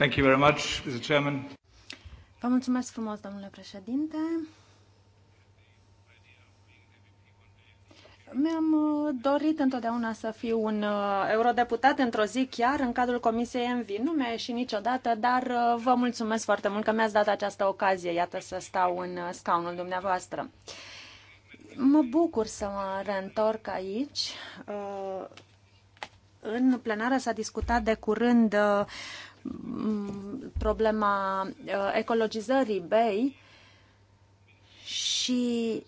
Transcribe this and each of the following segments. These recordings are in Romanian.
Thank you very much, Mr. Chairman. Vă mulțumesc frumos, domnule președinte. Mi-am uh, dorit întotdeauna să fiu un uh, eurodeputat într-o zi chiar în cadrul Comisiei MV. Nu mi-a ieșit niciodată, dar uh, vă mulțumesc foarte mult că mi-ați dat această ocazie, iată, să stau în scaunul dumneavoastră. Mă bucur să mă reîntorc aici. În plenară s-a discutat de curând Mm, problema uh, ecologizării bei și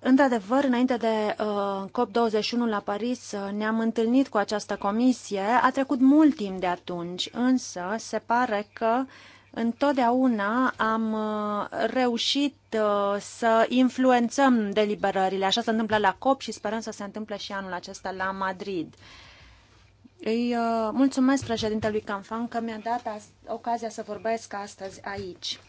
Într-adevăr, înainte de uh, COP21 la Paris uh, ne-am întâlnit cu această comisie. A trecut mult timp de atunci, însă se pare că întotdeauna am uh, reușit uh, să influențăm deliberările. Așa se întâmplă la COP și sperăm să se întâmple și anul acesta la Madrid. Uh, îi uh, mulțumesc președintelui Canfan că mi-a dat ocazia să vorbesc astăzi aici.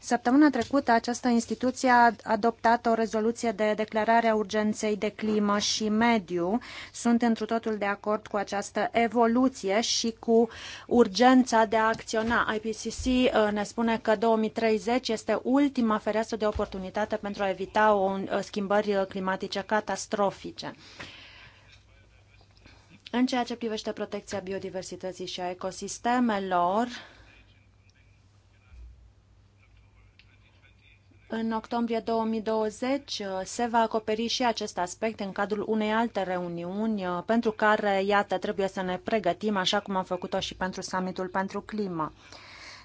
Săptămâna trecută, această instituție a adoptat o rezoluție de declarare a urgenței de climă și mediu. Sunt întru totul de acord cu această evoluție și cu urgența de a acționa. IPCC uh, ne spune că 2030 este ultima fereastră de oportunitate pentru a evita o uh, schimbări climatice catastrofice. În ceea ce privește protecția biodiversității și a ecosistemelor, În octombrie 2020 uh, se va acoperi și acest aspect în cadrul unei alte reuniuni uh, pentru care, iată, trebuie să ne pregătim, așa cum am făcut-o și pentru summitul pentru climă.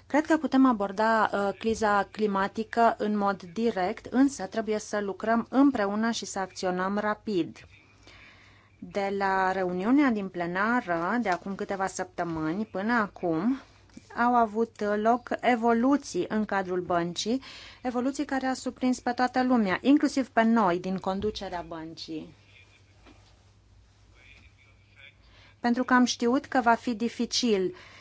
Cred că putem aborda uh, criza climatică în mod direct, însă trebuie să lucrăm împreună și să acționăm rapid. De la reuniunea din plenară de acum câteva săptămâni până acum au avut loc evoluții în cadrul băncii, evoluții care a surprins pe toată lumea, inclusiv pe noi din conducerea băncii. Pentru că am știut că va fi dificil uh,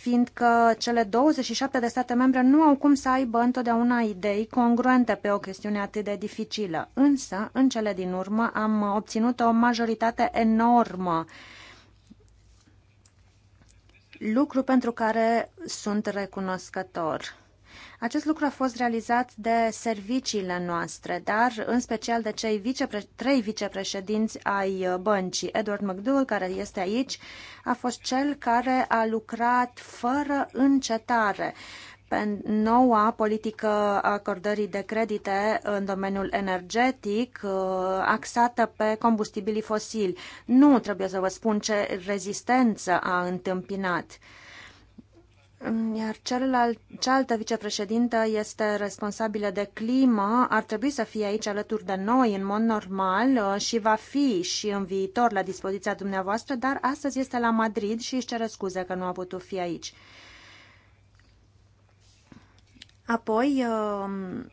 fiindcă cele 27 de state membre nu au cum să aibă întotdeauna idei congruente pe o chestiune atât de dificilă. Însă, în cele din urmă, am obținut o majoritate enormă lucru pentru care sunt recunoscător. Acest lucru a fost realizat de serviciile noastre, dar în special de cei vicepre- trei vicepreședinți ai băncii. Edward McDougall, care este aici, a fost cel care a lucrat fără încetare pe noua politică a acordării de credite în domeniul energetic uh, axată pe combustibilii fosili. Nu trebuie să vă spun ce rezistență a întâmpinat. Mm, iar celălalt, cealaltă vicepreședintă este responsabilă de climă, ar trebui să fie aici alături de noi în mod normal uh, și va fi și în viitor la dispoziția dumneavoastră, dar astăzi este la Madrid și își cere scuze că nu a putut fi aici. Apoi, uh,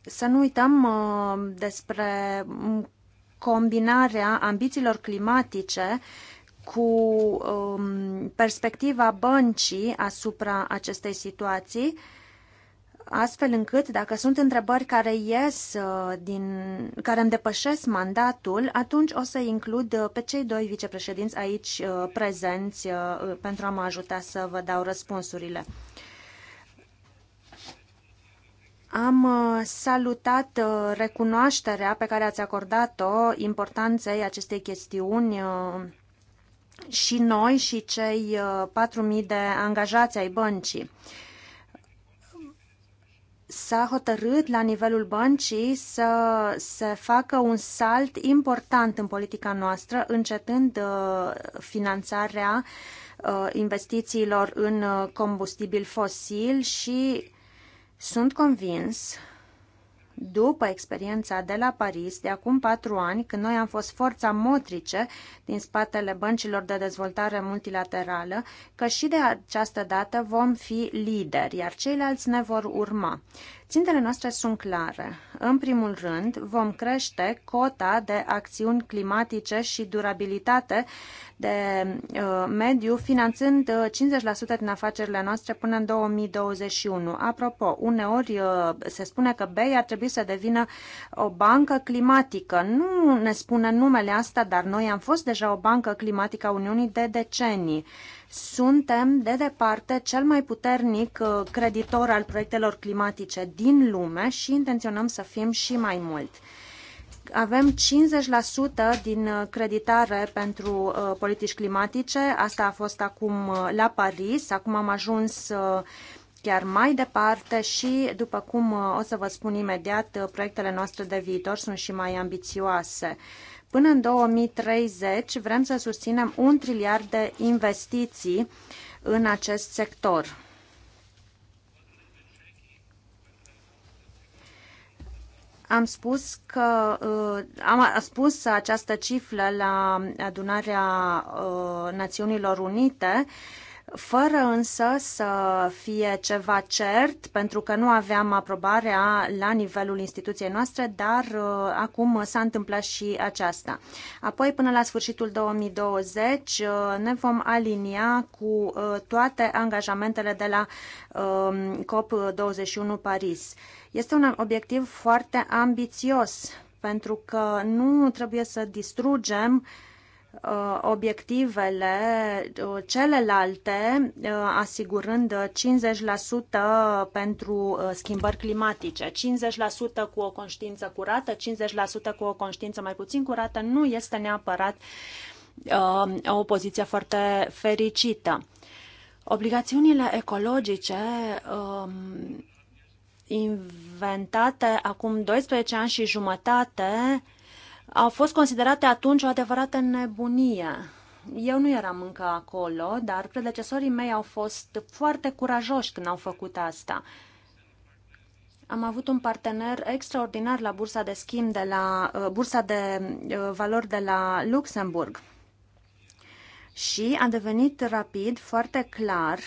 să nu uităm uh, despre combinarea ambițiilor climatice cu um, perspectiva băncii asupra acestei situații, astfel încât, dacă sunt întrebări care ies uh, din, care îmi depășesc mandatul, atunci o să includ uh, pe cei doi vicepreședinți aici uh, prezenți pentru a mă ajuta să vă dau răspunsurile. Am salutat recunoașterea pe care ați acordat-o importanței acestei chestiuni și noi și cei 4.000 uh, de angajați ai băncii. S-a hotărât la nivelul băncii să se facă un salt important în politica noastră, încetând uh, finanțarea uh, investițiilor în combustibil fosil și sunt convins după experiența de la Paris de acum patru ani, când noi am fost forța motrice din spatele băncilor de dezvoltare multilaterală, că și de această dată vom fi lideri, iar ceilalți ne vor urma. Țintele noastre sunt clare. În primul rând, vom crește cota de acțiuni climatice și durabilitate de uh, mediu, finanțând uh, 50% din afacerile noastre până în 2021. Apropo, uneori uh, se spune că BEI ar trebui să devină o bancă climatică. Nu ne spune numele asta, dar noi am fost deja o bancă climatică a Uniunii de decenii. Uh, suntem, de departe, cel mai puternic uh, creditor al proiectelor climatice din lume și intenționăm să fim și mai mult avem 50% din uh, creditare pentru uh, politici climatice. Asta a fost acum uh, la Paris. Acum am ajuns uh, chiar mai departe și, după cum uh, o să vă spun imediat, proiectele noastre de viitor sunt și mai ambițioase. Uh, Până în 2030 vrem să susținem un triliard de investiții în acest sector. Am spus că uh, am spus această cifră la adunarea uh, Națiunilor Unite fără însă să fie ceva cert, pentru că nu aveam aprobarea la nivelul instituției noastre, dar uh, acum s-a întâmplat și aceasta. Apoi, până la sfârșitul 2020, uh, ne vom alinia cu uh, toate angajamentele de la um, COP21 Paris. Este un obiectiv foarte ambițios, pentru că nu trebuie să distrugem uh, Uh, obiectivele uh, celelalte, uh, asigurând 50% pentru schimbări climatice. 50% cu o conștiință curată, 50% cu o conștiință mai puțin curată, nu este neapărat o poziție foarte fericită. Obligațiunile ecologice um, inventate acum 12 ani și jumătate au fost considerate atunci o adevărată nebunie. Eu nu eram încă acolo, dar predecesorii mei au fost foarte curajoși când au făcut asta. Am avut un partener extraordinar la bursa de schimb de la uh, bursa de uh, valori de la Luxemburg. Și a devenit rapid foarte clar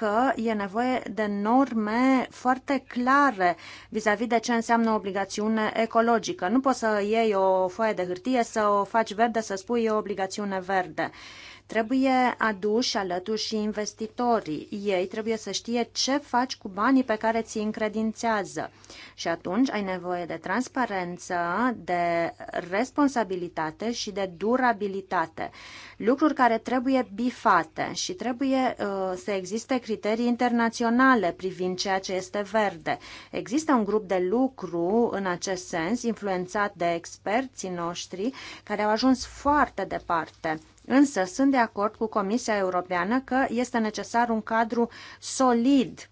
că e nevoie de norme foarte clare vis-a-vis -vis de ce înseamnă obligațiune ecologică. Nu poți să iei o foaie de hârtie, să o faci verde, să spui e o obligațiune verde. Uh, Trebuie aduși alături și investitorii. Ei trebuie să știe ce faci cu banii pe care ți-i încredințează. Și atunci ai nevoie de transparență, de responsabilitate și de durabilitate. Lucruri care trebuie bifate și trebuie uh, să existe criterii internaționale privind ceea ce este verde. Există un grup de lucru în acest sens, influențat de experții noștri, care au ajuns foarte departe. Însă sunt de acord cu Comisia Europeană că este necesar un cadru solid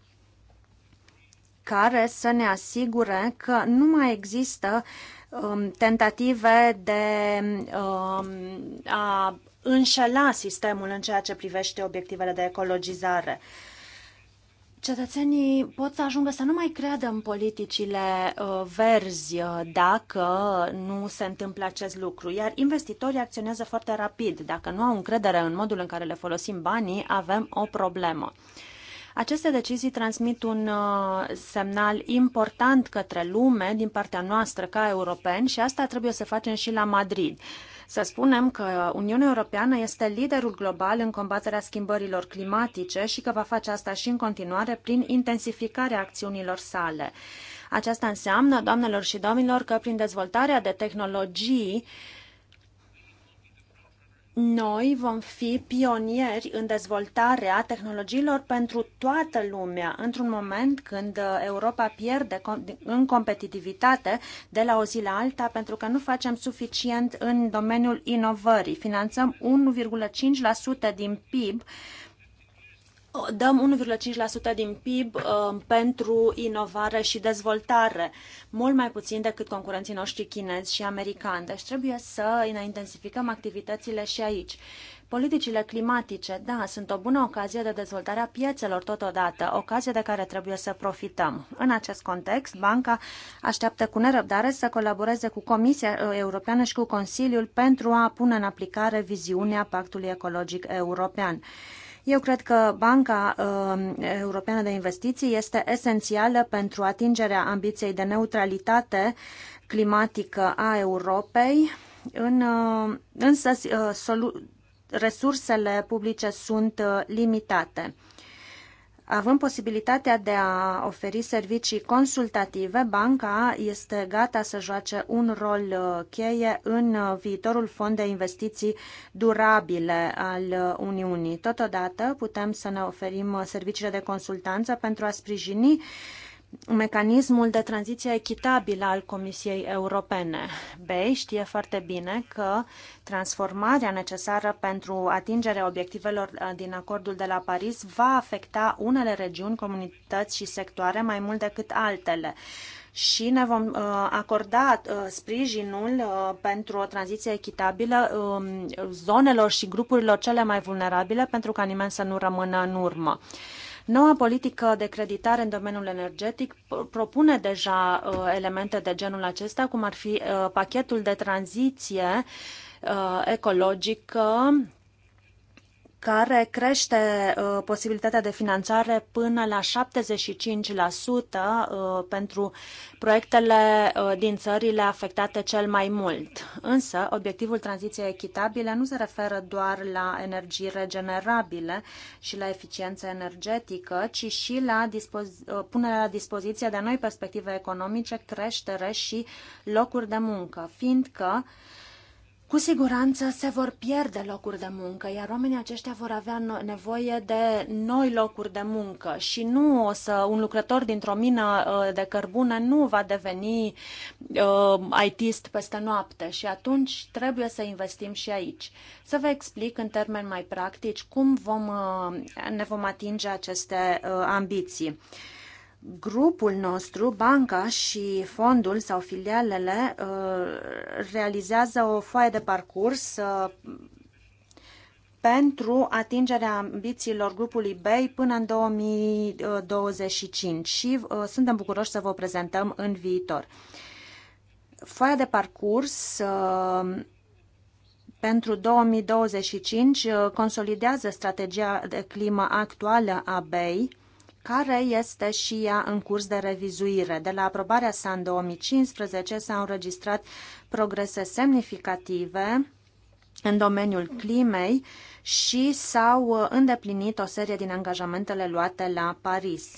care să ne asigure că nu mai există um, tentative de um, a înșela sistemul în ceea ce privește obiectivele de ecologizare. Uh, cetățenii pot să ajungă să nu mai creadă în politicile uh, verzi uh, dacă nu se întâmplă acest lucru, iar investitorii acționează foarte rapid. Dacă nu au încredere în modul în care le folosim banii, avem o problemă. Aceste decizii transmit un uh, semnal important către lume din partea noastră ca europeni și asta trebuie să facem și la Madrid. Să spunem că Uniunea Europeană este liderul global în combaterea schimbărilor climatice și că va face asta și în continuare prin intensificarea acțiunilor sale. Aceasta înseamnă, doamnelor și domnilor, că prin dezvoltarea de tehnologii uh, noi vom fi pionieri în dezvoltarea tehnologiilor pentru toată lumea, într-un moment când uh, Europa pierde în competitivitate de la o zi la alta, pentru că nu facem suficient în domeniul inovării. Finanțăm 1,5% din PIB dăm 1,5% din PIB uh, pentru inovare și dezvoltare, mult mai puțin decât concurenții noștri chinezi și americani. Deci trebuie să ne intensificăm activitățile și aici. Politicile climatice, da, sunt o bună ocazie de dezvoltare a piețelor totodată, ocazie de care trebuie să profităm. În acest context, banca așteaptă cu nerăbdare să colaboreze cu Comisia Europeană și cu Consiliul pentru a pune în aplicare viziunea Pactului Ecologic European. Eu cred că Banca um, Europeană de Investiții este esențială pentru atingerea ambiției de neutralitate climatică a Europei, în, um, însă uh, solu- resursele publice sunt uh, limitate. Având posibilitatea de a oferi servicii consultative, banca este gata să joace un rol uh, cheie în uh, viitorul fond de investiții durabile al uh, Uniunii. Totodată putem să ne oferim serviciile de consultanță pentru a sprijini mecanismul de tranziție echitabilă al Comisiei Europene. BEI știe foarte bine că transformarea necesară pentru atingerea obiectivelor uh, din acordul de la Paris va afecta unele regiuni, comunități și sectoare mai mult decât altele și ne vom uh, acorda uh, sprijinul pentru o tranziție echitabilă um, zonelor și grupurilor cele mai vulnerabile pentru ca nimeni să nu rămână în urmă. Noua politică de creditare în domeniul energetic propune deja uh, elemente de genul acesta, cum ar fi uh, pachetul de tranziție uh, ecologică care crește uh, posibilitatea de finanțare până la 75% uh, pentru proiectele uh, din țările afectate cel mai mult. Însă, obiectivul tranziției echitabile nu se referă doar la energii regenerabile și la eficiență energetică, ci și la uh, punerea la dispoziție de noi perspective economice, creștere și locuri de muncă, fiindcă cu siguranță se vor pierde locuri de muncă, iar oamenii aceștia vor avea nevoie de noi locuri de muncă și nu o să un lucrător dintr-o mină uh, de cărbune nu va deveni uh, ITist peste noapte și atunci trebuie să investim și aici. Să vă explic în termeni mai practici cum vom, uh, ne vom atinge aceste uh, ambiții. Uh, grupul nostru, banca și fondul sau filialele uh, realizează o foaie de parcurs uh, pentru atingerea ambițiilor grupului BEI până în 2025 și uh, suntem bucuroși să vă prezentăm în viitor. Foaia de parcurs pentru 2025 consolidează strategia de climă actuală a BEI care este și ea în curs de revizuire. De la aprobarea sa în 2015 s-au înregistrat progrese semnificative în domeniul climei și s-au îndeplinit o serie din angajamentele luate la Paris.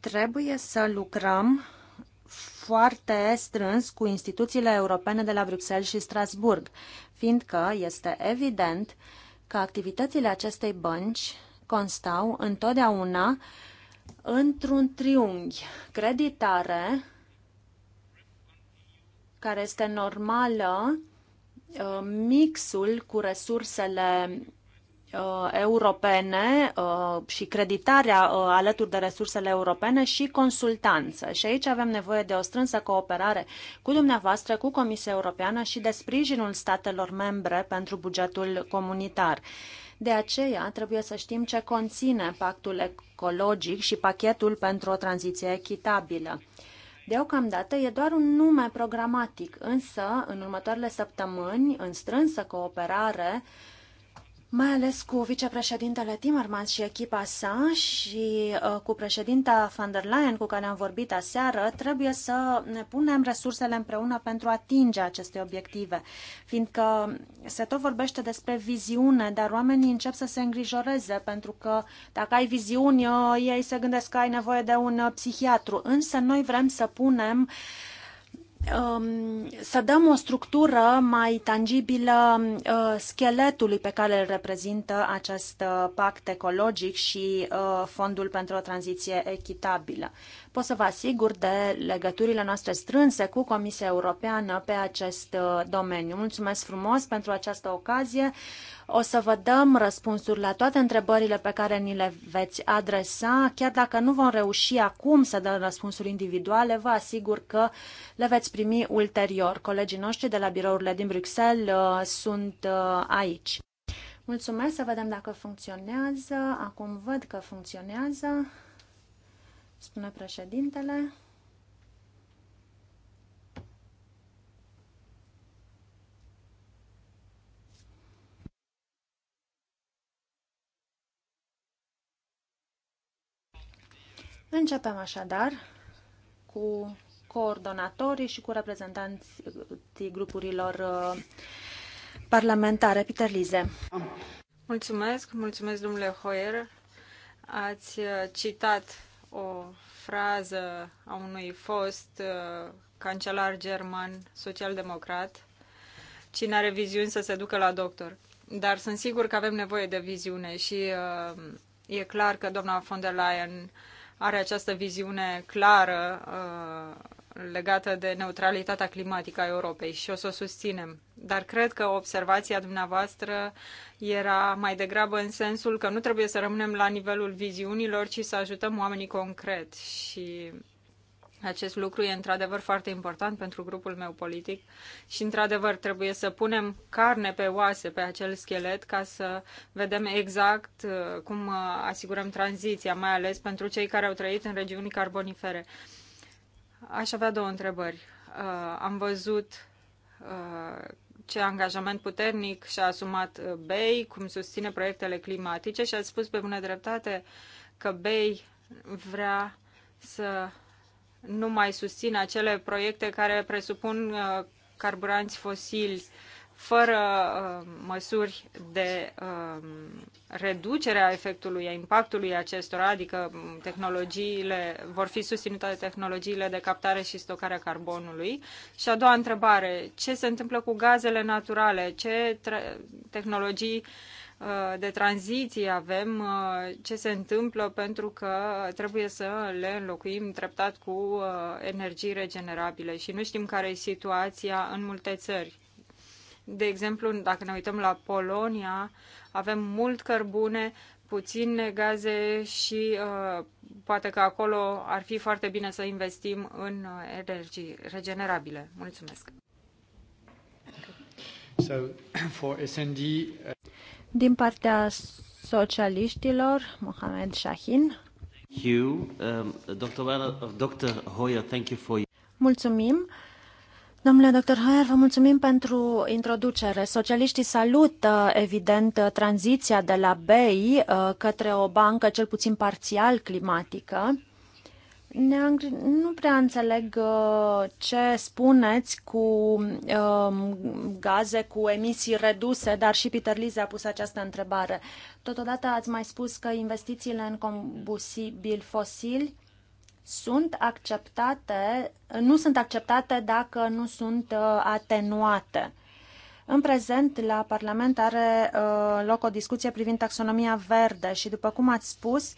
Trebuie să lucrăm foarte strâns cu instituțiile europene de la Bruxelles și Strasburg, fiindcă este evident că activitățile acestei bănci constau întotdeauna într-un triunghi creditare, care este normală, uh, mixul cu resursele uh, europene uh, și creditarea alături de resursele europene și consultanță. Și aici avem nevoie de o strânsă cooperare cu dumneavoastră, cu Comisia Europeană și de sprijinul statelor membre pentru bugetul comunitar. De aceea trebuie să știm ce conține pactul ecologic și pachetul pentru o tranziție echitabilă. Deocamdată e doar un nume programatic, însă în următoarele săptămâni, în strânsă cooperare mai ales cu vicepreședintele Timmermans și echipa sa și uh, cu președinta van der Leyen cu care am vorbit aseară, trebuie să ne punem resursele împreună pentru a atinge aceste obiective. Fiindcă se tot vorbește despre viziune, dar oamenii încep să se îngrijoreze pentru că dacă ai viziuni, uh, ei se gândesc că ai nevoie de un uh, psihiatru. Însă noi vrem să punem uh, Um, să dăm o structură mai tangibilă uh, scheletului pe care îl reprezintă acest pact ecologic și uh, fondul pentru o tranziție echitabilă pot să vă asigur de legăturile noastre strânse cu Comisia Europeană pe acest uh, domeniu. Mulțumesc frumos pentru această ocazie. O să vă dăm răspunsuri la toate întrebările pe care ni le veți adresa. Chiar dacă nu vom reuși acum să dăm răspunsuri individuale, vă asigur că le veți primi ulterior. Colegii noștri de la birourile din Bruxelles uh, sunt uh, aici. Mulțumesc, să vedem dacă funcționează. Acum văd că funcționează spune președintele. Începem așadar cu coordonatorii și cu reprezentanții grupurilor uh, parlamentare. Peter Lize. Mulțumesc, mulțumesc domnule Hoyer. Ați uh, citat o frază a unui fost uh, cancelar german social-democrat, cine are viziuni să se ducă la doctor. Dar sunt sigur că avem nevoie de viziune și uh, e clar că doamna von der Leyen are această viziune clară uh, legată de neutralitatea climatică a Europei și o să o susținem. Dar cred că observația dumneavoastră era mai degrabă în sensul că nu trebuie să rămânem la nivelul viziunilor, ci să ajutăm oamenii concret. Și acest lucru e într-adevăr foarte important pentru grupul meu politic și într-adevăr trebuie să punem carne pe oase pe acel schelet ca să vedem exact uh, cum uh, asigurăm tranziția, mai ales pentru cei care au trăit în regiuni carbonifere. Aș avea două întrebări. Uh, am văzut uh, ce angajament puternic și-a asumat uh, BEI, cum susține proiectele climatice și a spus pe bună dreptate că BEI vrea să nu mai susțină acele proiecte care presupun carburanți fosili uh, fără uh, măsuri de uh, reducere a efectului, a impactului acestora, adică um, tehnologiile, vor fi susținute de tehnologiile de captare și stocare a carbonului. Și a doua întrebare, ce se întâmplă cu gazele naturale? Ce tehnologii uh, de tranziție avem, uh, ce se întâmplă pentru că trebuie să le înlocuim treptat cu uh, energii regenerabile și nu știm care e situația în multe țări de exemplu, dacă ne uităm la Polonia, avem mult cărbune, puține gaze și uh, poate că acolo ar fi foarte bine să investim în uh, energii regenerabile. Mulțumesc! So, for SND, uh... Din partea socialiștilor, Mohamed Shahin. You, um, Dr. Dr. Uh, Hoyer, thank you for... Mulțumim! Domnule doctor Hoyer, vă mulțumim pentru introducere. Socialiștii salută, evident, tranziția de la BEI uh, către o bancă cel puțin parțial climatică. Nu prea înțeleg uh, ce spuneți cu um, gaze cu emisii reduse, dar și Peter Lise a pus această întrebare. Totodată ați mai spus că investițiile în combustibili fosili sunt acceptate, nu sunt acceptate dacă nu sunt uh, atenuate. În prezent, la Parlament are uh, loc o discuție privind taxonomia verde și, după cum ați spus, 50%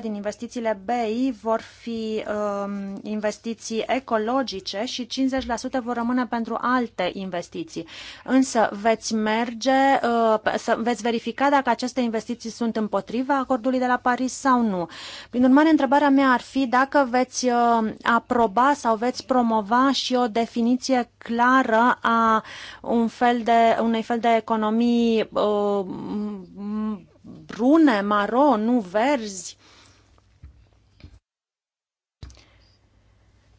din investițiile BI vor fi um, investiții ecologice și 50% vor rămâne pentru alte investiții. Însă veți merge, uh, să, veți verifica dacă aceste investiții sunt împotriva acordului de la Paris sau nu. Prin urmare, întrebarea mea ar fi dacă veți uh, aproba sau veți promova și o definiție clară a un fel de, unei fel de economii uh, brune, maro, nu verzi.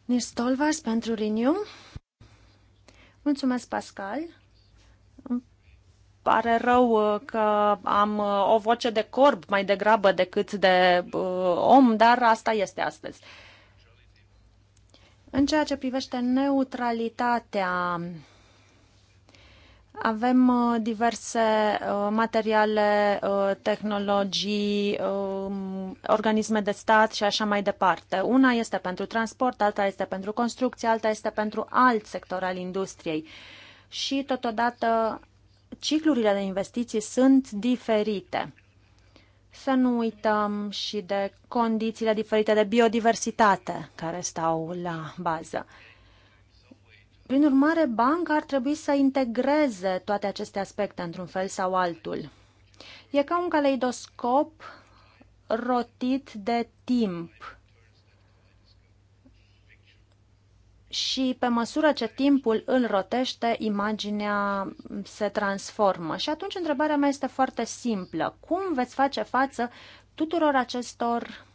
Nistolvas pentru Riniu. Mulțumesc, Pascal. Îmi pare rău uh, că am uh, o voce de corb mai degrabă decât de uh, om, dar asta este astăzi. În ceea ce privește neutralitatea avem uh, diverse uh, materiale, uh, tehnologii, um, organisme de stat și așa mai departe. Una este pentru transport, alta este pentru construcție, alta este pentru alt sector al industriei. Și totodată ciclurile de investiții sunt diferite. Să nu uităm și de condițiile diferite de biodiversitate care stau la bază. Prin urmare, banca ar trebui să integreze toate aceste aspecte într-un fel sau altul. E ca un caleidoscop rotit de timp. Și pe măsură ce timpul îl rotește, imaginea se transformă. Și atunci întrebarea mea este foarte simplă. Cum veți face față tuturor acestor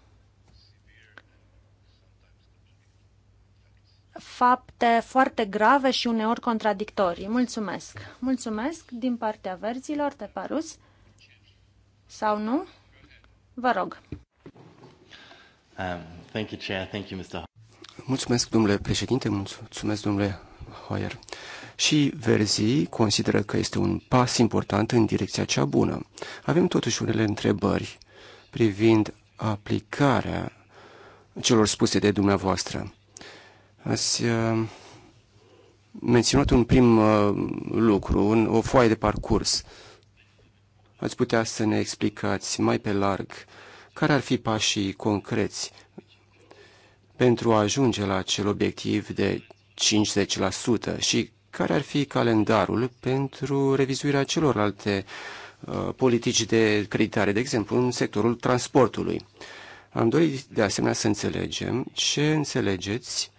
fapte foarte grave și uneori contradictorii. Mulțumesc. Mulțumesc din partea verzilor, te parus? Sau nu? Vă rog. Um, thank you, Chair. Thank you, Mr. Mulțumesc, domnule președinte, mulțumesc, domnule Hoyer. Și Verzi consideră că este un pas important în direcția cea bună. Avem totuși unele întrebări privind aplicarea celor spuse de dumneavoastră. Ați uh, menționat un prim uh, lucru, un, o foaie de parcurs. Ați putea să ne explicați mai pe larg care ar fi pașii concreți pentru a ajunge la acel obiectiv de 50% și care ar fi calendarul pentru revizuirea celorlalte uh, politici de creditare, de exemplu, în sectorul transportului. Am dorit de asemenea să înțelegem ce înțelegeți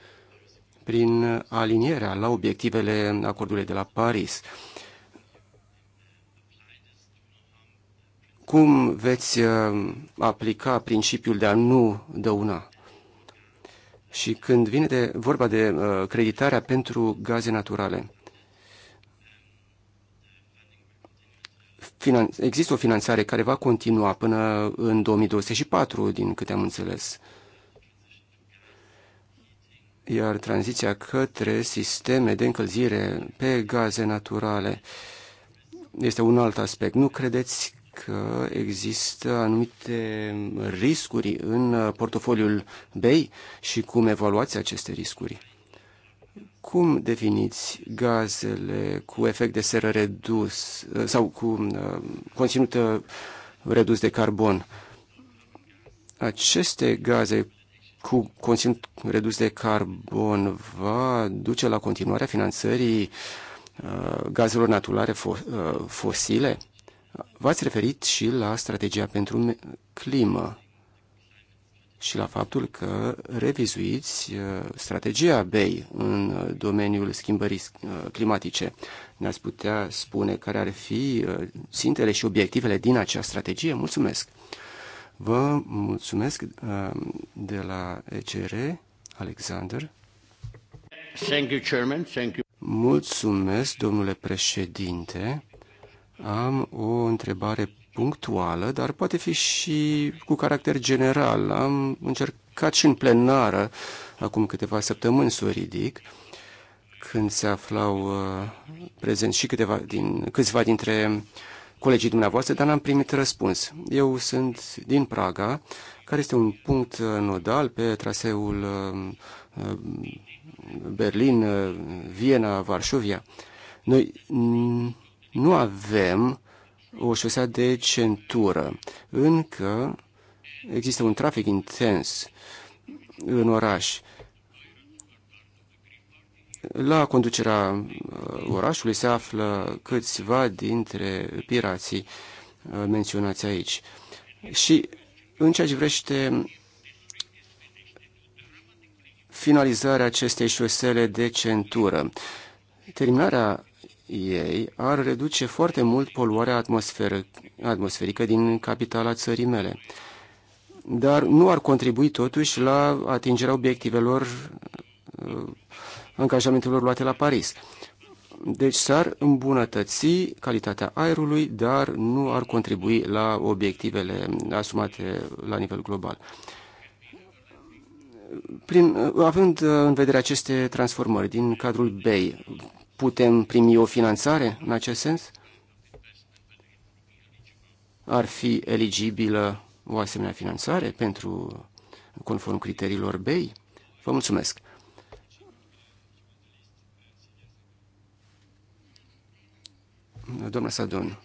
prin alinierea la obiectivele acordului de la Paris. Cum veți uh, aplica principiul de a nu dăuna? Și când vine de vorba de uh, creditarea pentru gaze naturale, există o finanțare care va continua până în 2024, din câte am înțeles iar tranziția către sisteme de încălzire pe gaze naturale este un alt aspect. Nu credeți că există anumite riscuri în portofoliul BEI și cum evaluați aceste riscuri? Cum definiți gazele cu efect de seră redus uh, sau cu uh, conținut uh, redus de carbon? Aceste gaze cu conținut redus de carbon va duce la continuarea finanțării uh, gazelor naturale fo uh, fosile? V-ați referit și la strategia pentru climă și la faptul că revizuiți uh, strategia BEI în uh, domeniul schimbării uh, climatice. Ne-ați putea spune care ar fi țintele și obiectivele din acea strategie? Mulțumesc! Vă mulțumesc uh, de la ECR, Alexander. Thank you, Chairman. Thank you. Mulțumesc, domnule președinte. Am o întrebare punctuală, dar poate fi și cu caracter general. Am încercat și în plenară, acum câteva săptămâni, să o ridic, când se aflau uh, prezenți și câteva din, câțiva dintre uh, colegii dumneavoastră, dar n-am primit răspuns. Eu sunt din Praga, care este un punct nodal pe traseul uh, uh, Berlin, uh, Viena, Varșovia. Noi nu avem o șosea de centură. Încă există un trafic intens în oraș la conducerea uh, orașului se află câțiva dintre pirații uh, menționați aici. Și în ceea ce vrește finalizarea acestei șosele de centură, terminarea ei ar reduce foarte mult poluarea atmosferică din capitala țării mele, dar nu ar contribui totuși la atingerea obiectivelor uh, angajamentelor luate la Paris. Deci s-ar îmbunătăți calitatea aerului, dar nu ar contribui la obiectivele asumate la nivel global. Prin, având în vedere aceste transformări din cadrul BEI, putem primi o finanțare în acest sens? Ar fi eligibilă o asemenea finanțare pentru conform criteriilor BEI? Vă mulțumesc! doamna Sadon.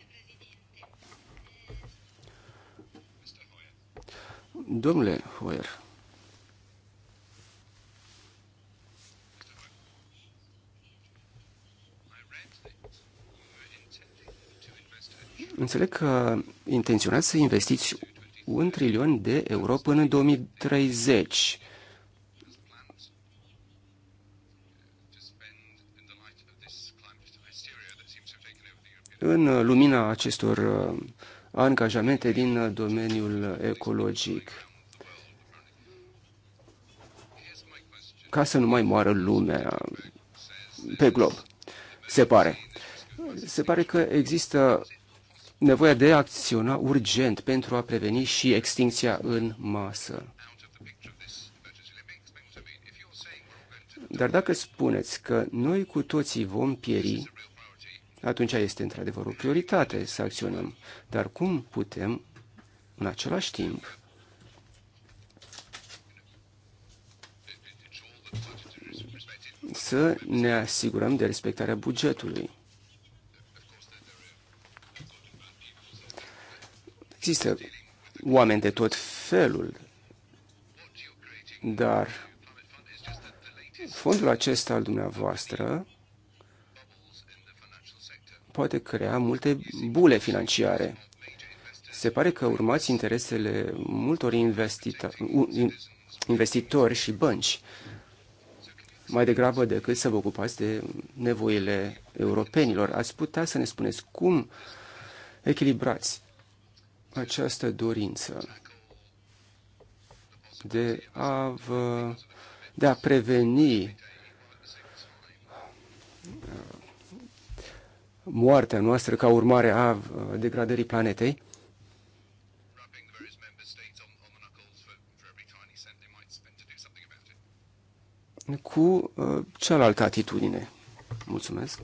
Domnule Hoyer, Înțeleg că intenționați să investiți un trilion de euro până în 2030. în lumina acestor uh, angajamente din uh, domeniul ecologic. Ca să nu mai moară lumea pe glob, se pare. Se pare că există nevoia de a acționa urgent pentru a preveni și extinția în masă. Dar dacă spuneți că noi cu toții vom pieri, atunci este într-adevăr o prioritate să acționăm. Dar cum putem, în același timp, să ne asigurăm de respectarea bugetului? Există oameni de tot felul, dar fondul acesta al dumneavoastră poate crea multe bule financiare. Se pare că urmați interesele multor investitori și bănci, mai degrabă decât să vă ocupați de nevoile europenilor. Ați putea să ne spuneți cum echilibrați această dorință de a, vă, de a preveni moartea noastră ca urmare a uh, degradării planetei. cu uh, cealaltă atitudine. Mulțumesc.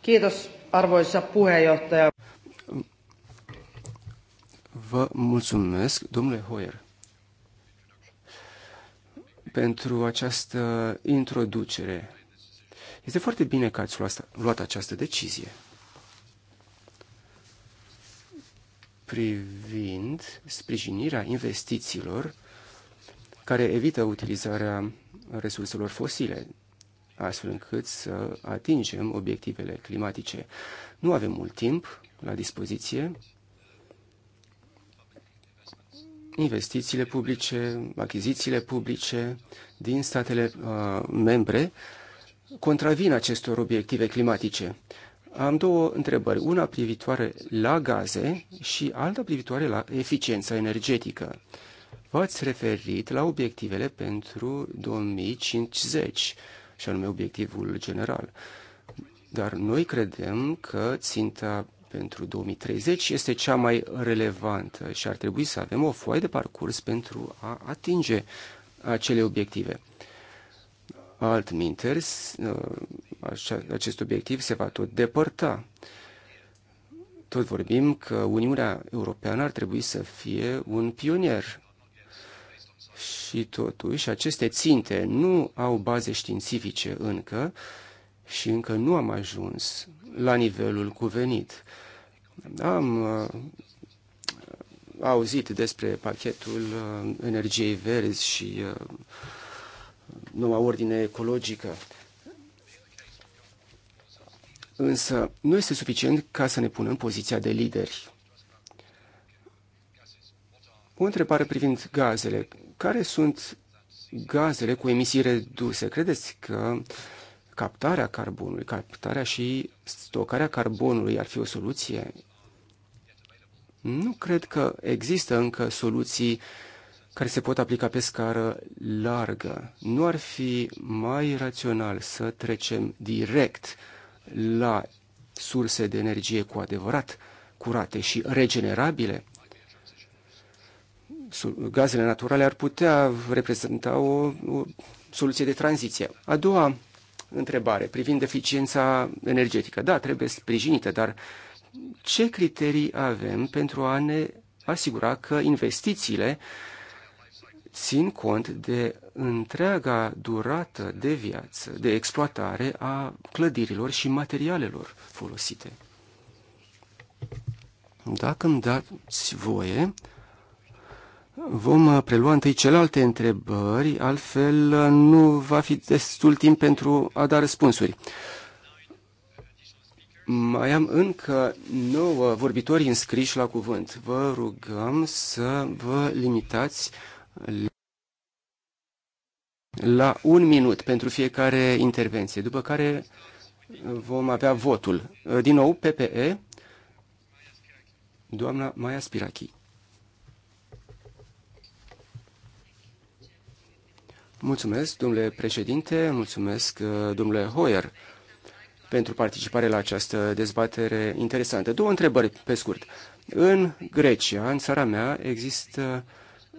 Kiitos, arvoisa puheenjohtaja. Vă mulțumesc, domnule Hoyer, pentru această introducere este foarte bine că ați luat, luat această decizie. privind sprijinirea investițiilor care evită utilizarea resurselor fosile, astfel încât să atingem obiectivele climatice. Nu avem mult timp la dispoziție. Investițiile publice, achizițiile publice din statele uh, membre uh, contravin acestor obiective climatice. Am două întrebări, una privitoare la gaze și alta privitoare la eficiența energetică. V-ați referit la obiectivele pentru 2050, și anume obiectivul general. Dar noi credem că ținta pentru 2030 este cea mai relevantă și ar trebui să avem o foaie de parcurs pentru a atinge acele obiective. Altminteri, uh, acest obiectiv se va tot depărta. Tot vorbim că Uniunea Europeană ar trebui să fie un pionier. Și totuși, aceste ținte nu au baze științifice încă și încă nu am ajuns la nivelul cuvenit. Am uh, auzit despre pachetul uh, energiei verzi și uh, noua ordine ecologică. Însă nu este suficient ca să ne punem poziția de lideri. O întrebare privind gazele. Care sunt gazele cu emisii reduse? Credeți că captarea carbonului, captarea și stocarea carbonului ar fi o soluție? Nu cred că există încă soluții uh, care se pot aplica pe scară largă. Nu ar fi mai rațional să trecem direct la surse de energie cu adevărat curate și regenerabile? Gazele naturale ar putea reprezenta o, o soluție de tranziție. A doua întrebare privind eficiența energetică. Da, trebuie sprijinită, dar ce criterii avem pentru a ne asigura că investițiile uh, țin cont de întreaga durată de viață, de exploatare a clădirilor și materialelor folosite. Dacă îmi dați voie, vom prelua întâi celelalte întrebări, altfel nu va fi destul timp pentru a da răspunsuri. Mai am încă nouă vorbitori înscriși la cuvânt. Vă rugăm să vă limitați la un minut pentru fiecare intervenție, după care vom avea votul. Din nou, PPE, doamna Maia Spirachi. Mulțumesc, domnule președinte, mulțumesc, domnule Hoyer, pentru participare la această dezbatere interesantă. Două întrebări, pe scurt. În Grecia, în țara mea, există uh,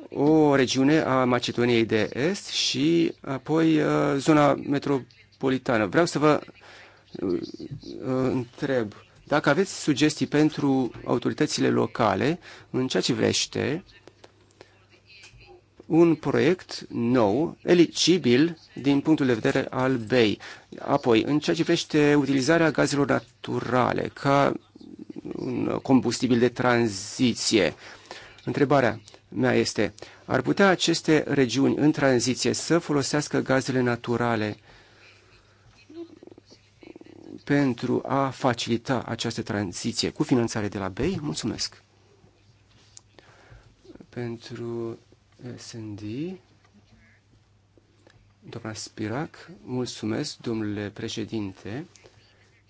o regiune a Macedoniei de Est și apoi uh, zona metropolitană. Vreau să vă uh, întreb dacă aveți sugestii pentru autoritățile locale în ceea ce vrește un proiect nou, eligibil din punctul de vedere al BEI. Apoi, în ceea ce vrește utilizarea gazelor naturale ca un combustibil de tranziție, întrebarea, mea este, ar putea aceste regiuni în tranziție să folosească gazele naturale pentru a facilita această tranziție cu finanțare de la BEI? Mulțumesc! Pentru eh, SND, doamna Spirac, mulțumesc, domnule președinte.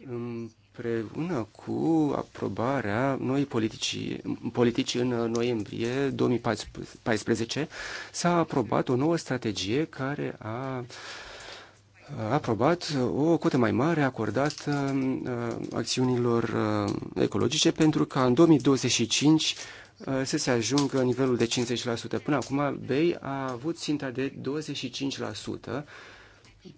Îmi împreună cu aprobarea noii politici, politici în noiembrie 2014 s-a aprobat o nouă strategie care a aprobat o cotă mai mare acordată uh, acțiunilor uh, ecologice pentru ca în 2025 uh, să se ajungă nivelul de 50%. Până acum, BEI a avut ținta de 25%,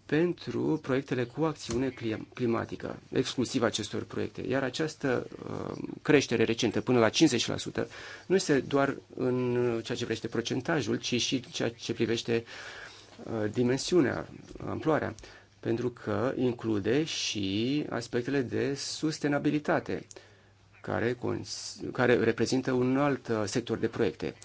pentru proiectele cu acțiune climatică, exclusiv acestor proiecte. Iar această uh, creștere recentă, până la 50%, nu este doar în ceea ce privește procentajul, ci și ceea ce privește uh, dimensiunea, amploarea, pentru că include și aspectele de sustenabilitate, care, care reprezintă un alt uh, sector de proiecte.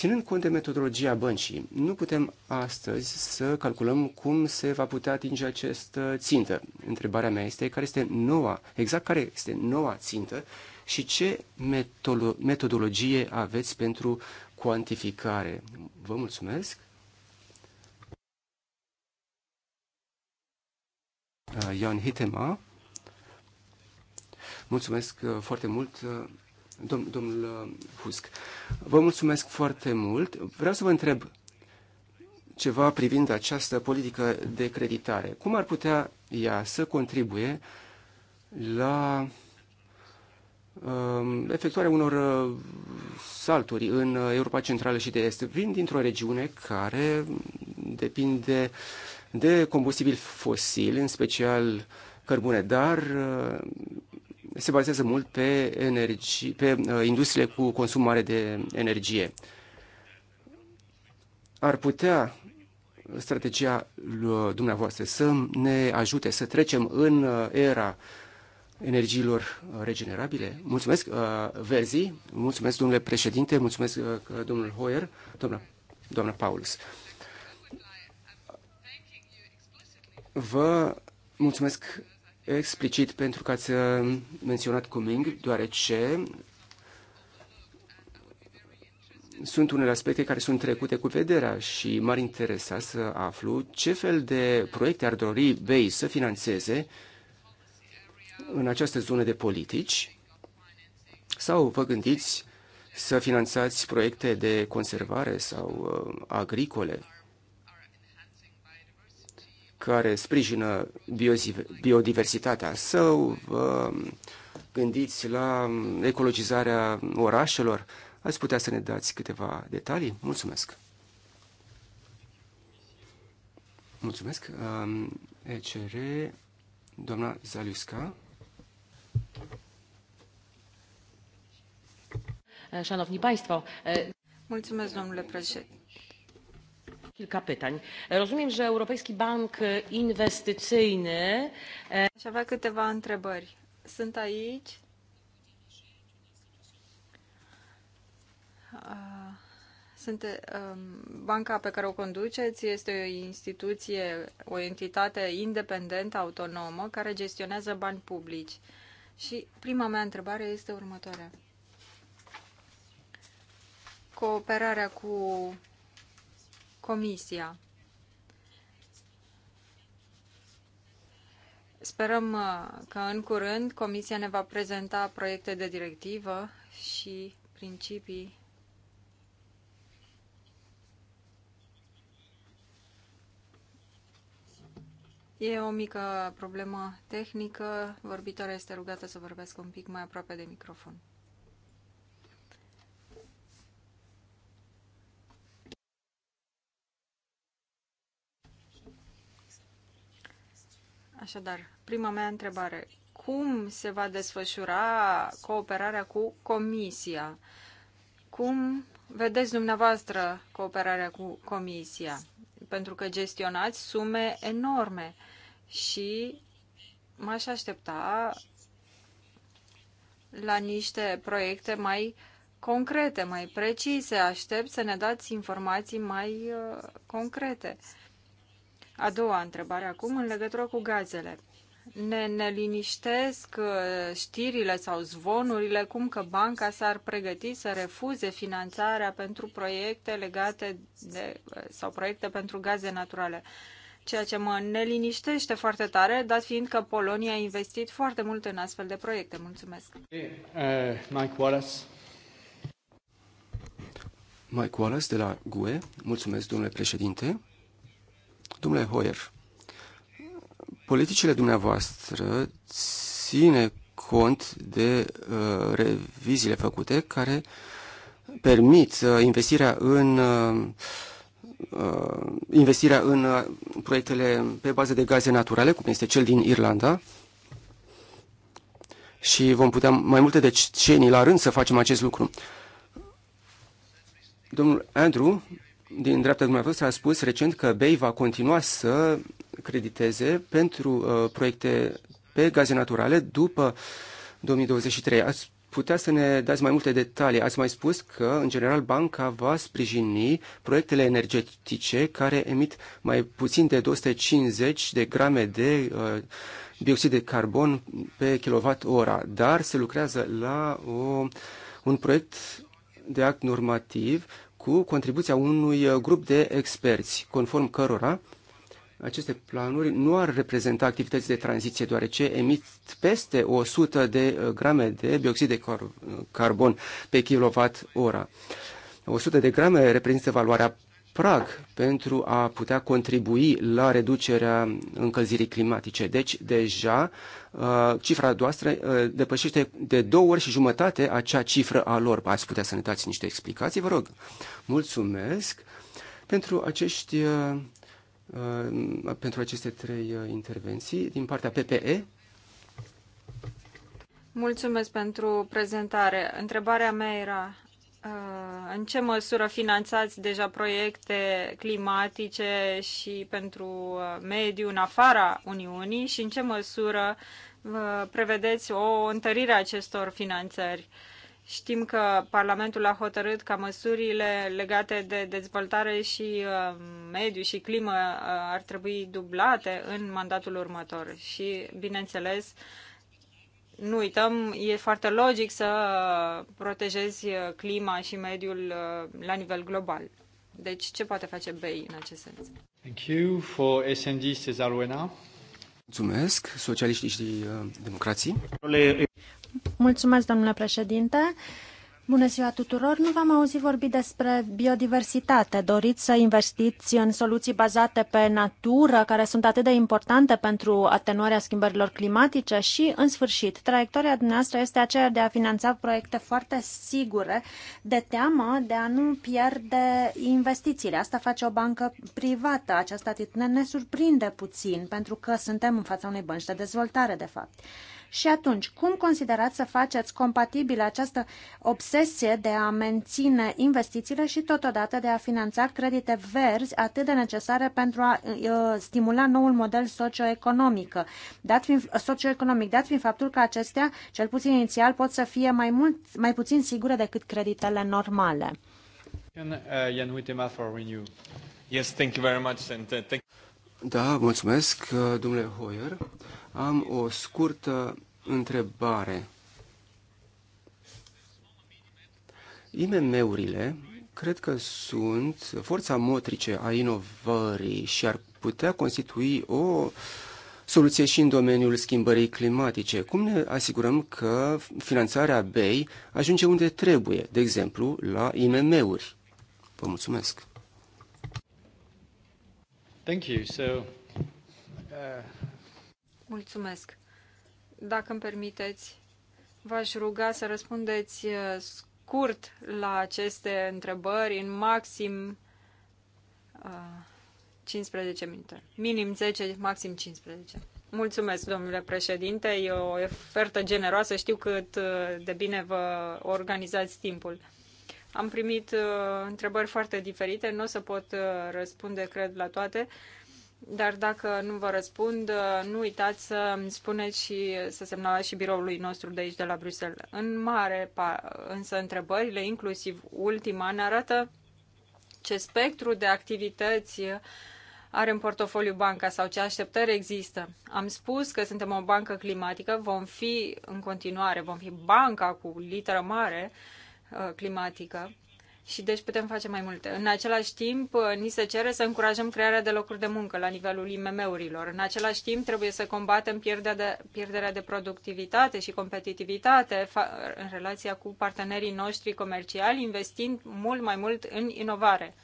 Ținând cont de metodologia băncii, nu putem astăzi să calculăm cum se va putea atinge această uh, țintă. Întrebarea mea este care este noua, exact care este noua țintă și ce metodologie aveți pentru cuantificare. Vă mulțumesc! Uh, Ion Hitema. Mulțumesc uh, foarte mult dom, domnul uh, Husc. Vă mulțumesc foarte mult. Vreau să vă întreb ceva privind această politică de creditare. Cum ar putea ea să contribuie la um, efectuarea unor uh, salturi în Europa Centrală și de Est. Vin dintr-o regiune care depinde de combustibili fosili, în special cărbune, dar uh, se bazează mult pe, energi, pe uh, industriile cu consum mare de energie. Ar putea strategia uh, dumneavoastră să ne ajute să trecem în uh, era energiilor regenerabile. Mulțumesc, Verzi, mulțumesc, domnule președinte, mulțumesc, domnul Hoyer, doamna, doamna Paulus. Vă mulțumesc explicit pentru că ați uh, menționat Cuming, deoarece sunt unele aspecte care sunt trecute cu vederea și m-ar interesa să aflu ce fel de proiecte ar dori BEI să financeze în această zonă de politici sau vă gândiți să finanțați proiecte de conservare sau uh, agricole care sprijină biodiversitatea, să vă um, gândiți la um, ecologizarea orașelor. Ați putea să ne dați câteva detalii? Mulțumesc! Mulțumesc! Um, ECR, doamna Zaliusca. Uh, Mulțumesc, domnule președinte. Kilka pytań. Rozumiem, że Europejski Bank Inwestycyjny. câteva întrebări. Sunt aici. Sunt, um, banca pe care o conduceți este o instituție, o entitate independentă, autonomă, care gestionează bani publici. Și prima mea întrebare este următoarea. Cooperarea cu Comisia. Sperăm uh, că în curând Comisia ne va prezenta proiecte de directivă și principii E o mică problemă tehnică. Vorbitoarea este rugată să vorbească un pic mai aproape de microfon. Așadar, prima mea întrebare. Cum se va desfășura cooperarea cu Comisia? Cum vedeți dumneavoastră cooperarea cu Comisia? Pentru că gestionați sume enorme și m-aș aștepta la niște proiecte mai concrete, mai precise. Aștept să ne dați informații mai uh, concrete. A doua întrebare acum, în legătură cu gazele. Ne, ne liniștesc uh, știrile sau zvonurile cum că banca s-ar pregăti să refuze finanțarea pentru proiecte legate de, uh, sau proiecte pentru gaze naturale ceea ce mă neliniștește foarte tare, dat fiind că Polonia a investit foarte mult în astfel de proiecte. Mulțumesc. Eh, eh, Mike Wallace. Mike Wallace de la GUE. Mulțumesc, domnule președinte. Domnule Hoyer, politicile dumneavoastră ține cont de uh, reviziile făcute care permit uh, investirea în uh, uh, investirea în uh, proiectele pe bază de gaze naturale, cum este cel din Irlanda, și vom putea mai multe decenii la rând să facem acest lucru. Domnul Andrew din dreapta dumneavoastră a spus recent că BEI va continua să crediteze pentru uh, proiecte pe gaze naturale după 2023. Ați putea să ne dați mai multe detalii. Ați mai spus că, în general, banca va sprijini proiectele energetice care emit mai puțin de 250 de grame de uh, dioxid de carbon pe kilowatt-ora, dar se lucrează la o, un proiect de act normativ cu contribuția unui uh, grup de experți, conform cărora aceste planuri nu ar reprezenta activități de tranziție, deoarece emit peste 100 de uh, grame de bioxid de car uh, carbon pe kilowatt-ora. 100 de grame reprezintă valoarea prag pentru a putea contribui la reducerea încălzirii climatice. Deci, deja, Uh, cifra noastră uh, depășește de două ori și jumătate acea cifră a lor. Ați putea să ne dați niște explicații, vă rog? Mulțumesc pentru acești uh, pentru aceste trei intervenții din partea PPE. Mulțumesc pentru prezentare. Întrebarea mea era Uh, în ce măsură finanțați deja proiecte climatice și pentru uh, mediu în afara Uniunii și în ce măsură uh, prevedeți o întărire a acestor finanțări? Știm că Parlamentul a hotărât ca măsurile legate de dezvoltare și mediu și climă ar trebui dublate în mandatul următor și, bineînțeles, nu uităm, e foarte logic să protejezi clima și mediul uh, la nivel global. Deci ce poate face BEI în acest sens? Thank you for SND Cesar Uena. Mulțumesc, socialiștii și uh, democrații. Mulțumesc, domnule președinte. Bună ziua tuturor! Nu v-am auzit vorbi despre biodiversitate. Doriți să investiți în soluții bazate pe natură, care sunt atât de importante pentru atenuarea schimbărilor climatice și, în sfârșit, traiectoria dumneavoastră este aceea de a finanța proiecte foarte sigure, de teamă de a nu pierde investițiile. Asta face o bancă privată. Această atitudine ne surprinde puțin, pentru că suntem în fața unei bănci de dezvoltare, de fapt. Și atunci, cum considerați să faceți compatibilă această obsesie de a menține investițiile și totodată de a finanța credite verzi atât de necesare pentru a stimula noul model socioeconomic, dat fiind, socioeconomic, dat fiind faptul că acestea, cel puțin inițial, pot să fie mai, mult, mai puțin sigure decât creditele normale? Uh, uh, da, mulțumesc, uh, domnule Hoyer. Am o scurtă întrebare. IMM-urile cred că sunt forța motrice a inovării și ar putea constitui o soluție și în domeniul schimbării climatice. Cum ne asigurăm că finanțarea BEI ajunge unde trebuie, de exemplu, la IMM-uri? Vă mulțumesc! Thank you. So, uh, Mulțumesc. Dacă îmi permiteți, v-aș ruga să răspundeți uh, scurt la aceste întrebări, în maxim uh, 15 minute. Minim 10, maxim 15. Mulțumesc, domnule președinte. E o ofertă generoasă. Știu cât uh, de bine vă organizați timpul. Am primit uh, întrebări foarte diferite. Nu o să pot uh, răspunde, cred, la toate. Uh, dar dacă nu vă răspund, nu uitați să spuneți și să semnalați și biroului nostru de aici, de la Bruxelles. În mare, însă, întrebările, inclusiv ultima, ne arată ce spectru de activități are în portofoliu banca sau ce așteptări există. Am spus că suntem o bancă climatică, vom fi în continuare, vom fi banca cu literă mare uh, climatică și deci putem face mai multe. În același timp, uh, ni se cere să încurajăm crearea de locuri de muncă la nivelul IMM-urilor. În același timp, trebuie să combatem pierderea de, pierderea de productivitate și competitivitate în relația cu partenerii noștri comerciali, investind mult mai mult în inovare,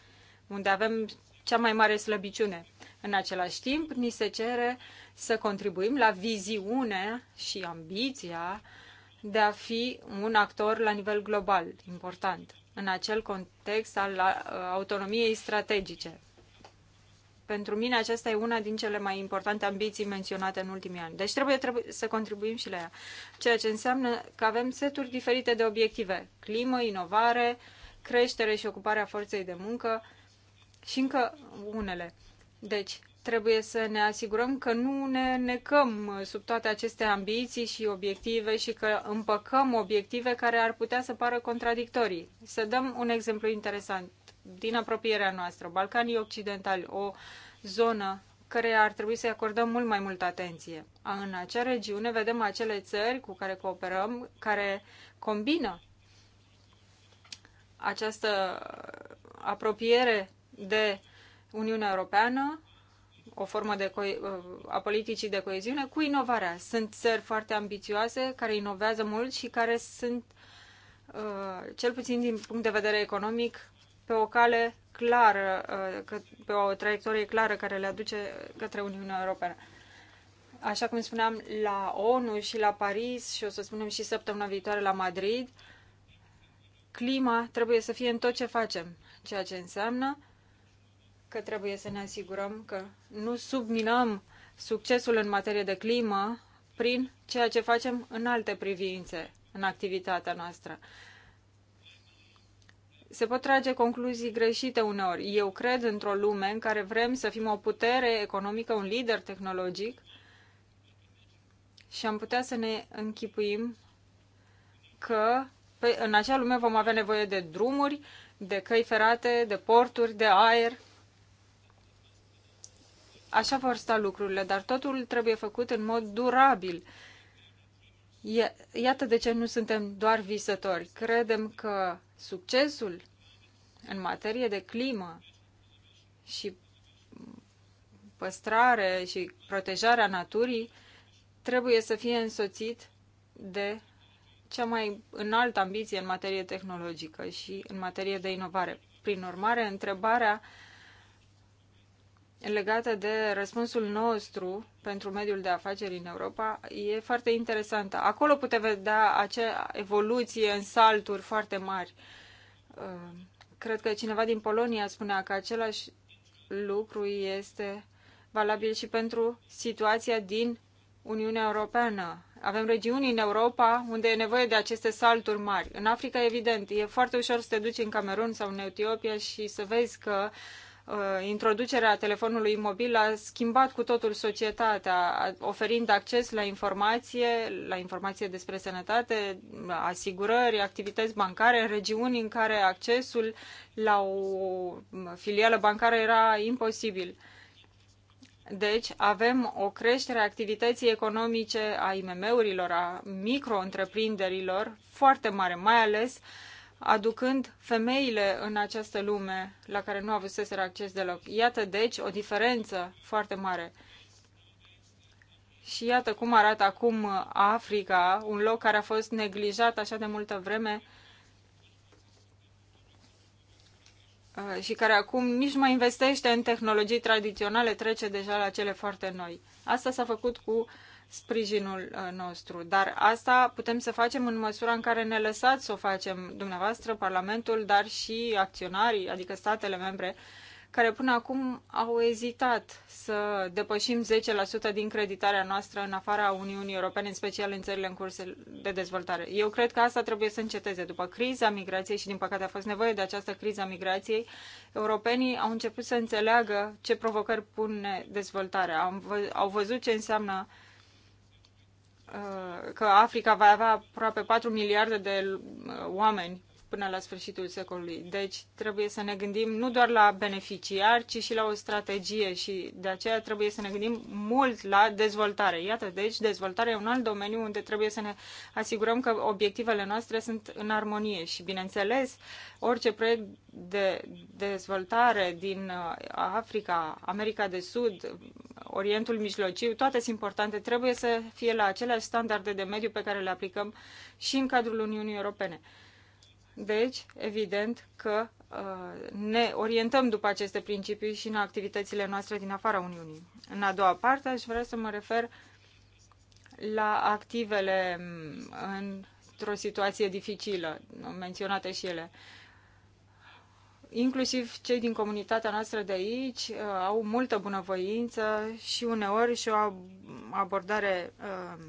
unde avem cea mai mare slăbiciune. În același timp, ni se cere să contribuim la viziune și ambiția de a fi un actor la nivel global important în acel context al uh, autonomiei strategice. Pentru mine aceasta e una din cele mai importante ambiții menționate în ultimii ani. Deci trebuie, trebuie să contribuim și la ea. Ceea ce înseamnă că avem seturi diferite de obiective. Climă, inovare, creștere și ocuparea forței de muncă și încă unele. Deci, Trebuie să ne asigurăm că nu ne necăm sub toate aceste ambiții și obiective și că împăcăm obiective care ar putea să pară contradictorii. Să dăm un exemplu interesant din apropierea noastră, Balcanii Occidentali, o zonă care ar trebui să-i acordăm mult mai multă atenție. În acea regiune vedem acele țări cu care cooperăm, care combină această apropiere de Uniunea Europeană o formă de a politicii de coeziune cu inovarea. Sunt țări foarte ambițioase, care inovează mult și care sunt, uh, cel puțin din punct de vedere economic, pe o cale clară, uh, pe o traiectorie clară care le aduce către Uniunea Europeană. Așa cum spuneam la ONU și la Paris și o să spunem și săptămâna viitoare la Madrid, clima trebuie să fie în tot ce facem, ceea ce înseamnă că trebuie să ne asigurăm că nu subminăm succesul în materie de climă prin ceea ce facem în alte privințe, în activitatea noastră. Se pot trage concluzii greșite uneori. Eu cred într-o lume în care vrem să fim o putere economică, un lider tehnologic și am putea să ne închipuim că pe, în acea lume vom avea nevoie de drumuri, de căi ferate, de porturi, de aer Așa vor sta lucrurile, dar totul trebuie făcut în mod durabil. Iată de ce nu suntem doar visători. Credem că succesul în materie de climă și păstrare și protejarea naturii trebuie să fie însoțit de cea mai înaltă ambiție în materie tehnologică și în materie de inovare. Prin urmare, întrebarea uh, legată de răspunsul nostru pentru mediul de afaceri în Europa e foarte interesantă. Acolo putem vedea acea evoluție în salturi foarte mari. Uh, cred că cineva din Polonia spunea că același lucru este valabil și pentru situația din Uniunea Europeană. Avem regiuni în Europa unde e nevoie de aceste salturi mari. În Africa, evident, e foarte ușor să te duci în Camerun sau în Etiopia și să vezi că uh, Uh, introducerea telefonului mobil a schimbat cu totul societatea, oferind acces la informație, la informație despre sănătate, asigurări, activități bancare, în regiuni în care accesul la o filială bancară era imposibil. Deci avem o creștere a activității economice a IMM-urilor, a micro-întreprinderilor foarte mare, mai ales uh, aducând femeile în această lume la care nu avuseseră acces deloc. Iată, deci, o diferență foarte mare. Și iată cum arată acum Africa, un loc care a fost neglijat așa de multă vreme uh, și care acum nici nu mai investește în tehnologii tradiționale, trece deja la cele foarte noi. Asta s-a făcut cu sprijinul uh, nostru, dar asta putem să facem în măsura în care ne lăsați să o facem dumneavoastră, Parlamentul, dar și acționarii, adică statele membre, care până acum au ezitat să depășim 10% din creditarea noastră în afara Uniunii Europene, în special în țările în curs de dezvoltare. Eu cred că asta trebuie să înceteze. După criza migrației și din păcate a fost nevoie de această criza migrației, europenii au început să înțeleagă ce provocări pune dezvoltarea. Au văzut ce înseamnă uh, Uh, că Africa va avea aproape 4 miliarde de uh, oameni până la sfârșitul secolului. Deci trebuie să ne gândim nu doar la beneficiari, ci și la o strategie și de aceea trebuie să ne gândim mult la dezvoltare. Iată, deci dezvoltarea e un alt domeniu unde trebuie să ne asigurăm că obiectivele noastre sunt în armonie și, bineînțeles, orice proiect de dezvoltare din uh, Africa, America de Sud, Orientul Mijlociu, toate sunt importante, trebuie să fie la aceleași standarde de mediu pe care le aplicăm și în cadrul Uniunii Europene. Deci, evident că uh, ne orientăm după aceste principii și în activitățile noastre din afara Uniunii. În a doua parte, aș vrea să mă refer la activele mm, într-o situație dificilă, menționate și ele. Inclusiv cei din comunitatea noastră de aici uh, au multă bunăvoință și uneori și o abordare uh,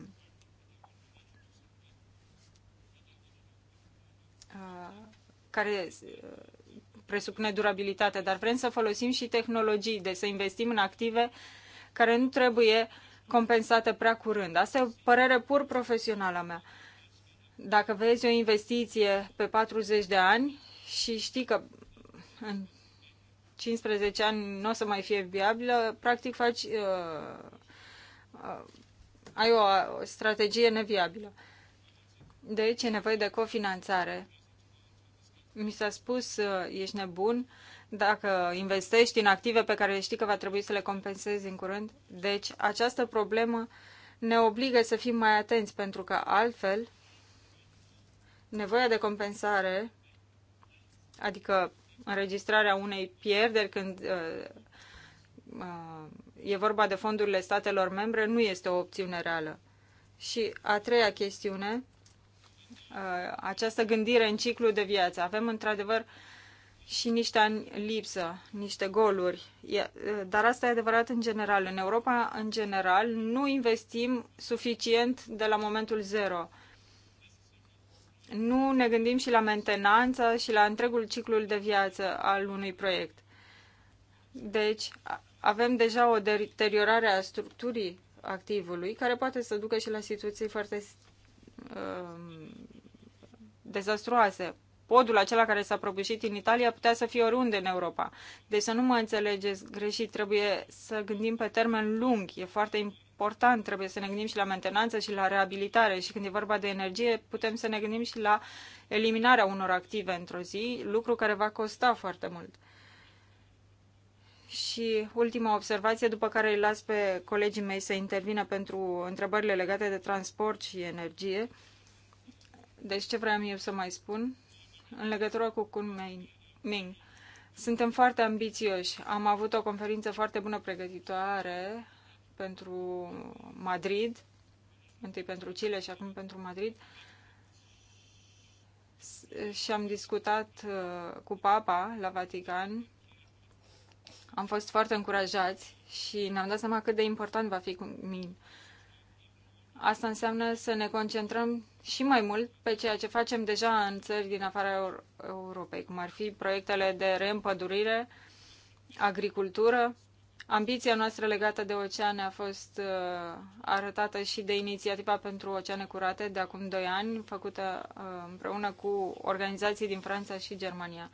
care uh, presupune durabilitate, dar vrem să folosim și tehnologii, de să investim în active care nu trebuie compensate prea curând. Asta e o părere pur profesională a mea. Dacă vezi o investiție pe 40 de ani și știi că în 15 ani nu o să mai fie viabilă, practic faci, uh, uh, ai o, o strategie neviabilă. Deci e nevoie de cofinanțare mi s-a spus, uh, ești nebun dacă investești în active pe care știi că va trebui să le compensezi în curând. Deci această problemă ne obligă să fim mai atenți pentru că altfel nevoia de compensare, adică înregistrarea unei pierderi când uh, uh, e vorba de fondurile statelor membre, nu este o opțiune reală. Și a treia chestiune Uh, această gândire în ciclu de viață. Avem într-adevăr și niște ani lipsă, niște goluri. Uh, dar asta e adevărat în general. În Europa, în general, nu investim suficient de la momentul zero. Nu ne gândim și la mentenanță și la întregul ciclul de viață al unui proiect. Deci, avem deja o deteriorare a structurii activului, care poate să ducă și la situații foarte uh, dezastruoase. Podul acela care s-a prăbușit în Italia putea să fie oriunde în Europa. Deci să nu mă înțelegeți greșit, trebuie să gândim pe termen lung. E foarte important, trebuie să ne gândim și la mentenanță și la reabilitare. Și când e vorba de energie, putem să ne gândim și la eliminarea unor active într-o zi, lucru care va costa foarte mult. Și ultima observație, după care îi las pe colegii mei să intervină pentru întrebările legate de transport și energie. Deci ce vreau eu să mai spun în legătură cu Kunming? Suntem foarte ambițioși. Am avut o conferință foarte bună pregătitoare pentru Madrid, întâi pentru Chile și acum pentru Madrid. Și am discutat uh, cu Papa la Vatican. Am fost foarte încurajați și ne-am dat seama cât de important va fi Kunming. Asta înseamnă să ne concentrăm și mai mult pe ceea ce facem deja în țări din afara Europei, cum ar fi proiectele de reîmpădurire, agricultură. Ambiția noastră legată de oceane a fost uh, arătată și de inițiativa pentru oceane curate de acum 2 ani, făcută uh, împreună cu organizații din Franța și Germania.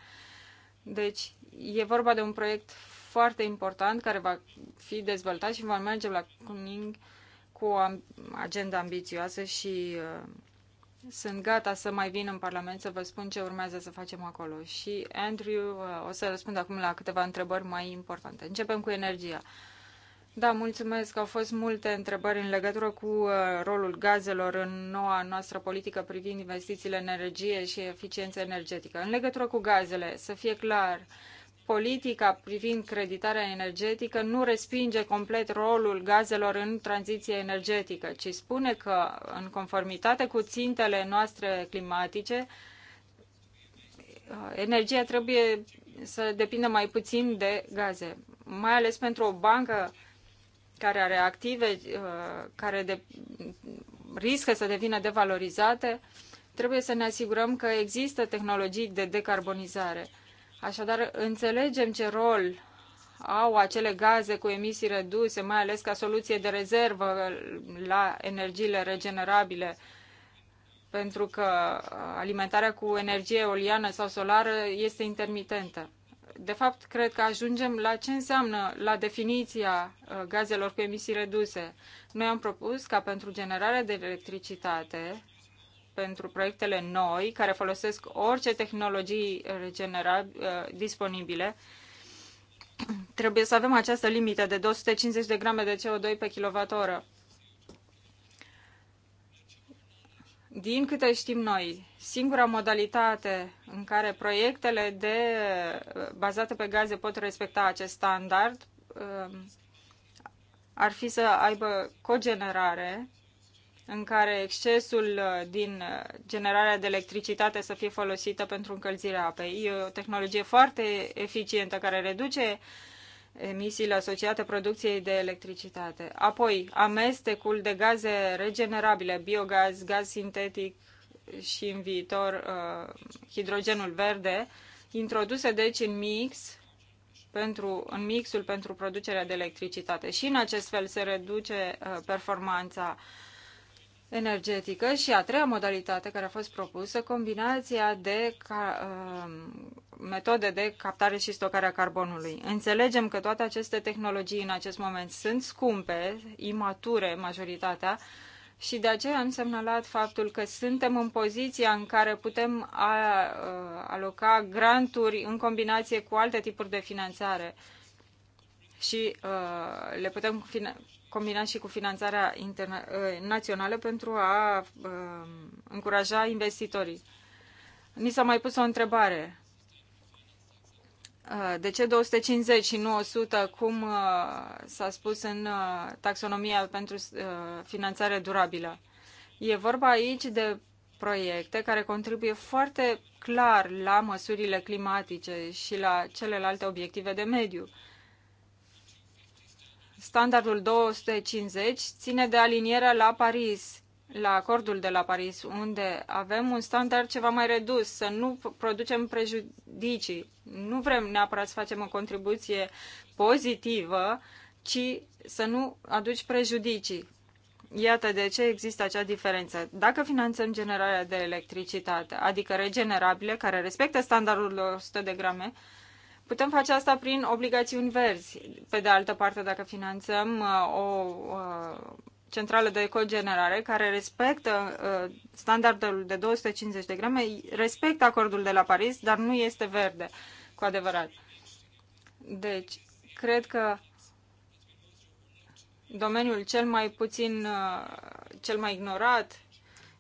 Deci, e vorba de un proiect foarte important care va fi dezvoltat și va merge la Cuning uh, cu o agenda ambițioasă și uh, sunt gata să mai vin în Parlament să vă spun ce urmează să facem acolo. Și, Andrew, uh, o să răspund acum la câteva întrebări mai importante. Începem cu energia. Da, mulțumesc. Au fost multe întrebări în legătură cu uh, rolul gazelor în noua noastră politică privind investițiile în energie și eficiență energetică. În legătură cu gazele, să fie clar, uh, politica privind creditarea energetică nu respinge complet rolul gazelor în tranziție energetică, ci spune că, în conformitate cu țintele noastre climatice, uh, energia trebuie să depindă mai puțin de gaze, mai ales pentru o bancă care are active uh, care de, riscă să devină devalorizate, trebuie să ne asigurăm că există tehnologii de decarbonizare Așadar, înțelegem ce rol au acele gaze cu emisii reduse, mai ales ca soluție de rezervă la energiile regenerabile, pentru că alimentarea cu energie eoliană sau solară este intermitentă. De fapt, cred că ajungem la ce înseamnă, la definiția uh, gazelor cu emisii reduse. Noi am propus ca pentru generarea de electricitate pentru proiectele noi care folosesc orice tehnologii regenerabile uh, disponibile, trebuie să avem această limită de 250 de grame de CO2 pe kWh. Din câte știm noi, singura modalitate în care proiectele de, uh, bazate pe gaze pot respecta acest standard uh, ar fi să aibă cogenerare în care excesul uh, din uh, generarea de electricitate să fie folosită pentru încălzirea apei. E o tehnologie foarte eficientă care reduce emisiile asociate producției de electricitate. Apoi, amestecul de gaze regenerabile, biogaz, gaz sintetic și în viitor uh, hidrogenul verde, introduse deci în mix pentru, în mixul pentru producerea de electricitate. Și în acest fel se reduce performanța uh, energetică și a treia modalitate care a fost propusă, combinația de ca, uh, metode de captare și stocare a carbonului. Înțelegem că toate aceste tehnologii în acest moment sunt scumpe, imature majoritatea, și de aceea am semnalat faptul că suntem în poziția în care putem a, a, uh, aloca granturi în combinație cu alte tipuri de finanțare și uh, le putem combinat și cu finanțarea ă, națională pentru a ă, încuraja investitorii. Ni s-a mai pus o întrebare. Ă, de ce 250 și nu 100, cum s-a spus în taxonomia pentru finanțare durabilă? E vorba aici de proiecte care contribuie foarte clar la măsurile climatice și la celelalte obiective de mediu standardul 250 ține de alinierea la Paris, la acordul de la Paris, unde avem un standard ceva mai redus, să nu producem prejudicii. Nu vrem neapărat să facem o contribuție pozitivă, ci să nu aduci prejudicii. Iată de ce există acea diferență. Dacă finanțăm generarea de electricitate, adică regenerabile, care respectă standardul de 100 de grame, Putem face asta prin obligațiuni verzi. Pe de altă parte, dacă finanțăm uh, o uh, centrală de cogenerare care respectă uh, standardul de 250 de grame, respectă acordul de la Paris, dar nu este verde cu adevărat. Deci, cred că domeniul cel mai puțin, cel mai ignorat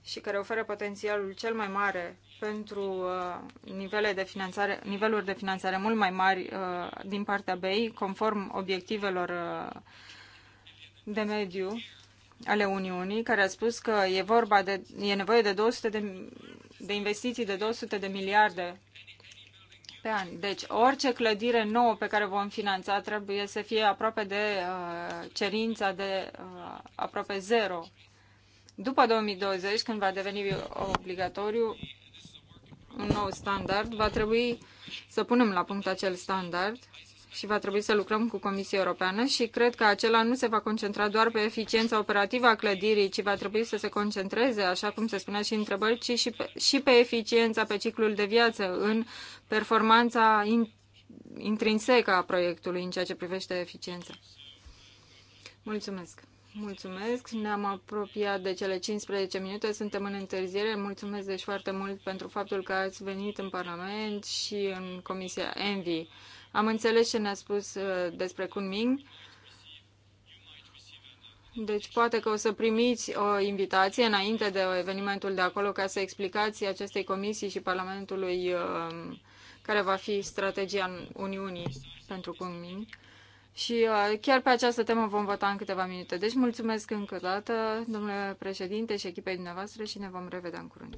și care oferă potențialul cel mai mare pentru uh, nivele de finanțare, niveluri de finanțare mult mai mari uh, din partea BEI, conform obiectivelor uh, de mediu ale Uniunii, care a spus că e, vorba de, e nevoie de, 200 de, de investiții de 200 de miliarde pe an. Deci orice clădire nouă pe care vom finanța trebuie să fie aproape de uh, cerința de uh, aproape zero după 2020, când va deveni obligatoriu un nou standard, va trebui să punem la punct acel standard și va trebui să lucrăm cu Comisia Europeană și cred că acela nu se va concentra doar pe eficiența operativă a clădirii, ci va trebui să se concentreze, așa cum se spunea și întrebări, ci și pe, și pe eficiența, pe ciclul de viață, în performanța in, intrinsecă a proiectului în ceea ce privește eficiența. Mulțumesc! Mulțumesc, ne-am apropiat de cele 15 minute, suntem în întârziere. Mulțumesc deci foarte mult pentru faptul că ați venit în Parlament și în Comisia Envi. Am înțeles ce ne-a spus uh, despre Kunming. Deci poate că o să primiți o invitație înainte de evenimentul de acolo ca să explicați acestei comisii și Parlamentului uh, care va fi strategia Uniunii pentru Kunming. Și uh, chiar pe această temă vom vota în câteva minute. Deci mulțumesc încă o dată, domnule președinte și echipei dumneavoastră și ne vom revedea în curând.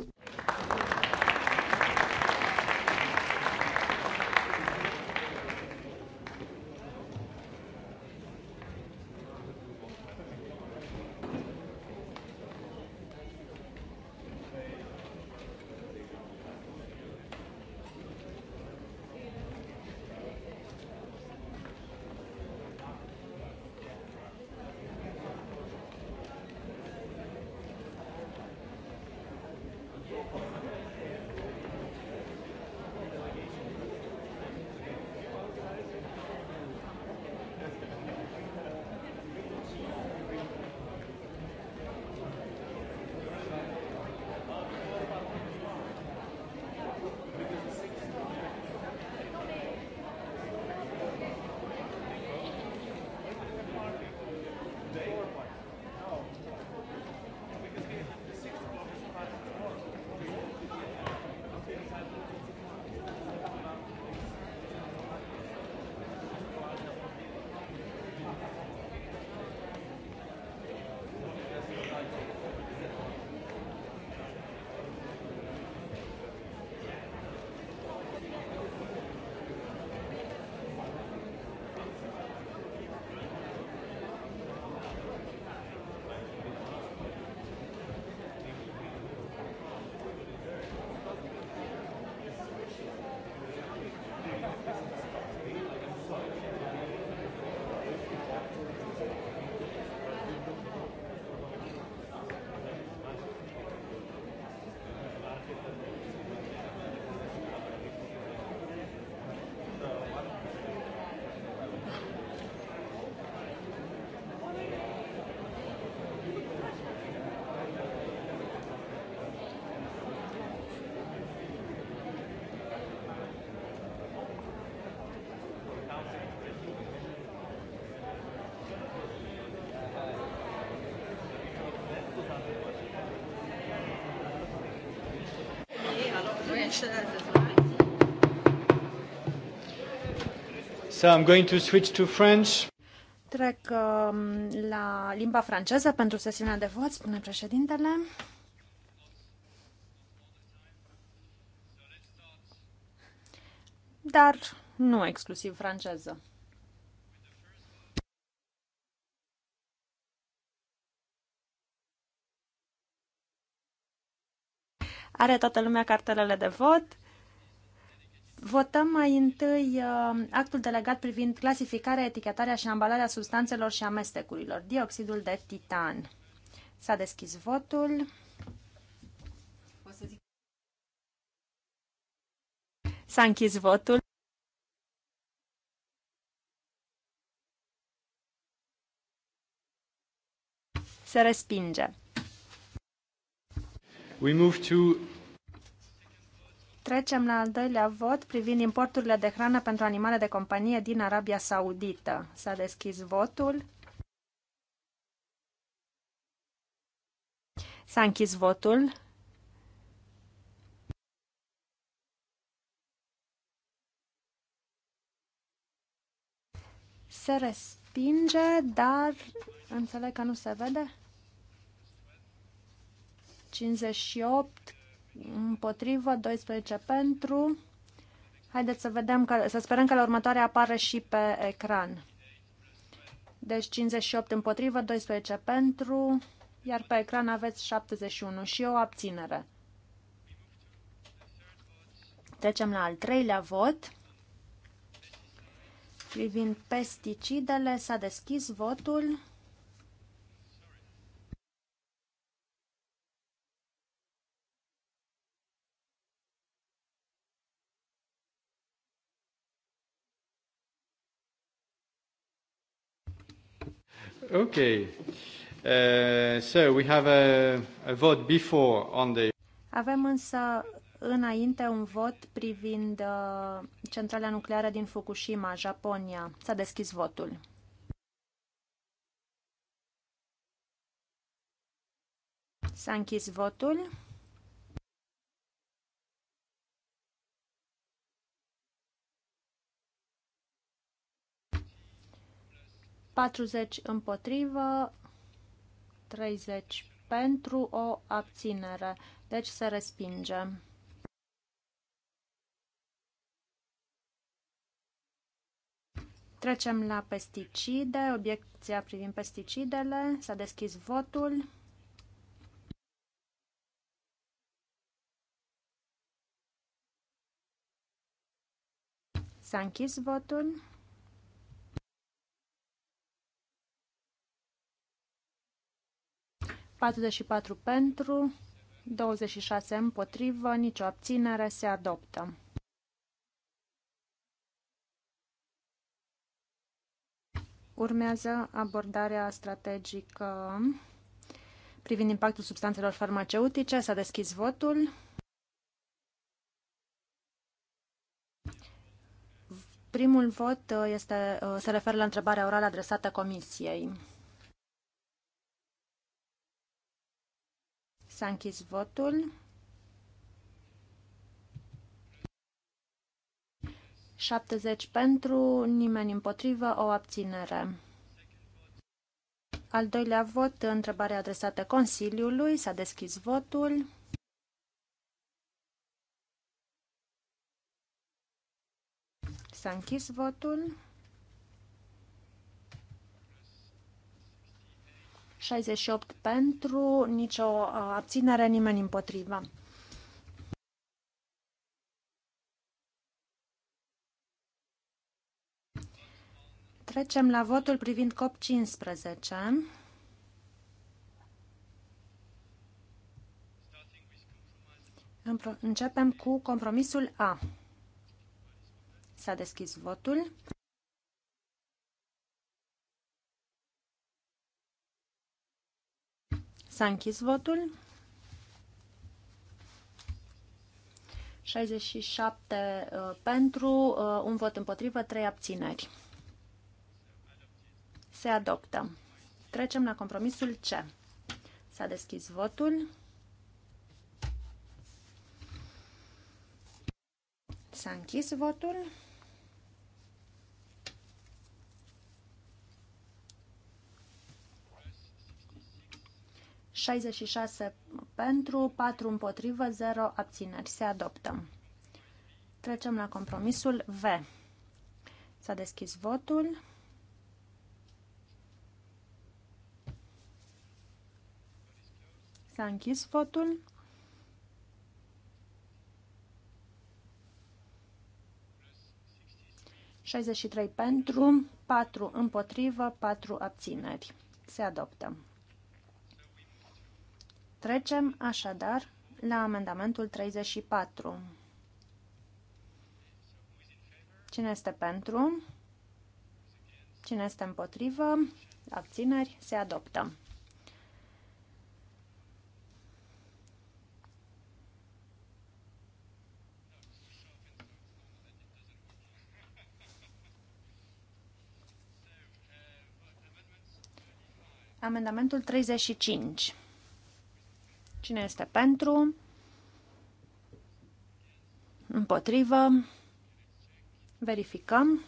So I'm going to switch to French. Trec um, la limba franceză pentru sesiunea de vot, spune președintele. Dar nu exclusiv franceză. Are toată lumea cartelele de vot? Votăm mai întâi uh, actul delegat privind clasificarea, etichetarea și ambalarea substanțelor și amestecurilor. Dioxidul de titan. S-a deschis votul. S-a închis votul. Se respinge. We move to Trecem la al doilea vot privind importurile de hrană pentru animale de companie din Arabia Saudită. S-a deschis votul. S-a închis votul. Se respinge, dar înțeleg că nu se vede. 58 împotrivă, 12 pentru. Haideți să vedem, că, să sperăm că la următoare apare și pe ecran. Deci 58 împotrivă, 12 pentru, iar pe ecran aveți 71 și o abținere. Trecem la al treilea vot. Privind pesticidele, s-a deschis votul. Okay. Uh, so we have a, a vote before on the... Avem însă înainte un vot privind uh, centrala nucleară din Fukushima, Japonia. S-a deschis votul. S-a închis votul. 40 împotrivă, 30 pentru o abținere. Deci se respinge. Trecem la pesticide, obiecția privind pesticidele, s-a deschis votul. S-a închis votul. 44 pentru, 26 împotrivă, nicio abținere, se adoptă. Urmează abordarea strategică privind impactul substanțelor farmaceutice. S-a deschis votul. Primul vot uh, este, uh, se referă la întrebarea orală adresată Comisiei. S-a închis votul. 70 pentru, nimeni împotrivă, o abținere. Al doilea vot, întrebare adresată Consiliului, s-a deschis votul. S-a închis votul. 68 pentru, nicio abținere, nimeni împotrivă. Trecem la votul privind COP15. Începem cu compromisul A. S-a deschis votul. S-a închis votul. 67 uh, pentru, uh, un vot împotrivă, 3 abțineri. Se adoptă. Trecem la compromisul C. S-a deschis votul. S-a închis votul. 66 pentru, 4 împotrivă, 0 abțineri. Se adoptă. Trecem la compromisul V. S-a deschis votul. S-a închis votul. Șaizeci și trei pentru, patru împotrivă, patru abțineri. Se adoptă. Trecem așadar la amendamentul 34. Cine este pentru? Cine este împotrivă? Abțineri? Se adoptă. Amendamentul 35. Cine este pentru? Împotrivă. Verificăm.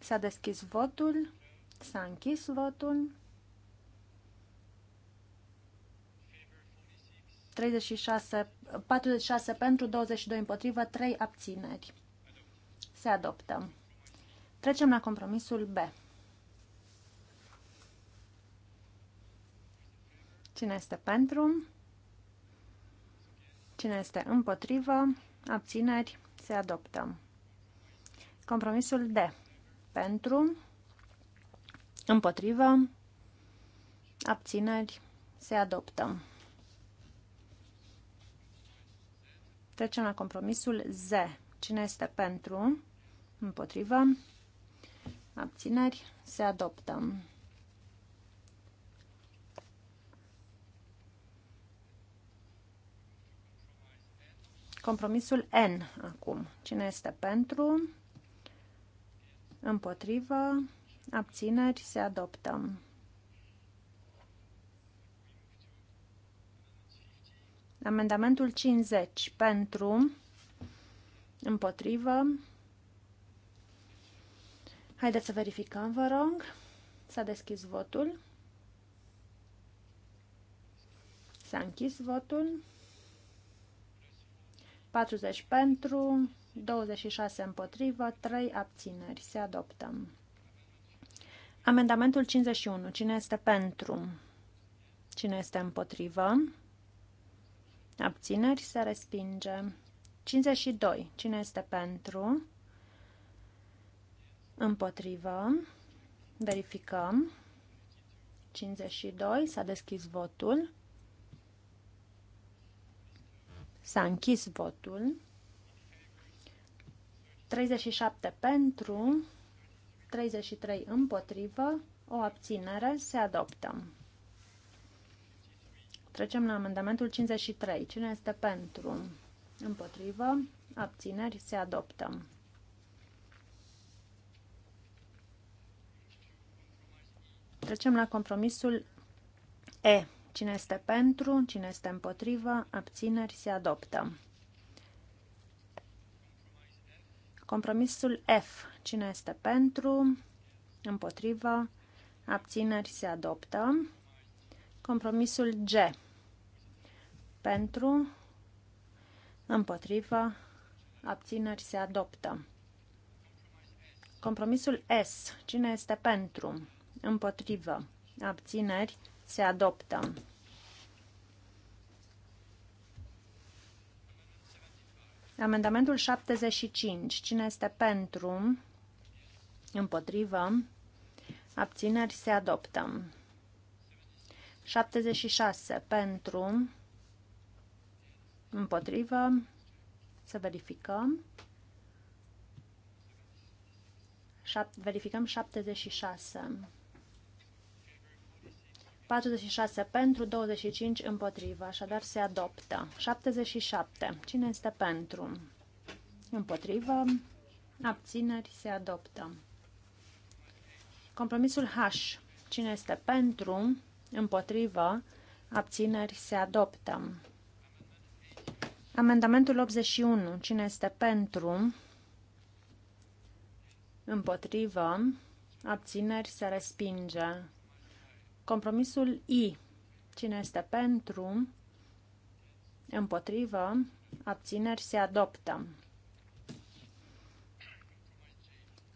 S-a deschis votul. S-a închis votul. 36, 46 pentru, 22 împotrivă, 3 abțineri. Se adoptă. Trecem la compromisul B. Cine este pentru? Cine este împotrivă? Abțineri? Se adoptă. Compromisul D. Pentru? Împotrivă? Abțineri? Se adoptă. Trecem la compromisul Z. Cine este pentru? Împotrivă? Abțineri? Se adoptă. Compromisul N acum. Cine este pentru? Împotrivă? Abțineri? Se adoptă. Amendamentul 50 pentru, împotrivă. Haideți să verificăm, vă rog. S-a deschis votul. S-a închis votul. 40 pentru, 26 împotrivă, 3 abțineri. Se adoptă. Amendamentul 51. Cine este pentru? Cine este împotrivă? Abțineri se respinge. 52. Cine este pentru? Împotrivă. Verificăm. 52. S-a deschis votul. S-a închis votul. 37 pentru, 33 împotrivă, o abținere, se adoptă. Trecem la amendamentul 53. Cine este pentru? Împotrivă, abțineri, se adoptă. Trecem la compromisul E. Cine este pentru, cine este împotrivă, abțineri se adoptă. Compromisul F. Cine este pentru, împotrivă, abțineri se adoptă. Compromisul G. Pentru, împotrivă, abțineri se adoptă. Compromisul S. Cine este pentru? Împotrivă. Abțineri. Se adoptă. Amendamentul 75. Cine este pentru? Împotrivă? Abțineri se adoptă. 76. Pentru? Împotrivă? Să verificăm. Verificăm 76. 46 pentru, 25 împotrivă, așadar se adoptă. 77. Cine este pentru? Împotrivă, abțineri, se adoptă. Compromisul H. Cine este pentru? Împotrivă, abțineri, se adoptă. Amendamentul 81. Cine este pentru? Împotrivă, abțineri, se respinge. Compromisul I. Cine este pentru? Împotrivă? Abțineri se adoptă.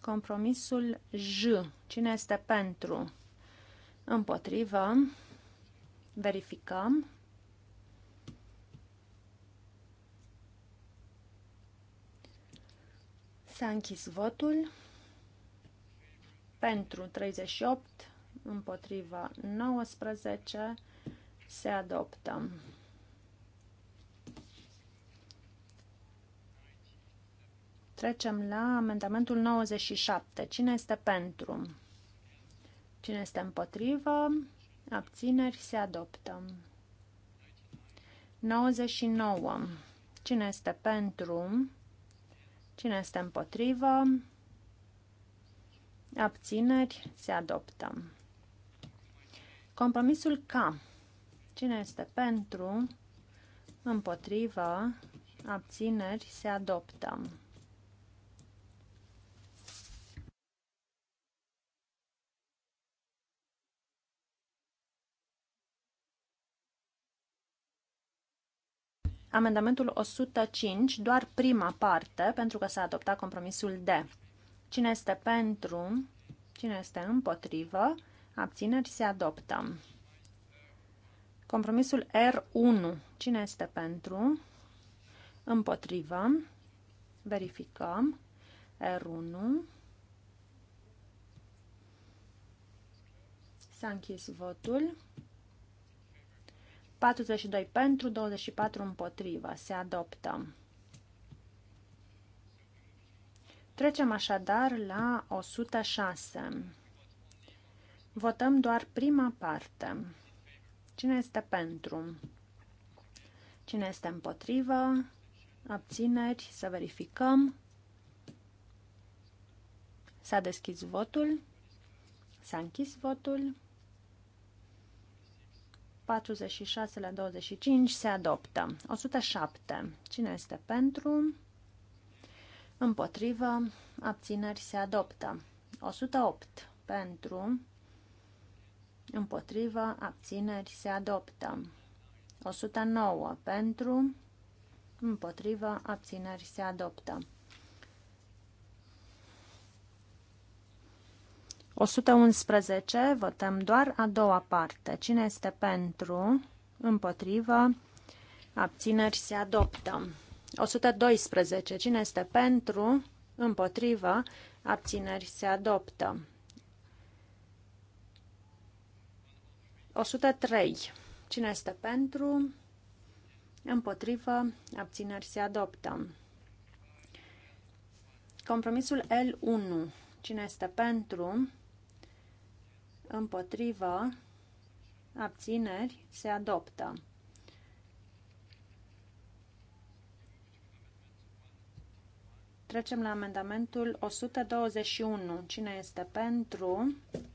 Compromisul J. Cine este pentru? Împotrivă? Verificăm. S-a închis votul pentru 38, împotriva 19, se adoptă. Trecem la amendamentul 97. Cine este pentru? Cine este împotrivă? Abțineri se adoptă. 99. Cine este pentru? Cine este împotrivă? Abțineri se adoptă. Compromisul K. Cine este pentru, împotrivă, abțineri, se adoptă. Amendamentul 105, doar prima parte, pentru că s-a adoptat compromisul D. Cine este pentru, cine este împotrivă, abțineri, se adoptă. Compromisul R1. Cine este pentru? Împotrivă. Verificăm. R1. S-a închis votul. 42 pentru, 24 împotrivă. Se adoptă. Trecem așadar la 106. Votăm doar prima parte. Cine este pentru? Cine este împotrivă? Abțineri? Să verificăm. S-a deschis votul. S-a închis votul. 46 la 25 se adoptă. 107. Cine este pentru? Împotrivă. Abțineri se adoptă. 108. Pentru împotrivă, abțineri, se adoptă. 109 pentru, împotrivă, abțineri, se adoptă. 111, votăm doar a doua parte. Cine este pentru, împotrivă, abțineri, se adoptă. 112, cine este pentru, împotrivă, abțineri, se adoptă. 103. Cine este pentru? Împotrivă. Abțineri se adoptă. Compromisul L1. Cine este pentru? Împotrivă. Abțineri se adoptă. Trecem la amendamentul 121. Cine este pentru? Pentru.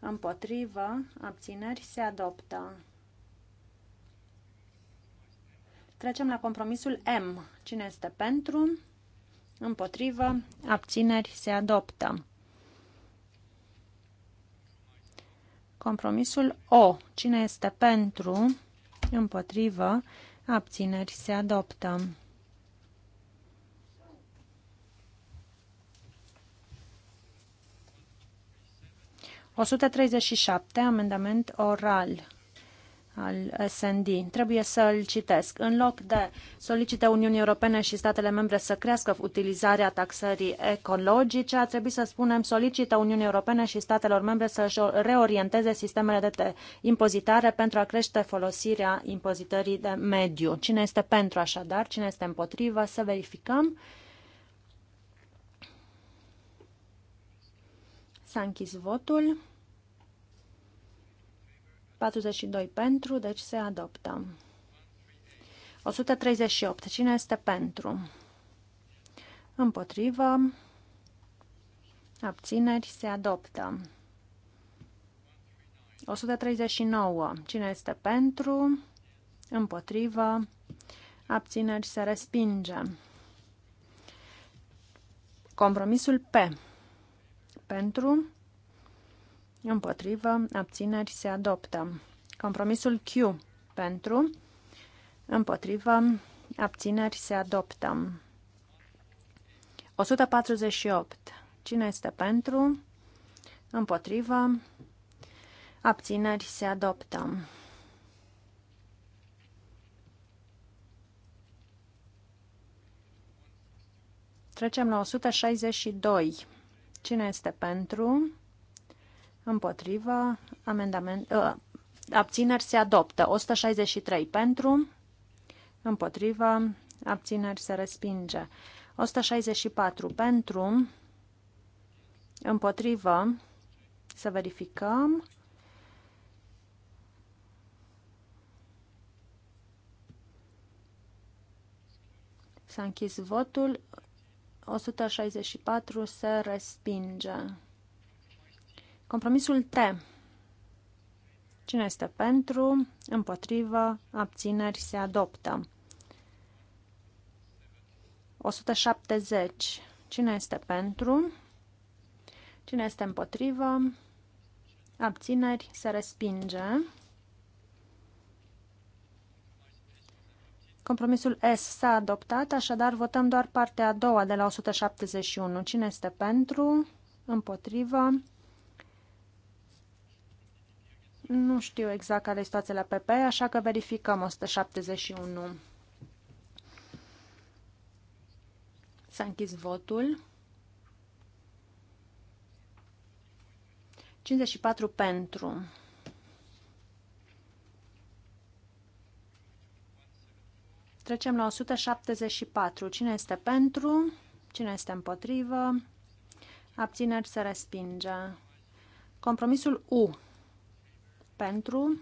Împotrivă, abțineri, se adoptă. Trecem la compromisul M. Cine este pentru? Împotrivă, abțineri, se adoptă. Compromisul O. Cine este pentru? Împotrivă, abțineri, se adoptă. 137, amendament oral al SND. Trebuie să-l citesc. În loc de solicită Uniunii Europene și statele membre să crească utilizarea taxării ecologice, ar trebui să spunem solicită Uniunii Europene și statelor membre să își reorienteze sistemele de impozitare pentru a crește folosirea impozitării de mediu. Cine este pentru așadar? Cine este împotrivă? Să verificăm. S-a închis votul. 42 pentru, deci se adoptă. 138. Cine este pentru? Împotrivă. Abțineri se adoptă. 139. Cine este pentru? Împotrivă. Abțineri se respinge. Compromisul P. Pentru, împotrivă, abțineri se adoptă. Compromisul Q. Pentru, împotrivă, abțineri se adoptă. 148. Cine este pentru? Împotrivă. Abțineri se adoptă. Trecem la Cine este pentru? Împotrivă. Amendament, uh, abțineri se adoptă. 163 pentru. Împotrivă. Abțineri se respinge. 164 pentru. Împotrivă. Să verificăm. S-a închis votul. 164 se respinge. Compromisul T. Cine este pentru, împotrivă, abțineri, se adoptă. 170. Cine este pentru? Cine este împotrivă? Abțineri, se respinge. Compromisul S s-a adoptat, așadar votăm doar partea a doua de la 171. Cine este pentru? Împotrivă? Nu știu exact care este situația la PP, așa că verificăm 171. S-a închis votul. 54 pentru. Trecem la 174. Cine este pentru? Cine este împotrivă? Abțineri se respinge. Compromisul U. Pentru,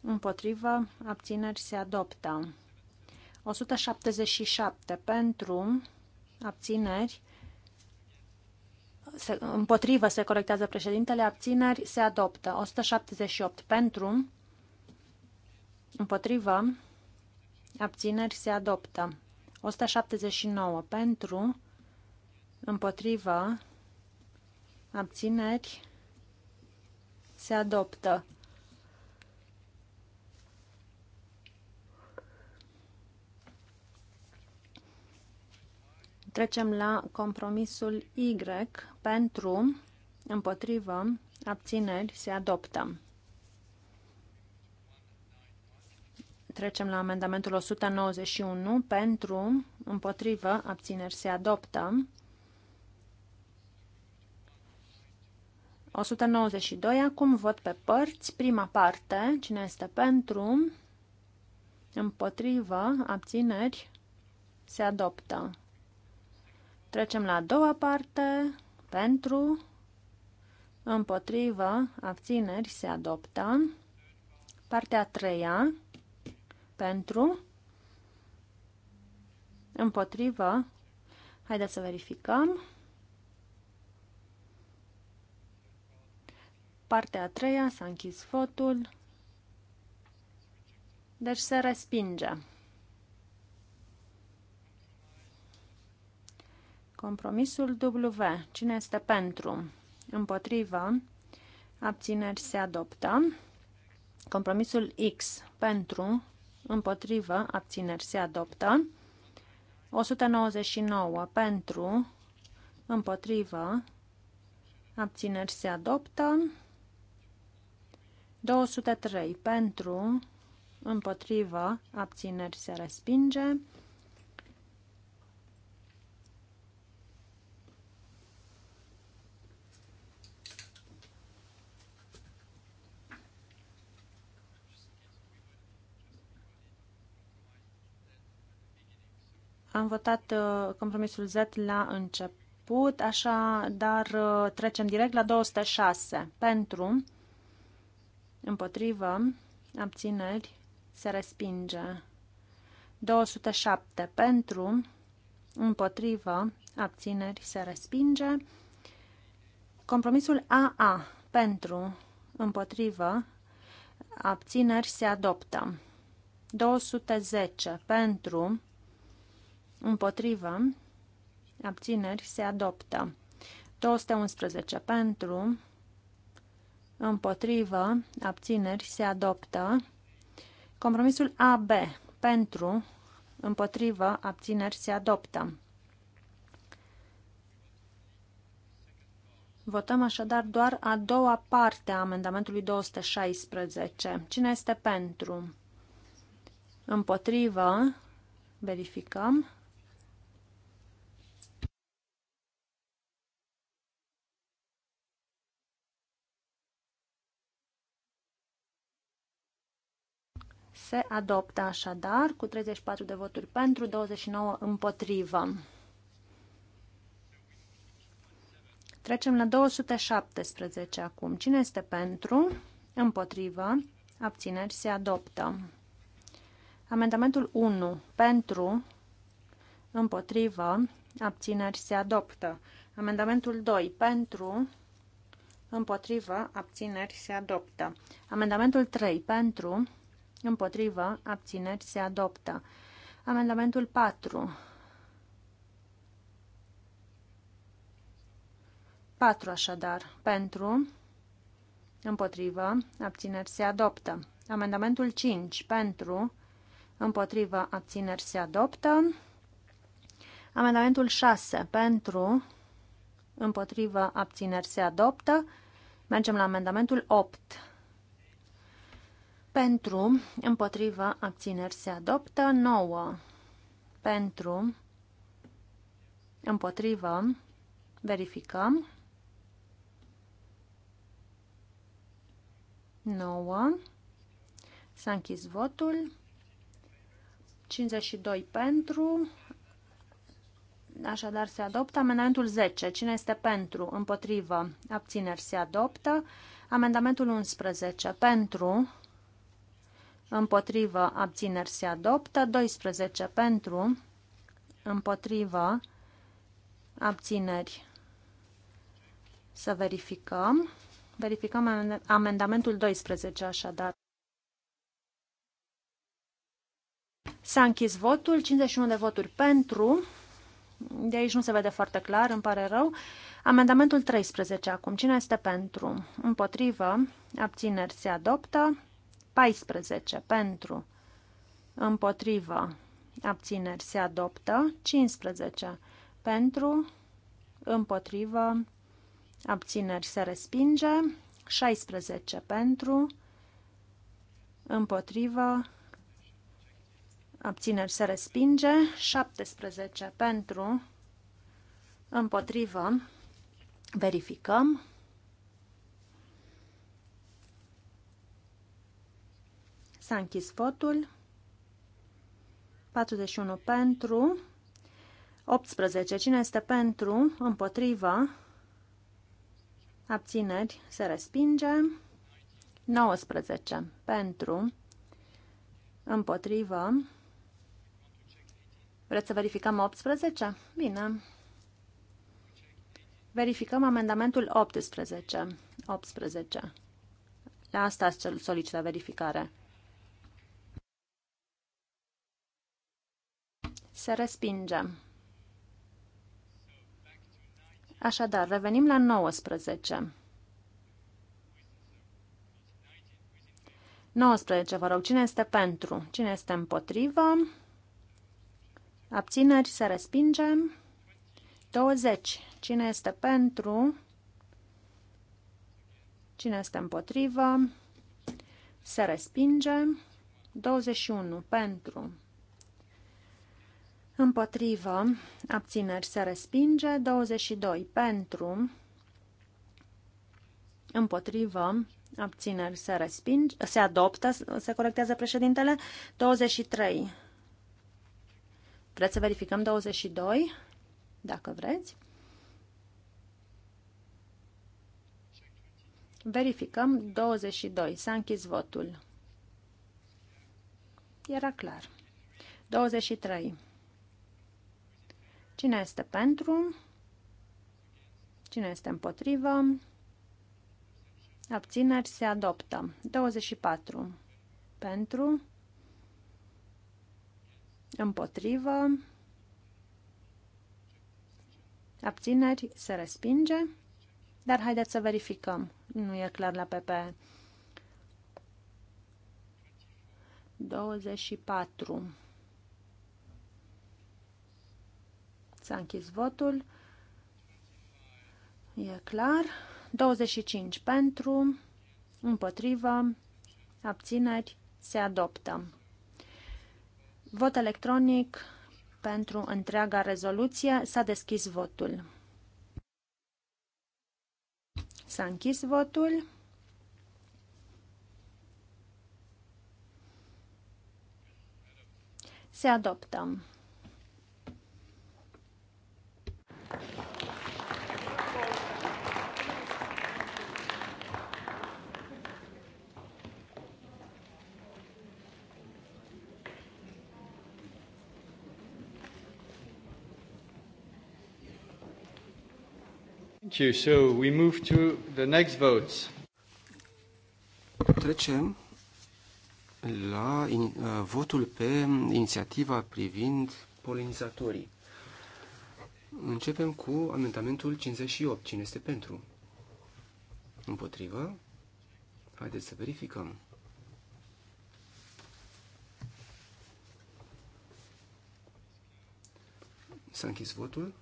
împotrivă, abțineri se adoptă. 177. Pentru, abțineri, se, împotrivă se corectează președintele, abțineri se adoptă. 178. Pentru, împotrivă, abțineri se adoptă. 179 pentru, împotrivă, abțineri se adoptă. Trecem la compromisul Y pentru, împotrivă, abțineri se adoptă. Trecem la amendamentul 191 pentru, împotrivă, abțineri se adoptă. 192. Acum vot pe părți. Prima parte, cine este pentru, împotrivă, abțineri se adoptă. Trecem la a doua parte, pentru, împotrivă, abțineri se adoptă. Partea a treia, pentru, împotrivă, haideți să verificăm, partea a treia s-a închis fotul, deci se respinge. Compromisul W. Cine este pentru? Împotrivă. Abțineri se adoptă. Compromisul X. Pentru împotrivă, abțineri se adoptă. 199 pentru, împotrivă, abțineri se adoptă. 203 pentru, împotrivă, abțineri se respinge. Am votat uh, compromisul Z la început, așa, dar uh, trecem direct la 206. Pentru, împotrivă, abțineri, se respinge. 207. Pentru, împotrivă, abțineri, se respinge. Compromisul AA. Pentru, împotrivă, abțineri, se adoptă. 210. Pentru, Împotrivă. Abțineri se adoptă. 211 pentru. Împotrivă. Abțineri se adoptă. Compromisul AB pentru. Împotrivă. Abțineri se adoptă. Votăm așadar doar a doua parte a amendamentului 216. Cine este pentru? Împotrivă. Verificăm. Se adoptă așadar cu 34 de voturi pentru, 29 împotrivă. Trecem la 217 acum. Cine este pentru? Împotrivă. Abțineri se adoptă. Amendamentul 1. Pentru. Împotrivă. Abțineri se adoptă. Amendamentul 2. Pentru. Împotrivă. Abțineri se adoptă. Amendamentul 3. Pentru. Împotrivă, abțineri, se adoptă. Amendamentul 4. 4 așadar. Pentru, împotrivă, abțineri, se adoptă. Amendamentul 5. Pentru, împotrivă, abțineri, se adoptă. Amendamentul 6. Pentru, împotrivă, abțineri, se adoptă. Mergem la amendamentul 8 pentru, împotrivă, abțineri se adoptă, 9 pentru, împotrivă, verificăm, 9, s-a închis votul, 52 pentru, așadar se adoptă, amendamentul 10, cine este pentru, împotrivă, abțineri se adoptă, amendamentul 11, pentru, împotrivă, abțineri se adoptă, 12 pentru, împotrivă, abțineri. Să verificăm. Verificăm amendamentul 12, așadar. S-a închis votul, 51 de voturi pentru, de aici nu se vede foarte clar, îmi pare rău. Amendamentul 13 acum, cine este pentru? Împotrivă, abțineri se adoptă. 14 pentru, împotrivă, abțineri se adoptă. 15 pentru, împotrivă, abțineri se respinge. 16 pentru, împotrivă, abțineri se respinge. 17 pentru, împotrivă, verificăm. S-a închis votul. 41 pentru. 18. Cine este pentru? Împotrivă. Abțineri. Se respinge. 19. Pentru. Împotrivă. Vreți să verificăm 18? Bine. Verificăm amendamentul 18. 18. La asta solicită verificare. Se respinge. Așadar, revenim la 19. 19, vă rog, cine este pentru? Cine este împotrivă? Abțineri, se respinge. 20, cine este pentru? Cine este împotrivă? Se respinge. 21, pentru. Împotrivă, abțineri se respinge, 22 pentru, împotrivă, abțineri se respinge, se adoptă, se corectează președintele, 23. Vreți să verificăm 22? Dacă vreți. Verificăm 22. S-a închis votul. Era clar. 23. Cine este pentru? Cine este împotrivă? Abțineri se adoptă. 24. Pentru. Împotrivă. Abțineri se respinge. Dar haideți să verificăm. Nu e clar la PP. 24. S-a închis votul. E clar. 25 pentru, împotrivă, abțineri, se adoptă. Vot electronic pentru întreaga rezoluție. S-a deschis votul. S-a închis votul. Se adoptă. you. So we move to the next votes. Trecem la in, uh, votul pe inițiativa privind polinizatorii. Începem cu amendamentul 58. Cine este pentru? Împotrivă? Haideți să verificăm. S-a închis votul.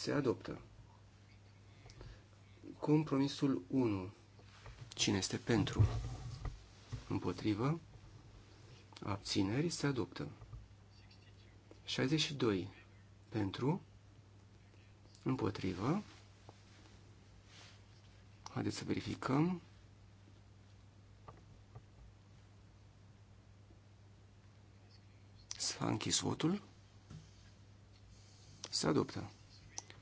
se adoptă. Compromisul 1. Cine este pentru? Împotrivă? Abțineri se adoptă. 62. Pentru? Împotrivă? Haideți să verificăm. S-a închis votul. Se adoptă.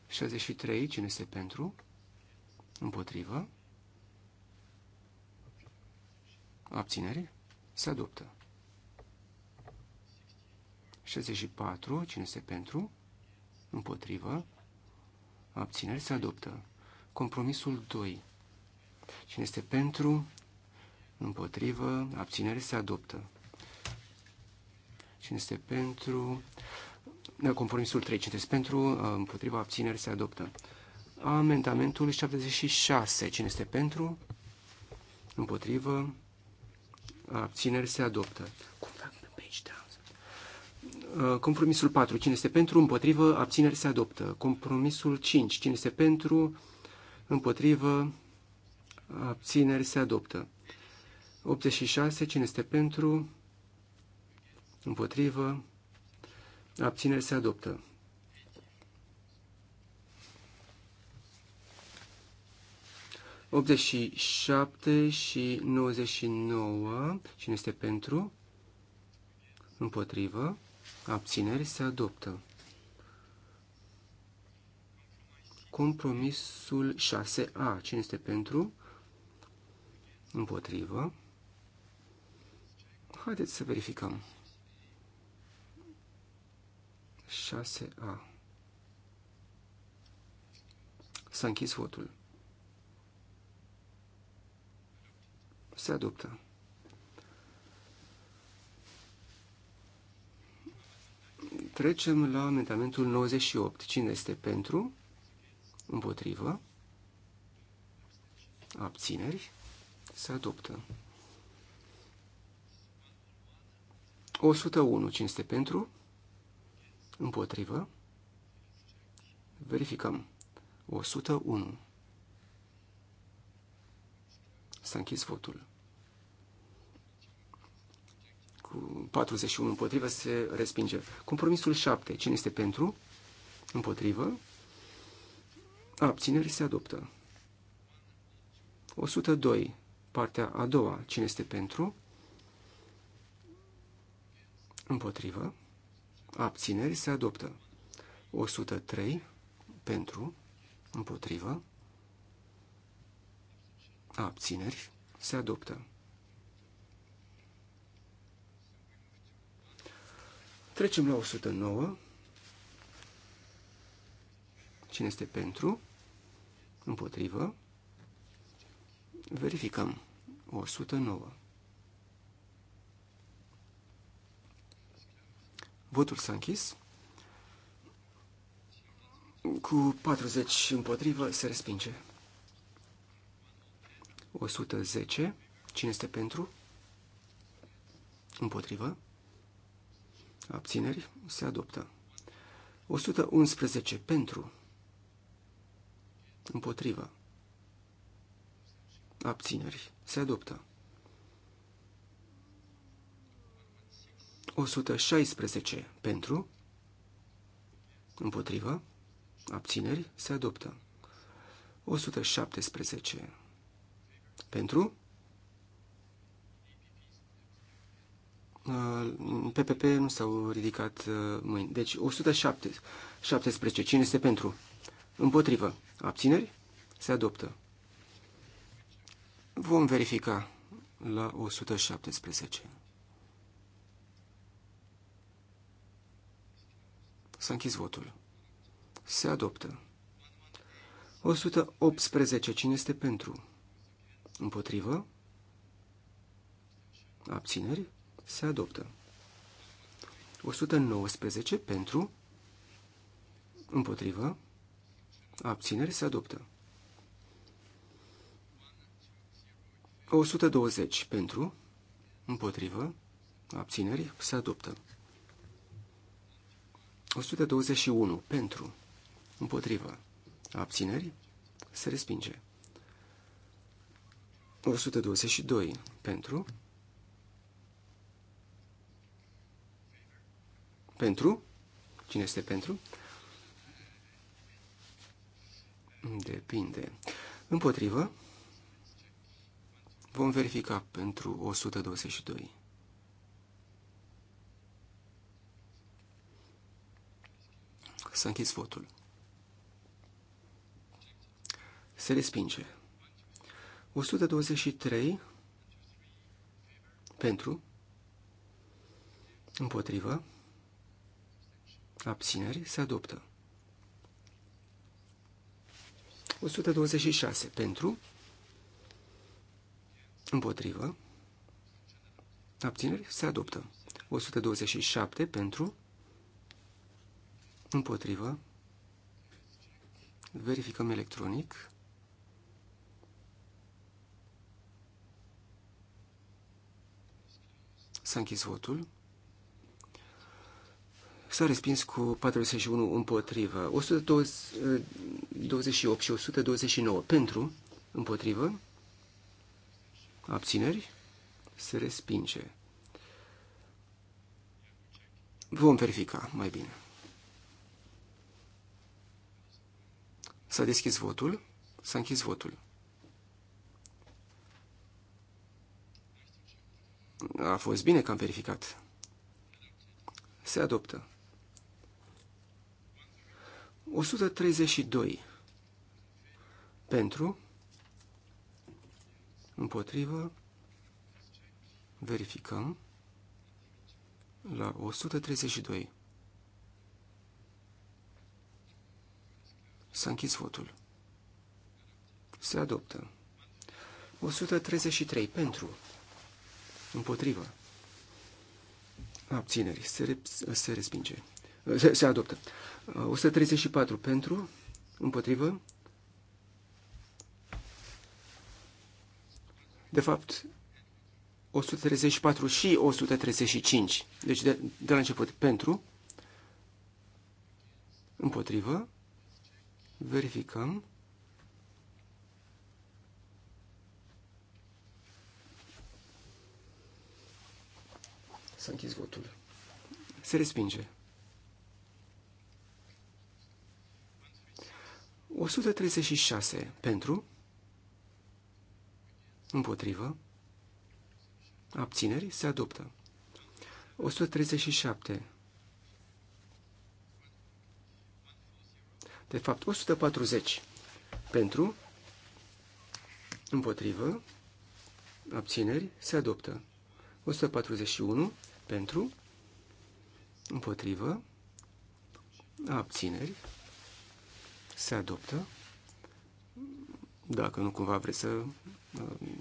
63. Cine este pentru? Împotrivă. Abținere. Se adoptă. 64. Cine este pentru? Împotrivă. Abținere. Se adoptă. Compromisul 2. Cine este pentru? Împotrivă. Abținere. Se adoptă. Cine este pentru? Da, compromisul 3. citesc este pentru? Împotriva abțineri se adoptă. Amendamentul 76. Cine este pentru? Împotrivă. Abțineri se adoptă. Cum fac pe aici, da? Uh, compromisul 4. Cine este pentru? Împotrivă. Abțineri se adoptă. Compromisul 5. Cine este pentru? Împotrivă. Abțineri se adoptă. 86. Cine este pentru? Împotrivă abțineri se adoptă. Optzeci șapte și nouăzeci nouă. Cine este pentru? Împotrivă. Abțineri se adoptă. Compromisul 6A. Cine este pentru? Împotrivă. Haideți să verificăm. 6A. S-a închis votul. Se adoptă. Trecem la amendamentul 98. Cine este pentru? Împotrivă? Abțineri? Se adoptă. 101. Cine este pentru? Împotrivă. Verificăm. 101. S-a închis votul. Cu 41 împotrivă se respinge. Compromisul 7. Cine este pentru? Împotrivă. Abțineri se adoptă. 102. Partea a doua. Cine este pentru? Împotrivă abțineri se adoptă. 103 pentru, împotrivă, abțineri se adoptă. Trecem la 109. Cine este pentru? Împotrivă. Verificăm. 109. Votul s-a închis. Cu 40 împotrivă se respinge. 110. Cine este pentru? Împotrivă. Abțineri. Se adoptă. 111. Pentru. Împotrivă. Abțineri. Se adoptă. 116 pentru, împotrivă, abțineri, se adoptă. 117 pentru, PPP nu s-au ridicat uh, mâini. Deci 117. Cine este pentru? Împotrivă. Abțineri? Se adoptă. Vom verifica la 117. S-a închis votul. Se adoptă. 118. Cine este pentru? Împotrivă? Abțineri? Se adoptă. 119. Pentru? Împotrivă? Abțineri? Se adoptă. 120. Pentru? Împotrivă? Abțineri? Se adoptă. 121. Pentru. Împotrivă. Abțineri. Se respinge. 122. Pentru. Pentru. Cine este pentru? Depinde. Împotrivă. Vom verifica pentru 122. S-a închis votul. Se respinge. 123 pentru, împotrivă, abțineri, se adoptă. 126 pentru, împotrivă, abțineri, se adoptă. 127 pentru, împotrivă, verificăm electronic, s-a închis votul, s-a respins cu 41 împotrivă, 128 eh, și 129 pentru, împotrivă, abțineri, se respinge. Vom verifica mai bine. S-a deschis votul. S-a închis votul. A fost bine că am verificat. Se adoptă. 132. Pentru. Împotrivă. Verificăm. La 132. S-a închis votul. Se adoptă. 133 pentru. Împotrivă. Abțineri. Se, re se respinge. Se, se adoptă. 134 pentru. Împotrivă. De fapt, 134 și 135. Deci de, de la început pentru. Împotrivă. Verificăm. S-a închis votul. Se respinge. 136 pentru, împotrivă, abțineri, se adoptă. 137 De fapt, 140 pentru, împotrivă, abțineri, se adoptă. 141 pentru, împotrivă, abțineri, se adoptă. Dacă nu cumva vreți să uh,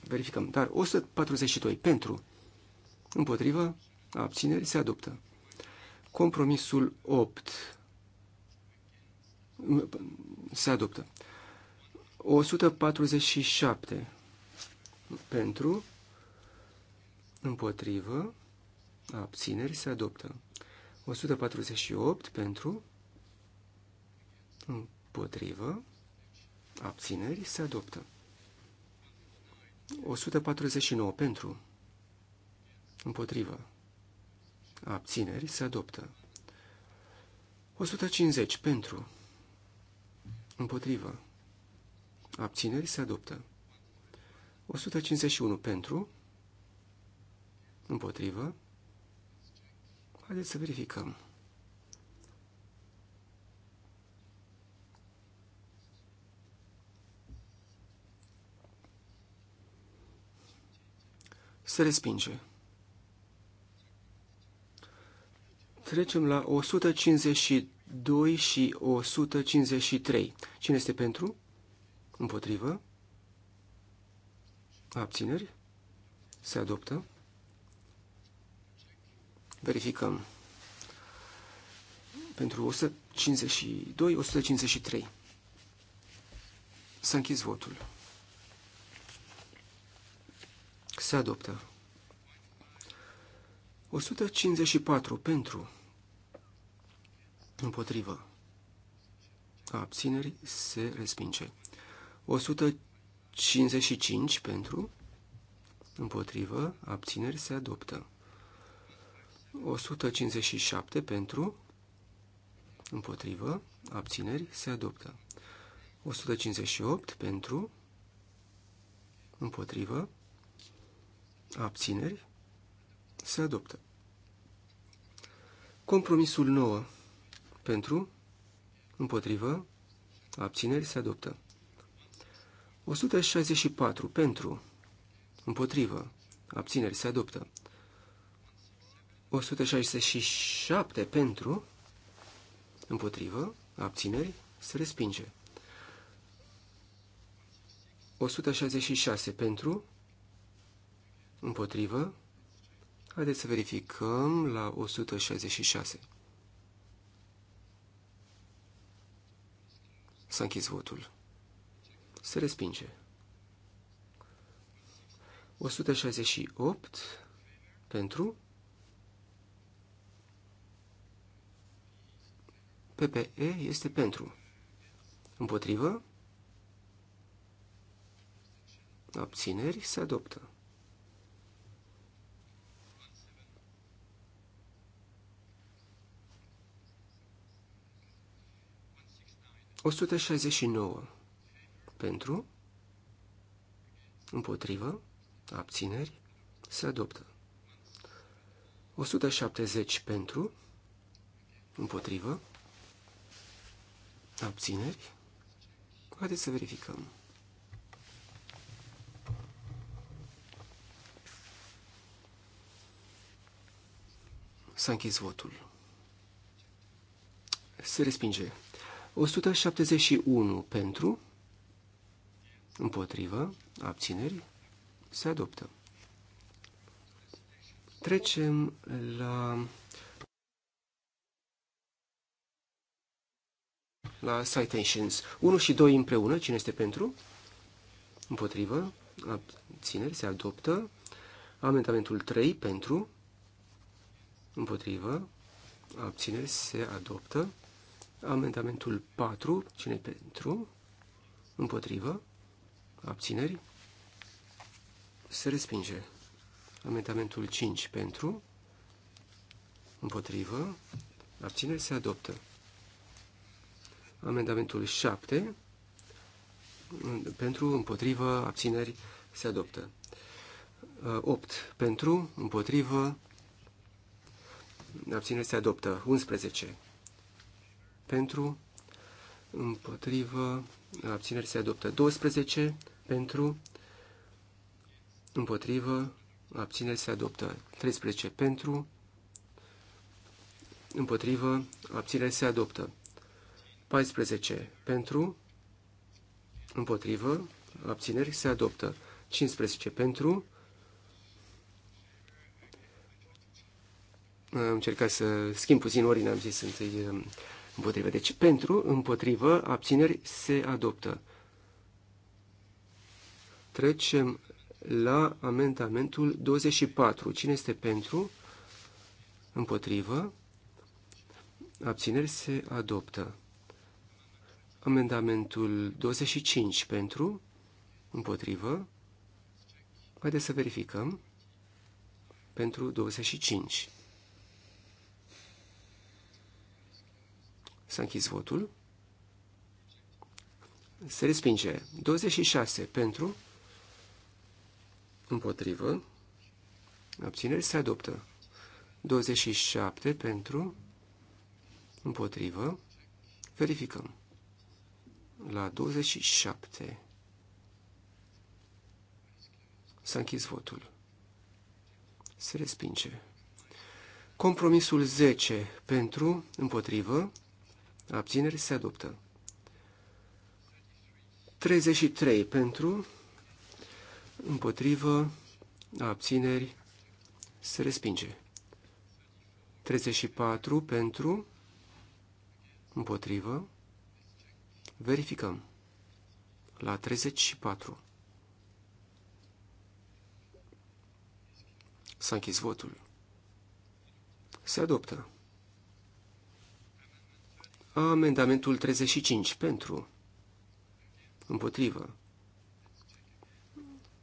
verificăm. Dar 142 pentru, împotrivă, abțineri, se adoptă. Compromisul 8 se adoptă. 147 pentru, împotrivă, abțineri, se adoptă. 148 pentru, împotrivă, abțineri, se adoptă. 149 pentru, împotrivă, abțineri, se adoptă. 150 pentru, Împotrivă. Abțineri se adoptă. 151 pentru. Împotrivă. Haideți să verificăm. Se respinge. Trecem la 152 2 și 153. Cine este pentru? Împotrivă? Abțineri? Se adoptă? Verificăm. Pentru 152, 153. S-a închis votul. Se adoptă. 154 pentru împotrivă, abțineri, se respinge. 155 pentru, împotrivă, abțineri, se adoptă. 157 pentru, împotrivă, abțineri, se adoptă. 158 pentru, împotrivă, abțineri, se adoptă. Compromisul 9 pentru, împotrivă, abțineri se adoptă. 164 pentru, împotrivă, abțineri se adoptă. 167 pentru, împotrivă, abțineri se respinge. 166 pentru, împotrivă, haideți să verificăm la 166. S-a închis votul. Se respinge. 168 pentru PPE este pentru. Împotrivă? Abțineri se adoptă. 169. Pentru, împotrivă, abțineri, se adoptă. 170 pentru, împotrivă, abțineri. Haideți să verificăm. S-a închis votul. Se respinge 171 pentru, împotrivă, abțineri, se adoptă. Trecem la, la citations. 1 și 2 împreună, cine este pentru? Împotrivă, abțineri, se adoptă. Amendamentul 3 pentru, împotrivă, abțineri, se adoptă. Amendamentul 4, cine pentru? Împotrivă? Abțineri? Se respinge. Amendamentul 5 pentru? Împotrivă? Abțineri? Se adoptă. Amendamentul 7 pentru, împotrivă, abțineri, se adoptă. 8 uh, pentru, împotrivă, abțineri, se adoptă. 11 pentru, împotrivă, abțineri se adoptă 12 pentru, împotrivă, abțineri se adoptă 13 pentru, împotrivă, abțineri se adoptă 14 pentru, împotrivă, abțineri se adoptă 15 pentru, am încercat să schimb puțin ori, am zis întâi împotrivă. Deci pentru, împotrivă, abțineri se adoptă. Trecem la amendamentul 24. Cine este pentru? Împotrivă. Abțineri se adoptă. Amendamentul 25 pentru, împotrivă. Haideți să verificăm. Pentru 25. S-a închis votul. Se respinge. 26 pentru, împotrivă, abțineri, se adoptă. 27 pentru, împotrivă, verificăm. La 27 s-a închis votul. Se respinge. Compromisul 10 pentru, împotrivă, abțineri, se adoptă. 33 pentru, împotrivă, abțineri, se respinge. 34 pentru, împotrivă, verificăm. La 34. S-a închis votul. Se adoptă. Amendamentul 35 pentru. Împotrivă.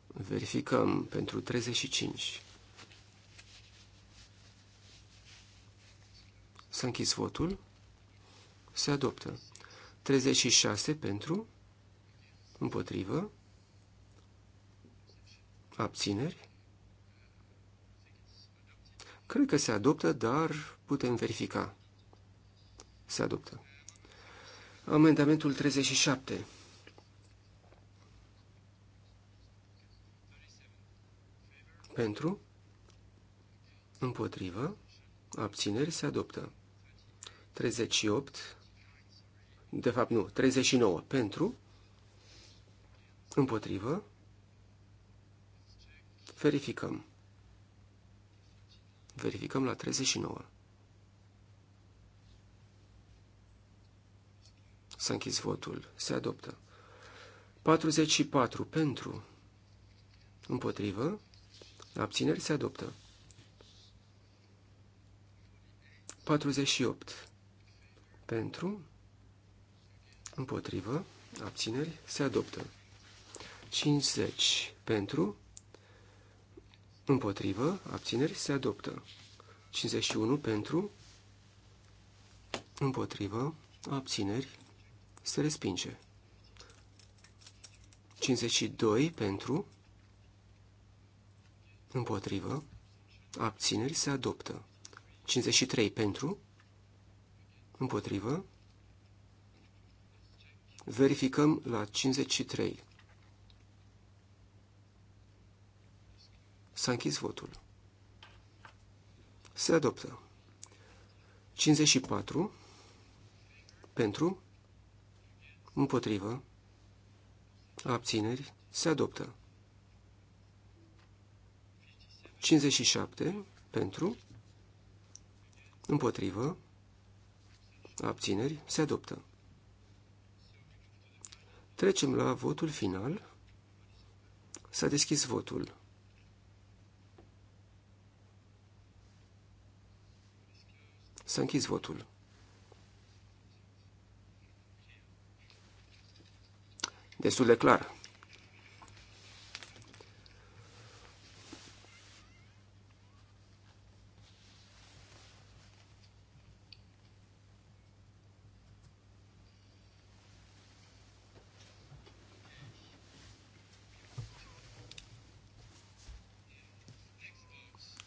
Verificăm pentru 35. S-a închis votul. Se adoptă. 36 pentru. Împotrivă. Abțineri. Cred că se adoptă, dar putem verifica. Se adoptă. Amendamentul 37. Pentru, împotrivă, abțineri se adoptă. 38, de fapt nu, 39 pentru, împotrivă, verificăm. Verificăm la 39. S-a închis votul. Se adoptă. 44 pentru. Împotrivă. Abțineri se adoptă. 48 pentru. Împotrivă. Abțineri se adoptă. 50 pentru. Împotrivă. Abțineri se adoptă. 51 pentru. Împotrivă. Abțineri se respinge. 52 pentru, împotrivă, abțineri se adoptă. 53 pentru, împotrivă, verificăm la 53. S-a închis votul. Se adoptă. 54 pentru, împotrivă, abțineri, se adoptă. 57 pentru, împotrivă, abțineri, se adoptă. Trecem la votul final. S-a deschis votul. S-a închis votul. destul de clar.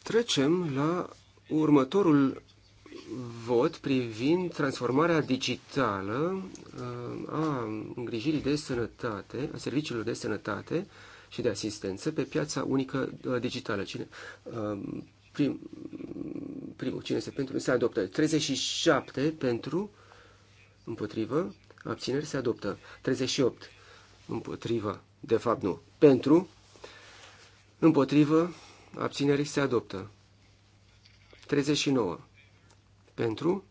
Trecem la următorul vot privind transformarea digitală uh, a îngrijirii de sănătate, a serviciilor de sănătate și de asistență pe piața unică uh, digitală. Cine, uh, prim, primul, cine se pentru, se adoptă. 37 pentru, împotrivă, abțineri se adoptă. 38 împotrivă, de fapt nu, pentru, împotrivă, abțineri se adoptă. 39 pentru,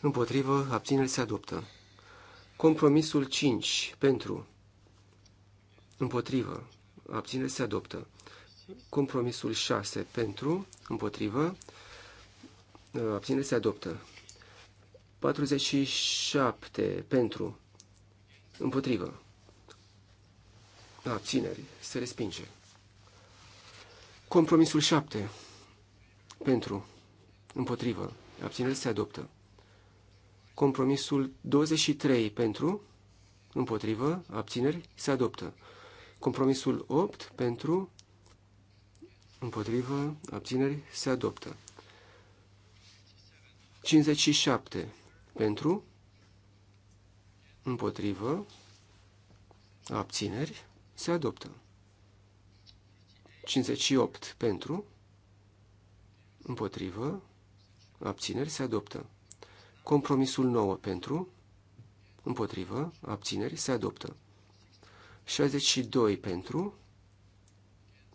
împotrivă, abțineri se adoptă. Compromisul 5 pentru, împotrivă, abțineri se adoptă. Compromisul 6 pentru, împotrivă, abțineri se adoptă. 47 pentru, împotrivă, abțineri se respinge. Compromisul 7 pentru, împotrivă, Abținerea se adoptă. Compromisul 23 pentru, împotrivă, abțineri se adoptă. Compromisul 8 pentru, împotrivă, abțineri se adoptă. 57 pentru, împotrivă, abțineri se adoptă. 58 pentru, împotrivă, abțineri se adoptă. Compromisul 9 pentru, împotrivă, abțineri se adoptă. 62 pentru,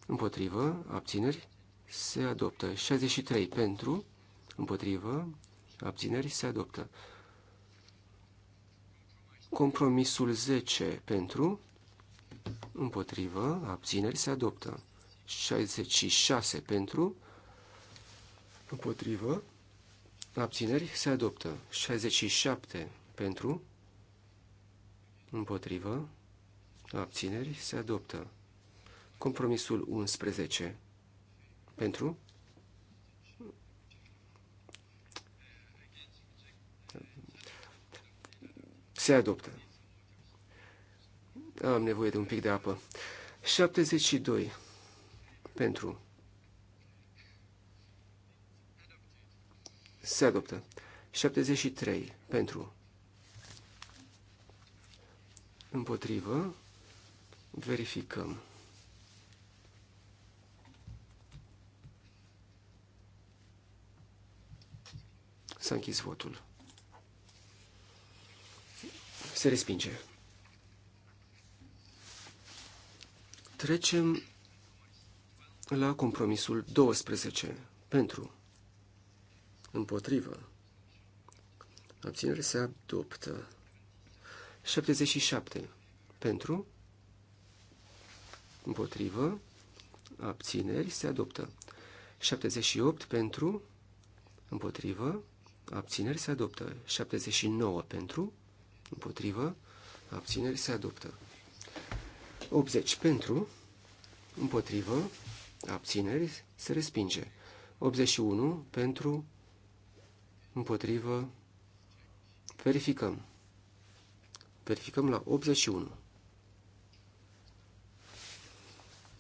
împotrivă, abțineri se adoptă. 63 pentru, împotrivă, abțineri se adoptă. Compromisul 10 pentru, împotrivă, abțineri se adoptă. 66 pentru, împotrivă, abțineri se adoptă. 67 pentru, împotrivă, abțineri se adoptă. Compromisul 11 pentru, se adoptă. Am nevoie de un pic de apă. 72 pentru Se adoptă. 73 pentru. Împotrivă. Verificăm. S-a închis votul. Se respinge. Trecem la compromisul 12 pentru Împotrivă. Abținere se adoptă. 77. Pentru. Împotrivă. Abțineri se adoptă. 78 pentru. Împotrivă. Abțineri se adoptă. 79 pentru. Împotrivă. Abțineri se adoptă. 80 pentru. Împotrivă. Abțineri se respinge. 81 pentru împotrivă, verificăm. Verificăm la 81.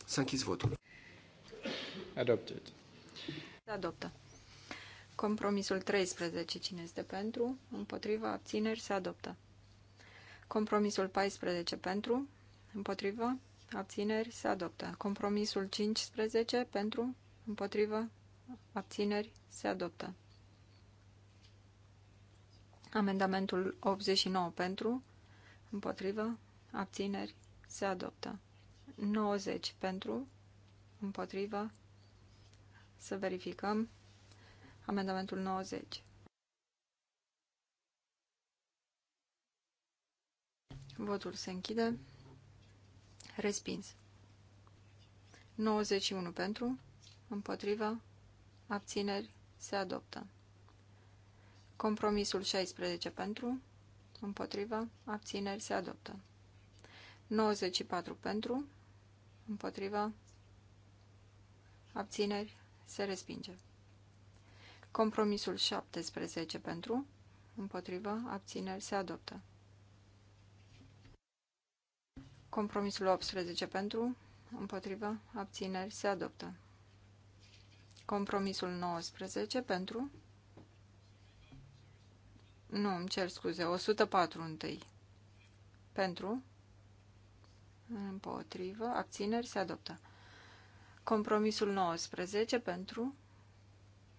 S-a închis votul. Adopted. Adoptă. Compromisul 13. Cine este pentru? Împotrivă. Abțineri. Se adoptă. Compromisul 14. Pentru? Împotrivă. Abțineri. Se adoptă. Compromisul 15. Pentru? Împotrivă. Abțineri. Se adoptă. Amendamentul 89 pentru, împotrivă, abțineri, se adoptă. 90 pentru, împotrivă, să verificăm. Amendamentul 90. Votul se închide. Respins. 91 pentru, împotrivă, abțineri, se adoptă. Compromisul 16 pentru, împotrivă, abțineri se adoptă. 94 pentru, împotrivă, abțineri se respinge. Compromisul 17 pentru, împotrivă, abțineri se adoptă. Compromisul 18 pentru, împotrivă, abțineri se adoptă. Compromisul 19 pentru, nu, îmi cer scuze. 104 întâi. Pentru. Împotrivă. Abțineri. Se adoptă. Compromisul 19 pentru.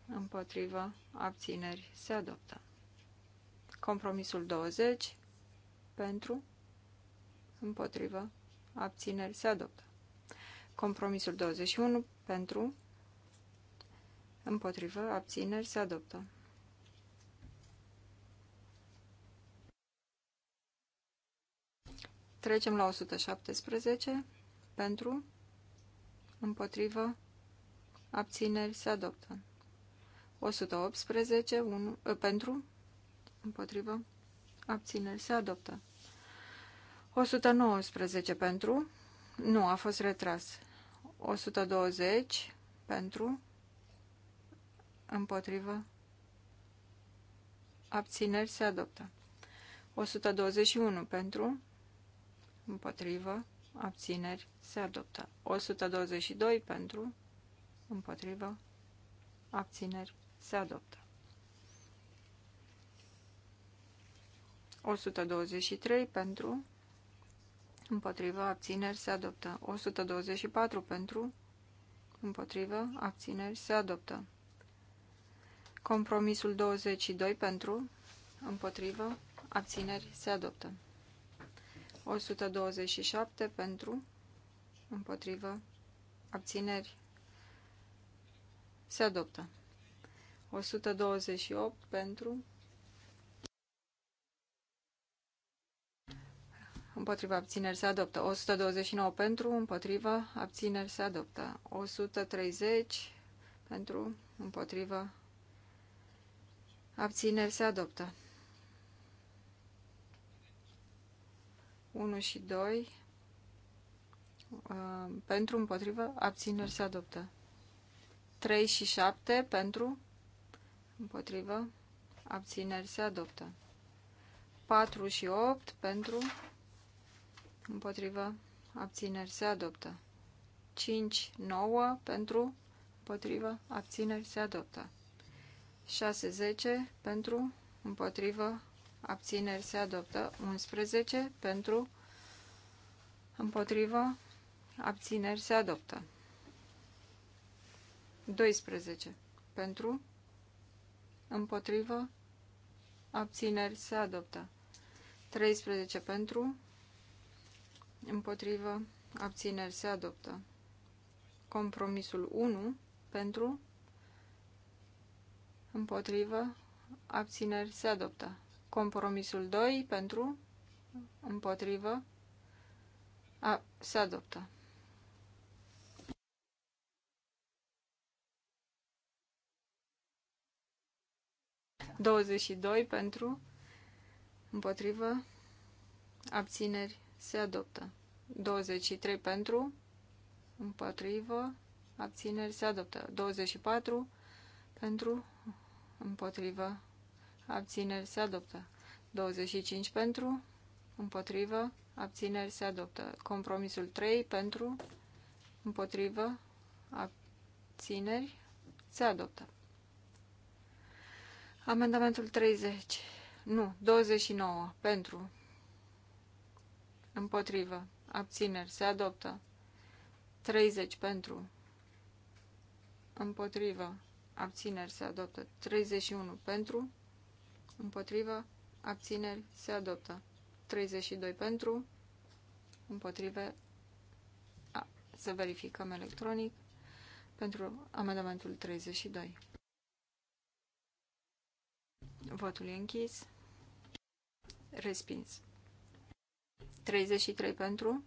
Împotrivă. Abțineri. Se adoptă. Compromisul 20 pentru. Împotrivă. Abțineri. Se adoptă. Compromisul 21 pentru. Împotrivă. Abțineri. Se adoptă. Trecem la 117. Pentru, împotrivă, abțineri se adoptă. 118 1, ă, pentru, împotrivă, abțineri se adoptă. 119 pentru, nu, a fost retras. 120 pentru, împotrivă, abțineri se adoptă. 121 pentru, împotrivă, abțineri, se adoptă. 122 pentru, împotrivă, abțineri, se adoptă. 123 pentru, împotrivă, abțineri, se adoptă. 124 pentru, împotrivă, abțineri, se adoptă. Compromisul 22 pentru, împotrivă, abțineri, se adoptă. 127 pentru, împotrivă, abțineri, se adoptă. 128 pentru, împotriva abțineri se adoptă. 129 pentru, împotrivă, abțineri se adoptă. 130 pentru, împotrivă, abțineri se adoptă. 1 și 2 uh, pentru, împotrivă, abțineri se adoptă. 3 și 7 pentru, împotrivă, abțineri se adoptă. 4 și 8 pentru, împotrivă, abțineri se adoptă. 5, 9 pentru, împotrivă, abțineri se adoptă. 6, 10 pentru, împotrivă, abțineri se adoptă. 11 pentru, împotrivă, abțineri se adoptă. 12 pentru, împotrivă, abțineri se adoptă. 13 pentru, împotrivă, abțineri se adoptă. Compromisul 1 pentru, împotrivă, abțineri se adoptă. Compromisul 2 pentru, împotrivă, a, se adoptă. Douăzeci și doi pentru, împotrivă, abțineri, se adoptă. 23 pentru, împotrivă, abțineri, se adoptă. 24 pentru, împotrivă, abțineri se adoptă. 25 pentru, împotrivă, abțineri se adoptă. Compromisul 3 pentru, împotrivă, abțineri se adoptă. Amendamentul 30, nu, 29 pentru, împotrivă, abțineri se adoptă. 30 pentru, împotrivă, abțineri se adoptă. 31 pentru, împotrivă, abțineri, se adoptă. 32 pentru, împotrive, a, să verificăm electronic pentru amendamentul 32. Votul e închis. Respins. 33 pentru,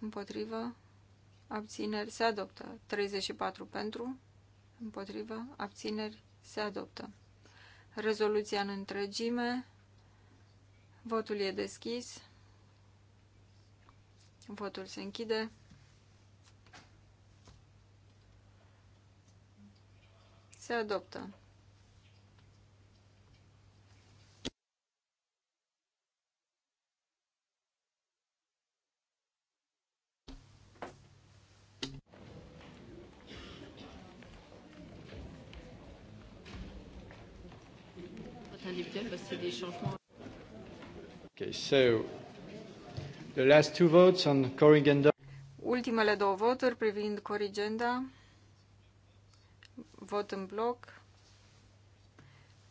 împotrivă, abțineri, se adoptă. 34 pentru, împotrivă, abțineri, se adoptă rezoluția în întregime. Votul e deschis. Votul se închide. Se adoptă. budgets des changements. Okay, so the last two votes on Corrigenda. Ultimele două voturi privind Corrigenda. Vot în bloc.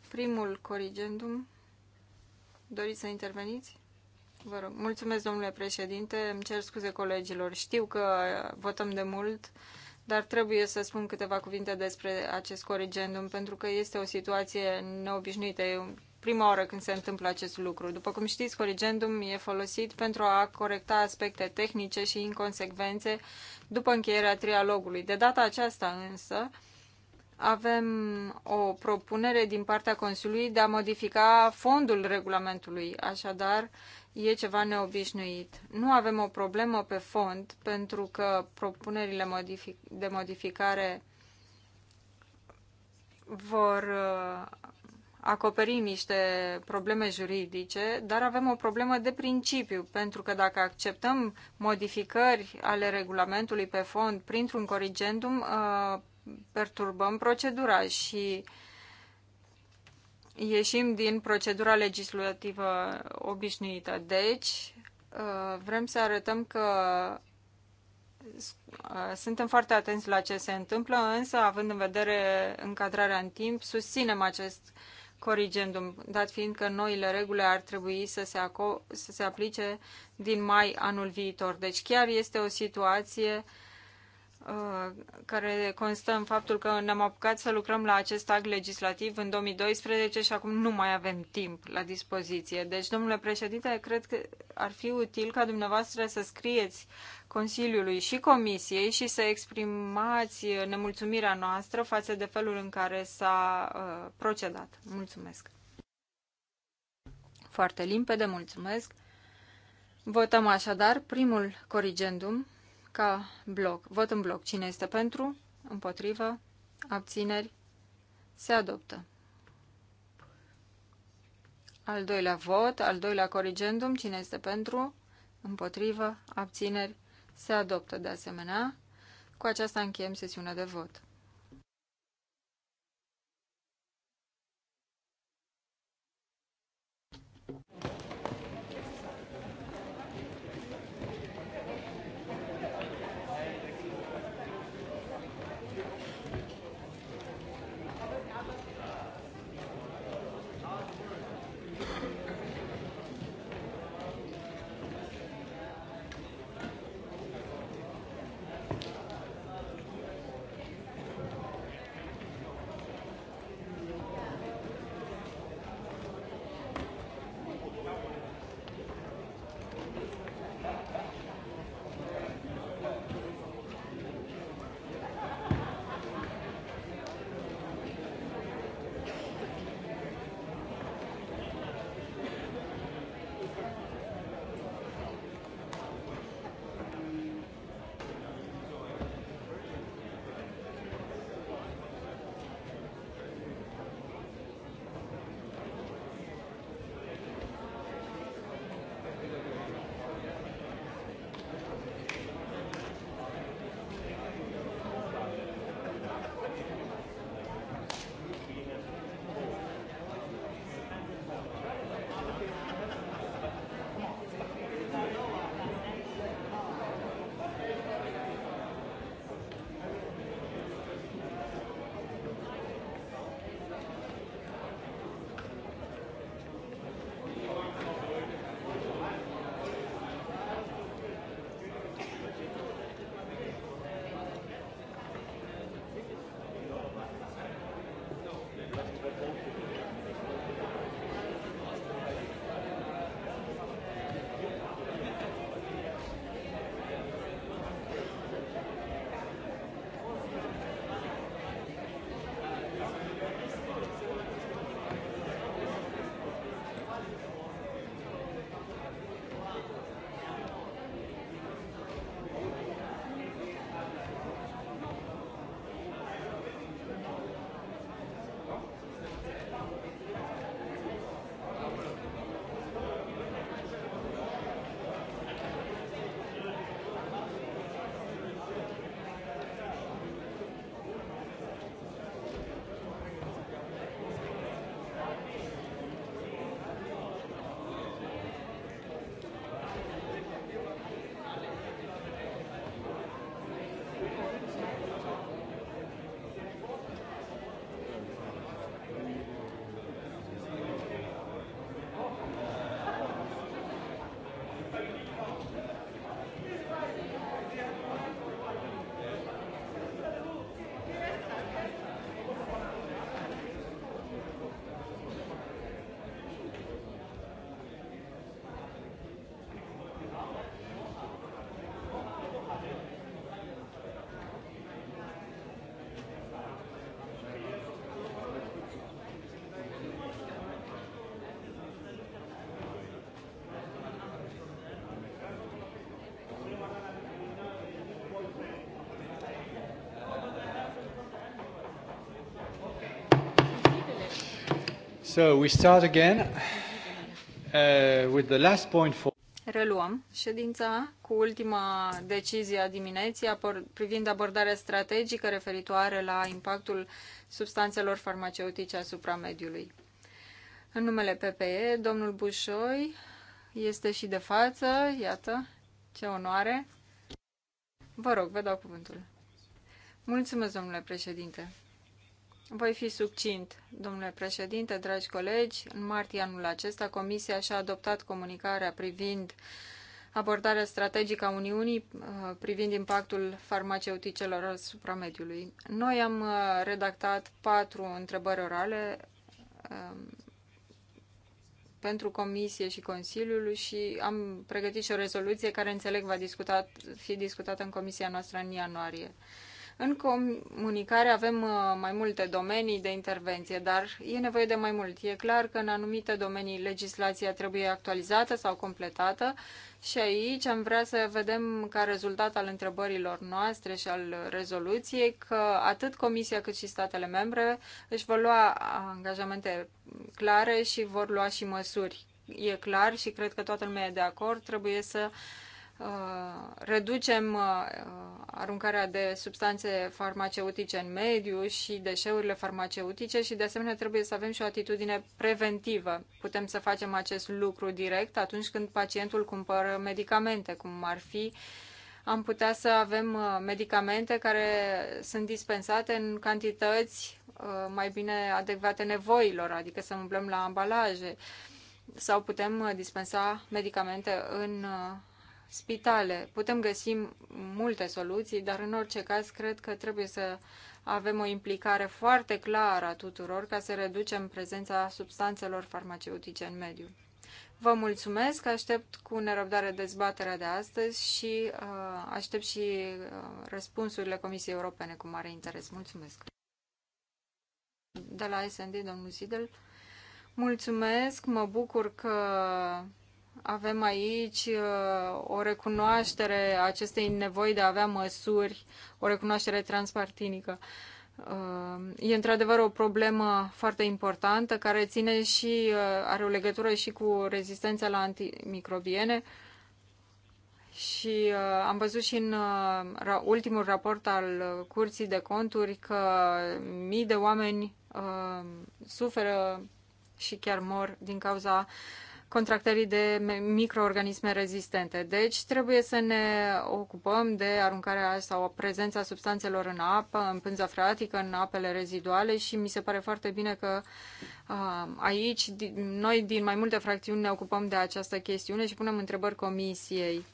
Primul Corrigendum. Doriți să interveniți? Vă rog. Mulțumesc, domnule președinte. Îmi cer scuze colegilor. Știu că votăm de mult, dar trebuie să spun câteva cuvinte despre acest corigendum, pentru că este o situație neobișnuită. E prima oară când se întâmplă acest lucru. După cum știți, corrigendum e folosit pentru a corecta aspecte tehnice și inconsecvențe după încheierea trialogului. De data aceasta însă, avem o propunere din partea Consiliului de a modifica fondul regulamentului, așadar e ceva neobișnuit. Nu avem o problemă pe fond pentru că propunerile modific- de modificare vor uh, acoperi niște probleme juridice, dar avem o problemă de principiu, pentru că dacă acceptăm modificări ale regulamentului pe fond printr-un corigendum, uh, perturbăm procedura și ieșim din procedura legislativă obișnuită. Deci, uh, vrem să arătăm că uh, suntem foarte atenți la ce se întâmplă, însă, având în vedere încadrarea în timp, susținem acest uh, corigendum, dat fiind că noile reguli ar trebui să se, să se aplice din mai anul viitor. Deci chiar este o situație uh, Uh, care constă în faptul că ne-am apucat să lucrăm la acest act legislativ în 2012 și acum nu mai avem timp la dispoziție. Deci, domnule președinte, cred că ar fi util ca dumneavoastră să scrieți Consiliului și Comisiei și să exprimați nemulțumirea noastră față de felul în care s-a uh, procedat. Mulțumesc! Foarte limpede, mulțumesc! Votăm așadar primul corigendum ca bloc. Vot în bloc. Cine este pentru? Împotrivă? Abțineri? Se adoptă. Al doilea vot, al doilea corigendum, cine este pentru? Împotrivă? Abțineri? Se adoptă de asemenea. Cu aceasta încheiem sesiunea de vot. So we start again uh, with the last point for Reluăm ședința cu ultima decizie a dimineții privind abordarea strategică referitoare la impactul substanțelor farmaceutice asupra mediului. În numele PPE, domnul Bușoi este și de față, iată, ce onoare. Vă rog, vă dau cuvântul. Mulțumesc, domnule președinte. Voi fi succint, domnule președinte, dragi colegi. În martie anul acesta, Comisia și-a adoptat comunicarea privind abordarea strategică a Uniunii uh, privind impactul farmaceuticelor asupra mediului. Noi am uh, redactat patru întrebări orale um, pentru Comisie și Consiliul și am pregătit și o rezoluție care înțeleg va discuta, fi discutată în Comisia noastră în ianuarie. În comunicare avem uh, mai multe domenii de intervenție, dar e nevoie de mai mult. E clar că în anumite domenii legislația trebuie actualizată sau completată și aici am vrea să vedem ca rezultat al întrebărilor noastre și al rezoluției că atât Comisia cât și statele membre își vor lua angajamente clare și vor lua și măsuri. E clar și cred că toată lumea e de acord, trebuie să uh, Uh, reducem uh, uh, aruncarea de substanțe farmaceutice în mediu și deșeurile farmaceutice și de asemenea trebuie să avem și o atitudine preventivă. Putem să facem acest lucru direct atunci când pacientul cumpără medicamente, cum ar fi am putea să avem medicamente care sunt dispensate în cantități mai bine adecvate nevoilor, adică să umblăm la ambalaje sau putem dispensa medicamente în spitale. Putem găsi multe soluții, dar în orice caz cred că trebuie să avem o implicare foarte clară a tuturor ca să reducem prezența substanțelor farmaceutice în mediu. Vă mulțumesc, aștept cu nerăbdare dezbaterea de astăzi și uh, aștept și uh, răspunsurile Comisiei Europene cu mare interes. Mulțumesc! De la SND, domnul Sidel, mulțumesc, mă bucur că avem aici uh, o recunoaștere a acestei nevoi de a avea măsuri, o recunoaștere transpartinică. Uh, e într-adevăr o problemă foarte importantă care ține și, uh, are o legătură și cu rezistența la antimicrobiene și am văzut și în ultimul raport al Curții de Conturi că mii de oameni suferă și chiar mor din cauza uh, contractării de microorganisme rezistente. Deci trebuie să ne ocupăm de aruncarea sau prezența substanțelor în apă, în pânza freatică, în apele reziduale și mi se pare foarte bine că aici noi din mai multe fracțiuni ne ocupăm de această chestiune și punem întrebări comisiei.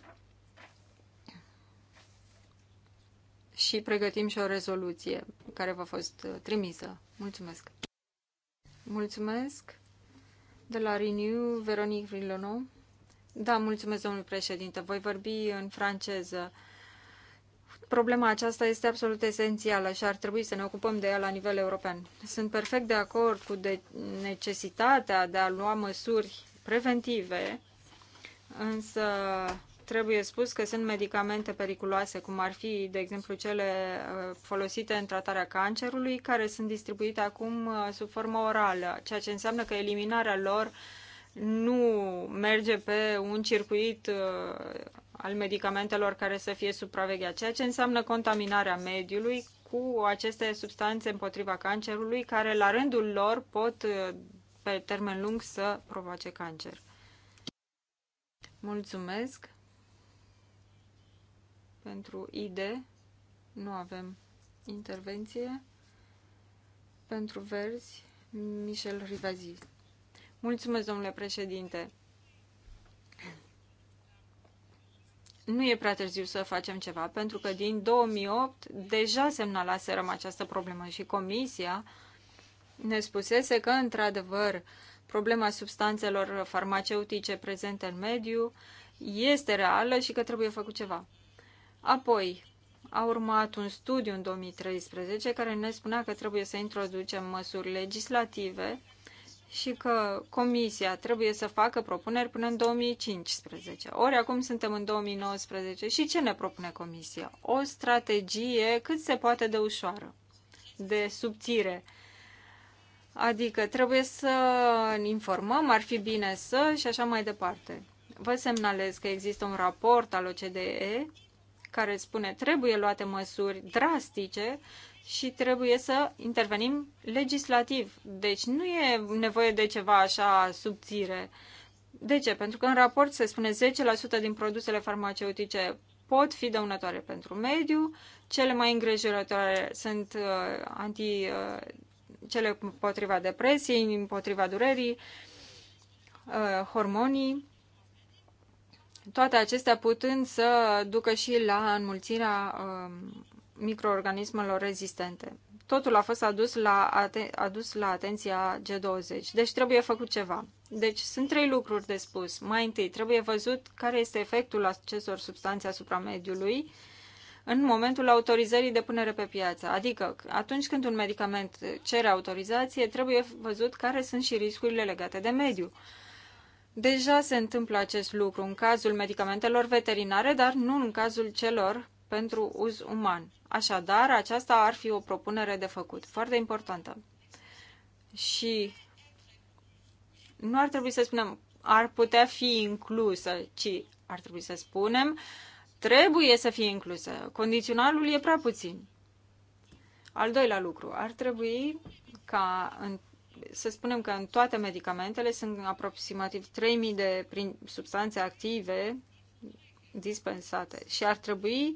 Și pregătim și o rezoluție care v-a fost trimisă. Mulțumesc! Mulțumesc! de la Renew, Veronique Vrillonou. Da, mulțumesc, domnul președinte. Voi vorbi în franceză. Problema aceasta este absolut esențială și ar trebui să ne ocupăm de ea la nivel european. Sunt perfect de acord cu de necesitatea de a lua măsuri preventive, însă trebuie spus că sunt medicamente periculoase, cum ar fi, de exemplu, cele uh, folosite în tratarea cancerului, care sunt distribuite acum uh, sub formă orală, ceea ce înseamnă că eliminarea lor nu merge pe un circuit uh, al medicamentelor care să fie supravegheat, ceea ce înseamnă contaminarea mediului cu aceste substanțe împotriva cancerului, care la rândul lor pot pe termen lung să provoace cancer. Mulțumesc! Pentru ID nu avem intervenție. Pentru verzi, Michel Rivazi. Mulțumesc, domnule președinte. Nu e prea târziu să facem ceva, pentru că din 2008 deja semnalaserăm această problemă și comisia ne spusese că, într-adevăr, problema substanțelor farmaceutice prezente în mediu este reală și că trebuie făcut ceva. Apoi, a urmat un studiu în 2013 care ne spunea că trebuie să introducem măsuri legislative și că comisia trebuie să facă propuneri până în 2015. Ori acum suntem în 2019 și ce ne propune comisia? O strategie cât se poate de ușoară, de subțire. Adică trebuie să informăm, ar fi bine să și așa mai departe. Vă semnalez că există un raport al OCDE care spune trebuie luate măsuri drastice și trebuie să intervenim legislativ. Deci nu e nevoie de ceva așa subțire. De ce? Pentru că în raport se spune 10% din produsele farmaceutice pot fi dăunătoare pentru mediu, cele mai îngrijorătoare sunt uh, anti, uh, cele împotriva depresiei, împotriva durerii, uh, hormonii toate acestea putând să ducă și la înmulțirea um, microorganismelor rezistente. Totul a fost adus la, aten- adus la atenția G20, deci trebuie făcut ceva. Deci sunt trei lucruri de spus. Mai întâi, trebuie văzut care este efectul acestor substanțe asupra mediului în momentul autorizării de punere pe piață. Adică, atunci când un medicament cere autorizație, trebuie văzut care sunt și riscurile legate de mediu. Uh, Deja se întâmplă acest lucru în cazul medicamentelor veterinare, dar nu în cazul celor pentru uz uman. Așadar, aceasta ar fi o propunere de făcut, foarte importantă. Și nu ar trebui să spunem ar putea fi inclusă, ci ar trebui să spunem trebuie să fie inclusă. Condiționalul e prea puțin. Al doilea lucru, ar trebui ca în să spunem că în toate medicamentele sunt aproximativ 3.000 de substanțe active dispensate și ar trebui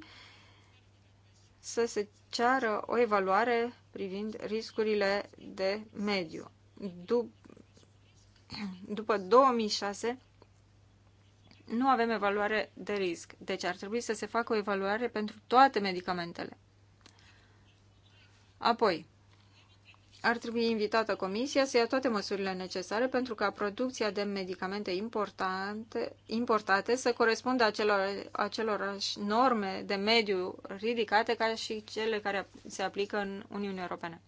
să se ceară o evaluare privind riscurile de mediu. Dup- după 2006 nu avem evaluare de risc, deci ar trebui să se facă o evaluare pentru toate medicamentele. Apoi, ar trebui invitată Comisia să ia toate măsurile necesare pentru ca producția de medicamente importante, importate să corespundă acelor, acelor norme de mediu ridicate ca și cele care se aplică în Uniunea Europeană.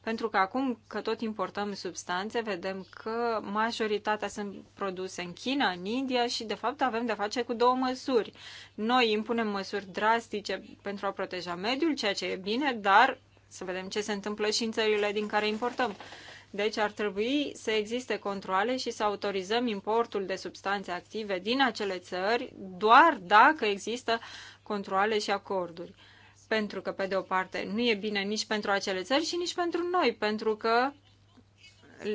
Pentru că acum că tot importăm substanțe, vedem că majoritatea sunt produse în China, în India și de fapt avem de face cu două măsuri. Noi impunem măsuri drastice pentru a proteja mediul, ceea ce e bine, dar să vedem ce se întâmplă și în țările din care importăm. Deci ar trebui să existe controle și să autorizăm importul de substanțe active din acele țări doar dacă există controle și acorduri. Pentru că, pe de o parte, nu e bine nici pentru acele țări și nici pentru noi, pentru că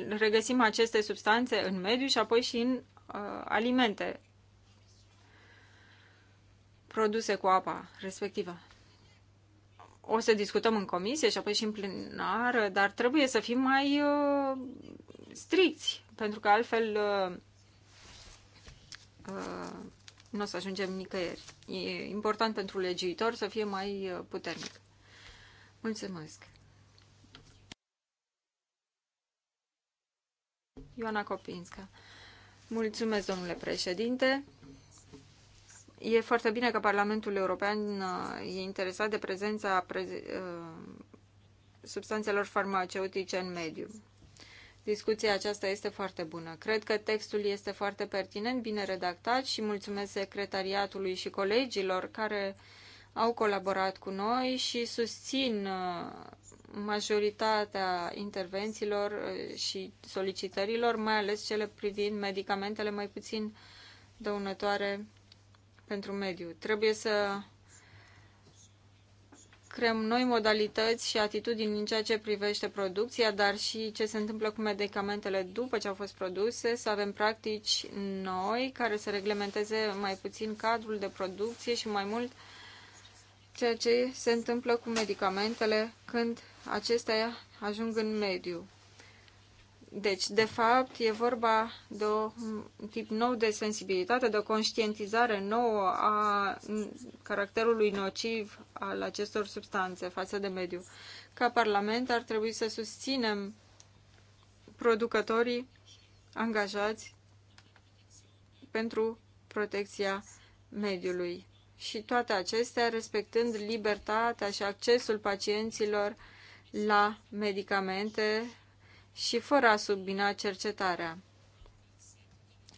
regăsim aceste substanțe în mediu și apoi și în uh, alimente produse cu apa respectivă o să discutăm în comisie și apoi și în plenar, dar trebuie să fim mai uh, stricți, pentru că altfel uh, uh, nu o să ajungem nicăieri. E important pentru legiuitor să fie mai uh, puternic. Mulțumesc! Ioana Copinska. Mulțumesc, domnule președinte. E foarte bine că Parlamentul European uh, e interesat de prezența preze uh, substanțelor farmaceutice în mediu. Discuția aceasta este foarte bună. Cred că textul este foarte pertinent, bine redactat și mulțumesc secretariatului și colegilor care au colaborat cu noi și susțin uh, majoritatea intervențiilor și solicitărilor, mai ales cele privind medicamentele mai puțin dăunătoare pentru mediu. Trebuie să creăm noi modalități și atitudini în ceea ce privește producția, dar și ce se întâmplă cu medicamentele după ce au fost produse, să avem practici noi care să reglementeze mai puțin cadrul de producție și mai mult ceea ce se întâmplă cu medicamentele când acestea ajung în mediu. Deci, de fapt, e vorba de un tip nou de sensibilitate, de o conștientizare nouă a caracterului nociv al acestor substanțe față de mediu. Ca Parlament ar trebui să susținem producătorii angajați pentru protecția mediului și toate acestea respectând libertatea și accesul pacienților la medicamente și fără a submina cercetarea.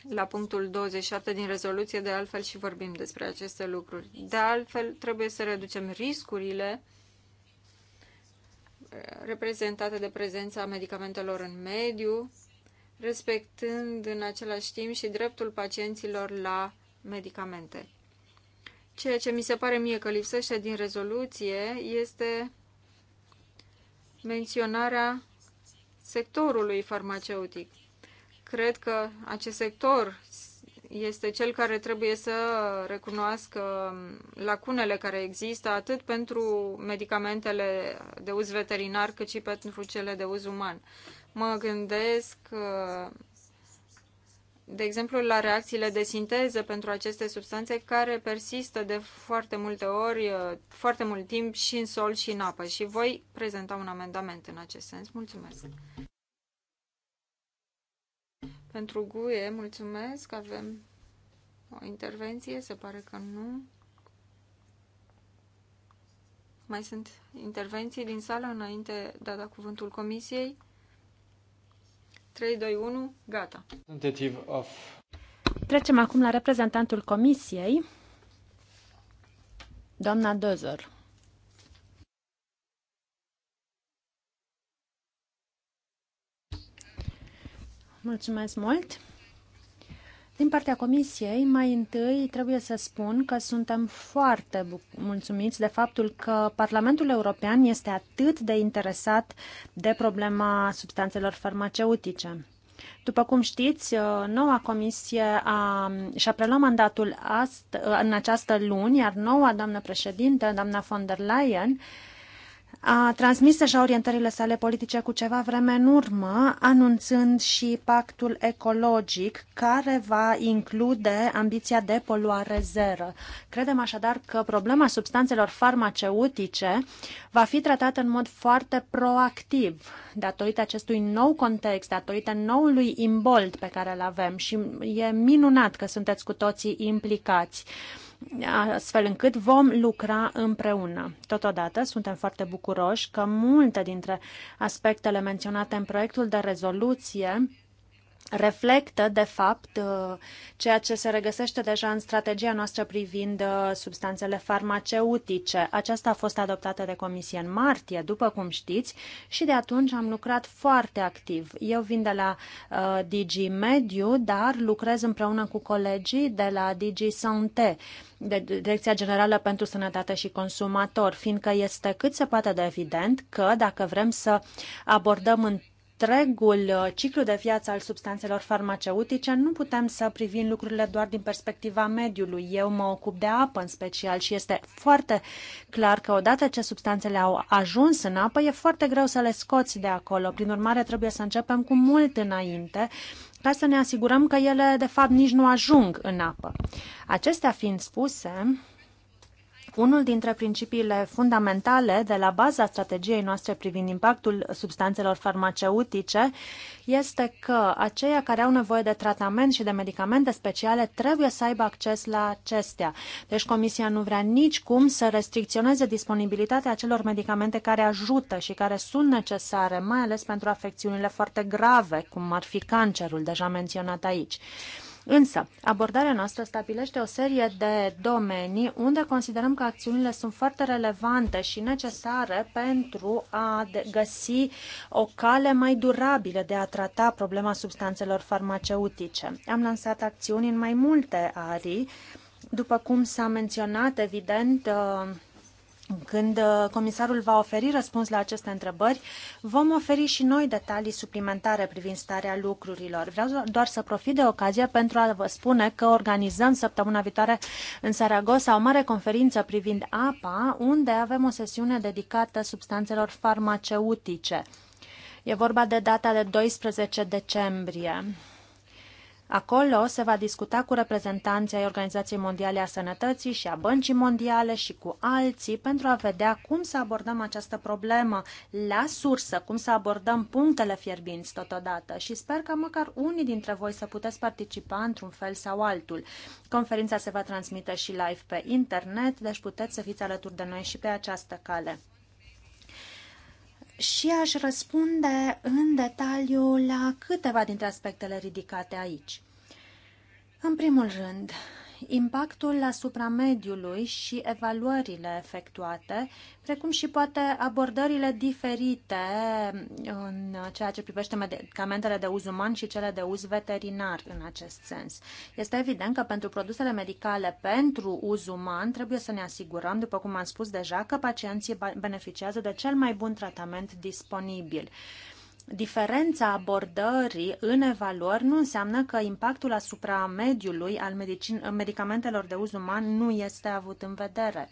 La punctul 27 din rezoluție, de altfel, și vorbim despre aceste lucruri. De altfel, trebuie să reducem riscurile eh, reprezentate de prezența medicamentelor în mediu, respectând în același timp și dreptul pacienților la medicamente. Ceea ce mi se pare mie că lipsește din rezoluție este menționarea sectorului farmaceutic. Cred că acest sector este cel care trebuie să recunoască lacunele care există atât pentru medicamentele de uz veterinar cât și pentru cele de uz uman. Mă gândesc uh, de exemplu, la reacțiile de sinteză pentru aceste substanțe care persistă de foarte multe ori, uh, foarte mult timp și în sol și în apă. Și voi prezenta un amendament în acest sens. Mulțumesc! Pentru GUE, mulțumesc. Avem o intervenție, se pare că nu. Mai sunt intervenții din sală înainte de a da cuvântul comisiei? 3, 2, 1, gata. Trecem acum la reprezentantul comisiei, doamna Dozor. Mulțumesc mult! Din partea Comisiei, mai întâi trebuie să spun că suntem foarte mulțumiți de faptul că Parlamentul European este atât de interesat de problema substanțelor farmaceutice. După cum știți, uh, noua comisie a, și-a preluat mandatul ast, în această luni, iar noua doamnă președintă, doamna von der Leyen, a transmis deja orientările sale politice cu ceva vreme în urmă, anunțând și pactul ecologic care va include ambiția de poluare zero. Credem așadar că problema substanțelor farmaceutice va fi tratată în mod foarte proactiv datorită acestui nou context, datorită noului imbold pe care îl avem și e minunat că sunteți cu toții implicați. Uh, astfel încât vom lucra împreună. Totodată, suntem foarte bucuroși că multe dintre aspectele menționate în proiectul de rezoluție reflectă, de fapt, uh, ceea ce se regăsește deja în strategia noastră privind uh, substanțele farmaceutice. Aceasta a fost adoptată de Comisie în martie, după cum știți, și de atunci am lucrat foarte activ. Eu vin de la uh, DG Mediu, dar lucrez împreună cu colegii de la DG Santé, de Direcția Generală pentru Sănătate și Consumator, fiindcă este cât se poate de evident că dacă vrem să abordăm în întregul uh, ciclu de viață al substanțelor farmaceutice, nu putem să privim lucrurile doar din perspectiva mediului. Eu mă ocup de apă în special și este foarte clar că odată ce substanțele au ajuns în apă, e foarte greu să le scoți de acolo. Prin urmare, trebuie să începem cu mult înainte ca să ne asigurăm că ele, de fapt, nici nu ajung în apă. Acestea fiind spuse, unul dintre principiile fundamentale de la baza strategiei noastre privind impactul substanțelor farmaceutice este că aceia care au nevoie de tratament și de medicamente speciale trebuie să aibă acces la acestea. Deci Comisia nu vrea nicicum să restricționeze disponibilitatea acelor medicamente care ajută și care sunt necesare, mai ales pentru afecțiunile foarte grave, cum ar fi cancerul, deja menționat aici. Însă, abordarea noastră stabilește o serie de domenii unde considerăm că acțiunile sunt foarte relevante și necesare pentru a găsi o cale mai durabilă de a trata problema substanțelor farmaceutice. Am lansat acțiuni în mai multe arii, după cum s-a menționat, evident, uh, când uh, comisarul va oferi răspuns la aceste întrebări, vom oferi și noi detalii suplimentare privind starea lucrurilor. Vreau doar să profit de ocazie pentru a vă spune că organizăm săptămâna viitoare în Saragossa o mare conferință privind apa, unde avem o sesiune dedicată substanțelor farmaceutice. E vorba de data de 12 decembrie. Acolo se va discuta cu reprezentanții ai Organizației Mondiale a Sănătății și a Băncii Mondiale și cu alții pentru a vedea cum să abordăm această problemă la sursă, cum să abordăm punctele fierbinți totodată și sper că măcar unii dintre voi să puteți participa într-un fel sau altul. Conferința se va transmite și live pe internet, deci puteți să fiți alături de noi și pe această cale și aș răspunde în detaliu la câteva dintre aspectele ridicate aici. În primul rând, impactul asupra mediului și evaluările efectuate, precum și poate abordările diferite în ceea ce privește medicamentele de uz uman și cele de uz veterinar în acest sens. Este evident că pentru produsele medicale pentru uz uman trebuie să ne asigurăm, după cum am spus deja, că pacienții beneficiază de cel mai bun tratament disponibil diferența abordării în evaluări nu înseamnă că impactul asupra mediului al medicin, medicamentelor de uz uman nu este avut în vedere.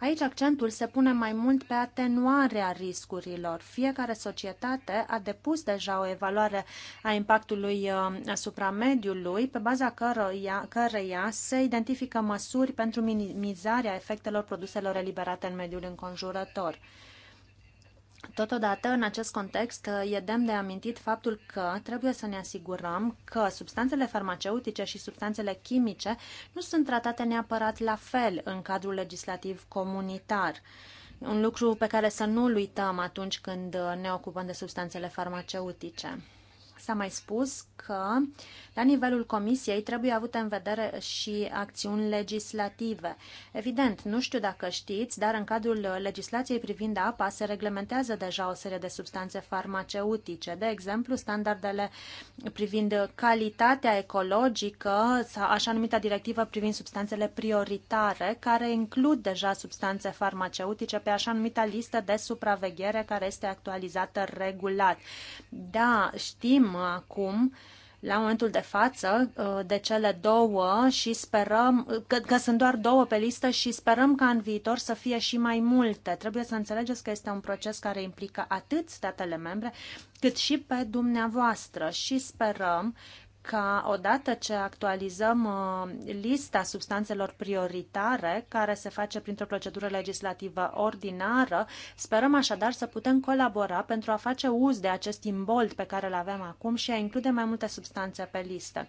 Aici accentul se pune mai mult pe atenuarea riscurilor. Fiecare societate a depus deja o evaluare a impactului uh, asupra mediului, pe baza căreia, căreia se identifică măsuri pentru minimizarea efectelor produselor eliberate în mediul înconjurător. Totodată, în acest context, e demn de amintit faptul că trebuie să ne asigurăm că substanțele farmaceutice și substanțele chimice nu sunt tratate neapărat la fel în cadrul legislativ comunitar. Un lucru pe care să nu-l uităm atunci când ne ocupăm de substanțele farmaceutice. S-a mai spus că la nivelul Comisiei trebuie avute în vedere și acțiuni legislative. Evident, nu știu dacă știți, dar în cadrul legislației privind apa se reglementează deja o serie de substanțe farmaceutice, de exemplu standardele privind calitatea ecologică sau așa numita directivă privind substanțele prioritare, care includ deja substanțe farmaceutice pe așa numita listă de supraveghere care este actualizată regulat. Da, știm acum, la momentul de față, uh, de cele două și sperăm uh, că, că sunt doar două pe listă și sperăm ca în viitor să fie și mai multe. Trebuie să înțelegeți că este un proces care implică atât statele membre cât și pe dumneavoastră și sperăm ca odată ce actualizăm uh, lista substanțelor prioritare, care se face printr-o procedură legislativă ordinară, sperăm așadar să putem colabora pentru a face uz de acest imbold pe care îl avem acum și a include mai multe substanțe pe listă.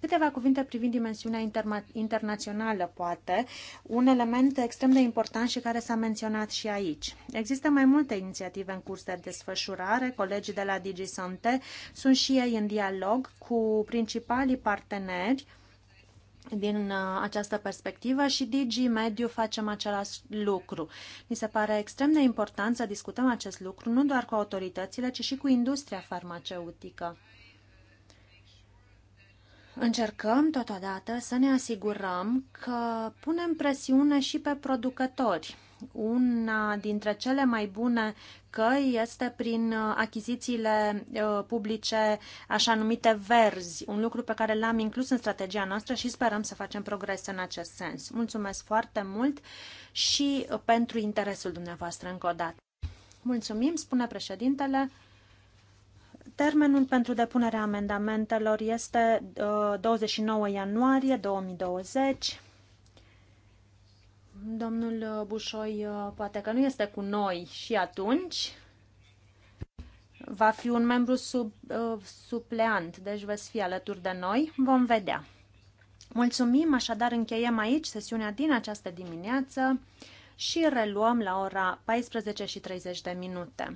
Câteva cuvinte privind dimensiunea interna- internațională, poate, un element extrem de important și care s-a menționat și aici. Există mai multe inițiative în curs de desfășurare, colegii de la DigiSante sunt și ei în dialog cu principalii parteneri din uh, această perspectivă și Digi Mediu facem același lucru. Mi se pare extrem de important să discutăm acest lucru nu doar cu autoritățile, ci și cu industria farmaceutică. Încercăm totodată să ne asigurăm că punem presiune și pe producători una dintre cele mai bune căi este prin uh, achizițiile uh, publice așa numite verzi, un lucru pe care l-am inclus în strategia noastră și sperăm să facem progrese în acest sens. Mulțumesc foarte mult și uh, pentru interesul dumneavoastră încă o dată. Mulțumim, spune președintele. Termenul pentru depunerea amendamentelor este 29 ianuarie 2020. Domnul Bușoi uh, poate că nu este cu noi și atunci va fi un membru sub, uh, supleant, deci veți fi alături de noi. Vom vedea. Mulțumim, așadar încheiem aici sesiunea din această dimineață și reluăm la ora 14 și 30 de minute.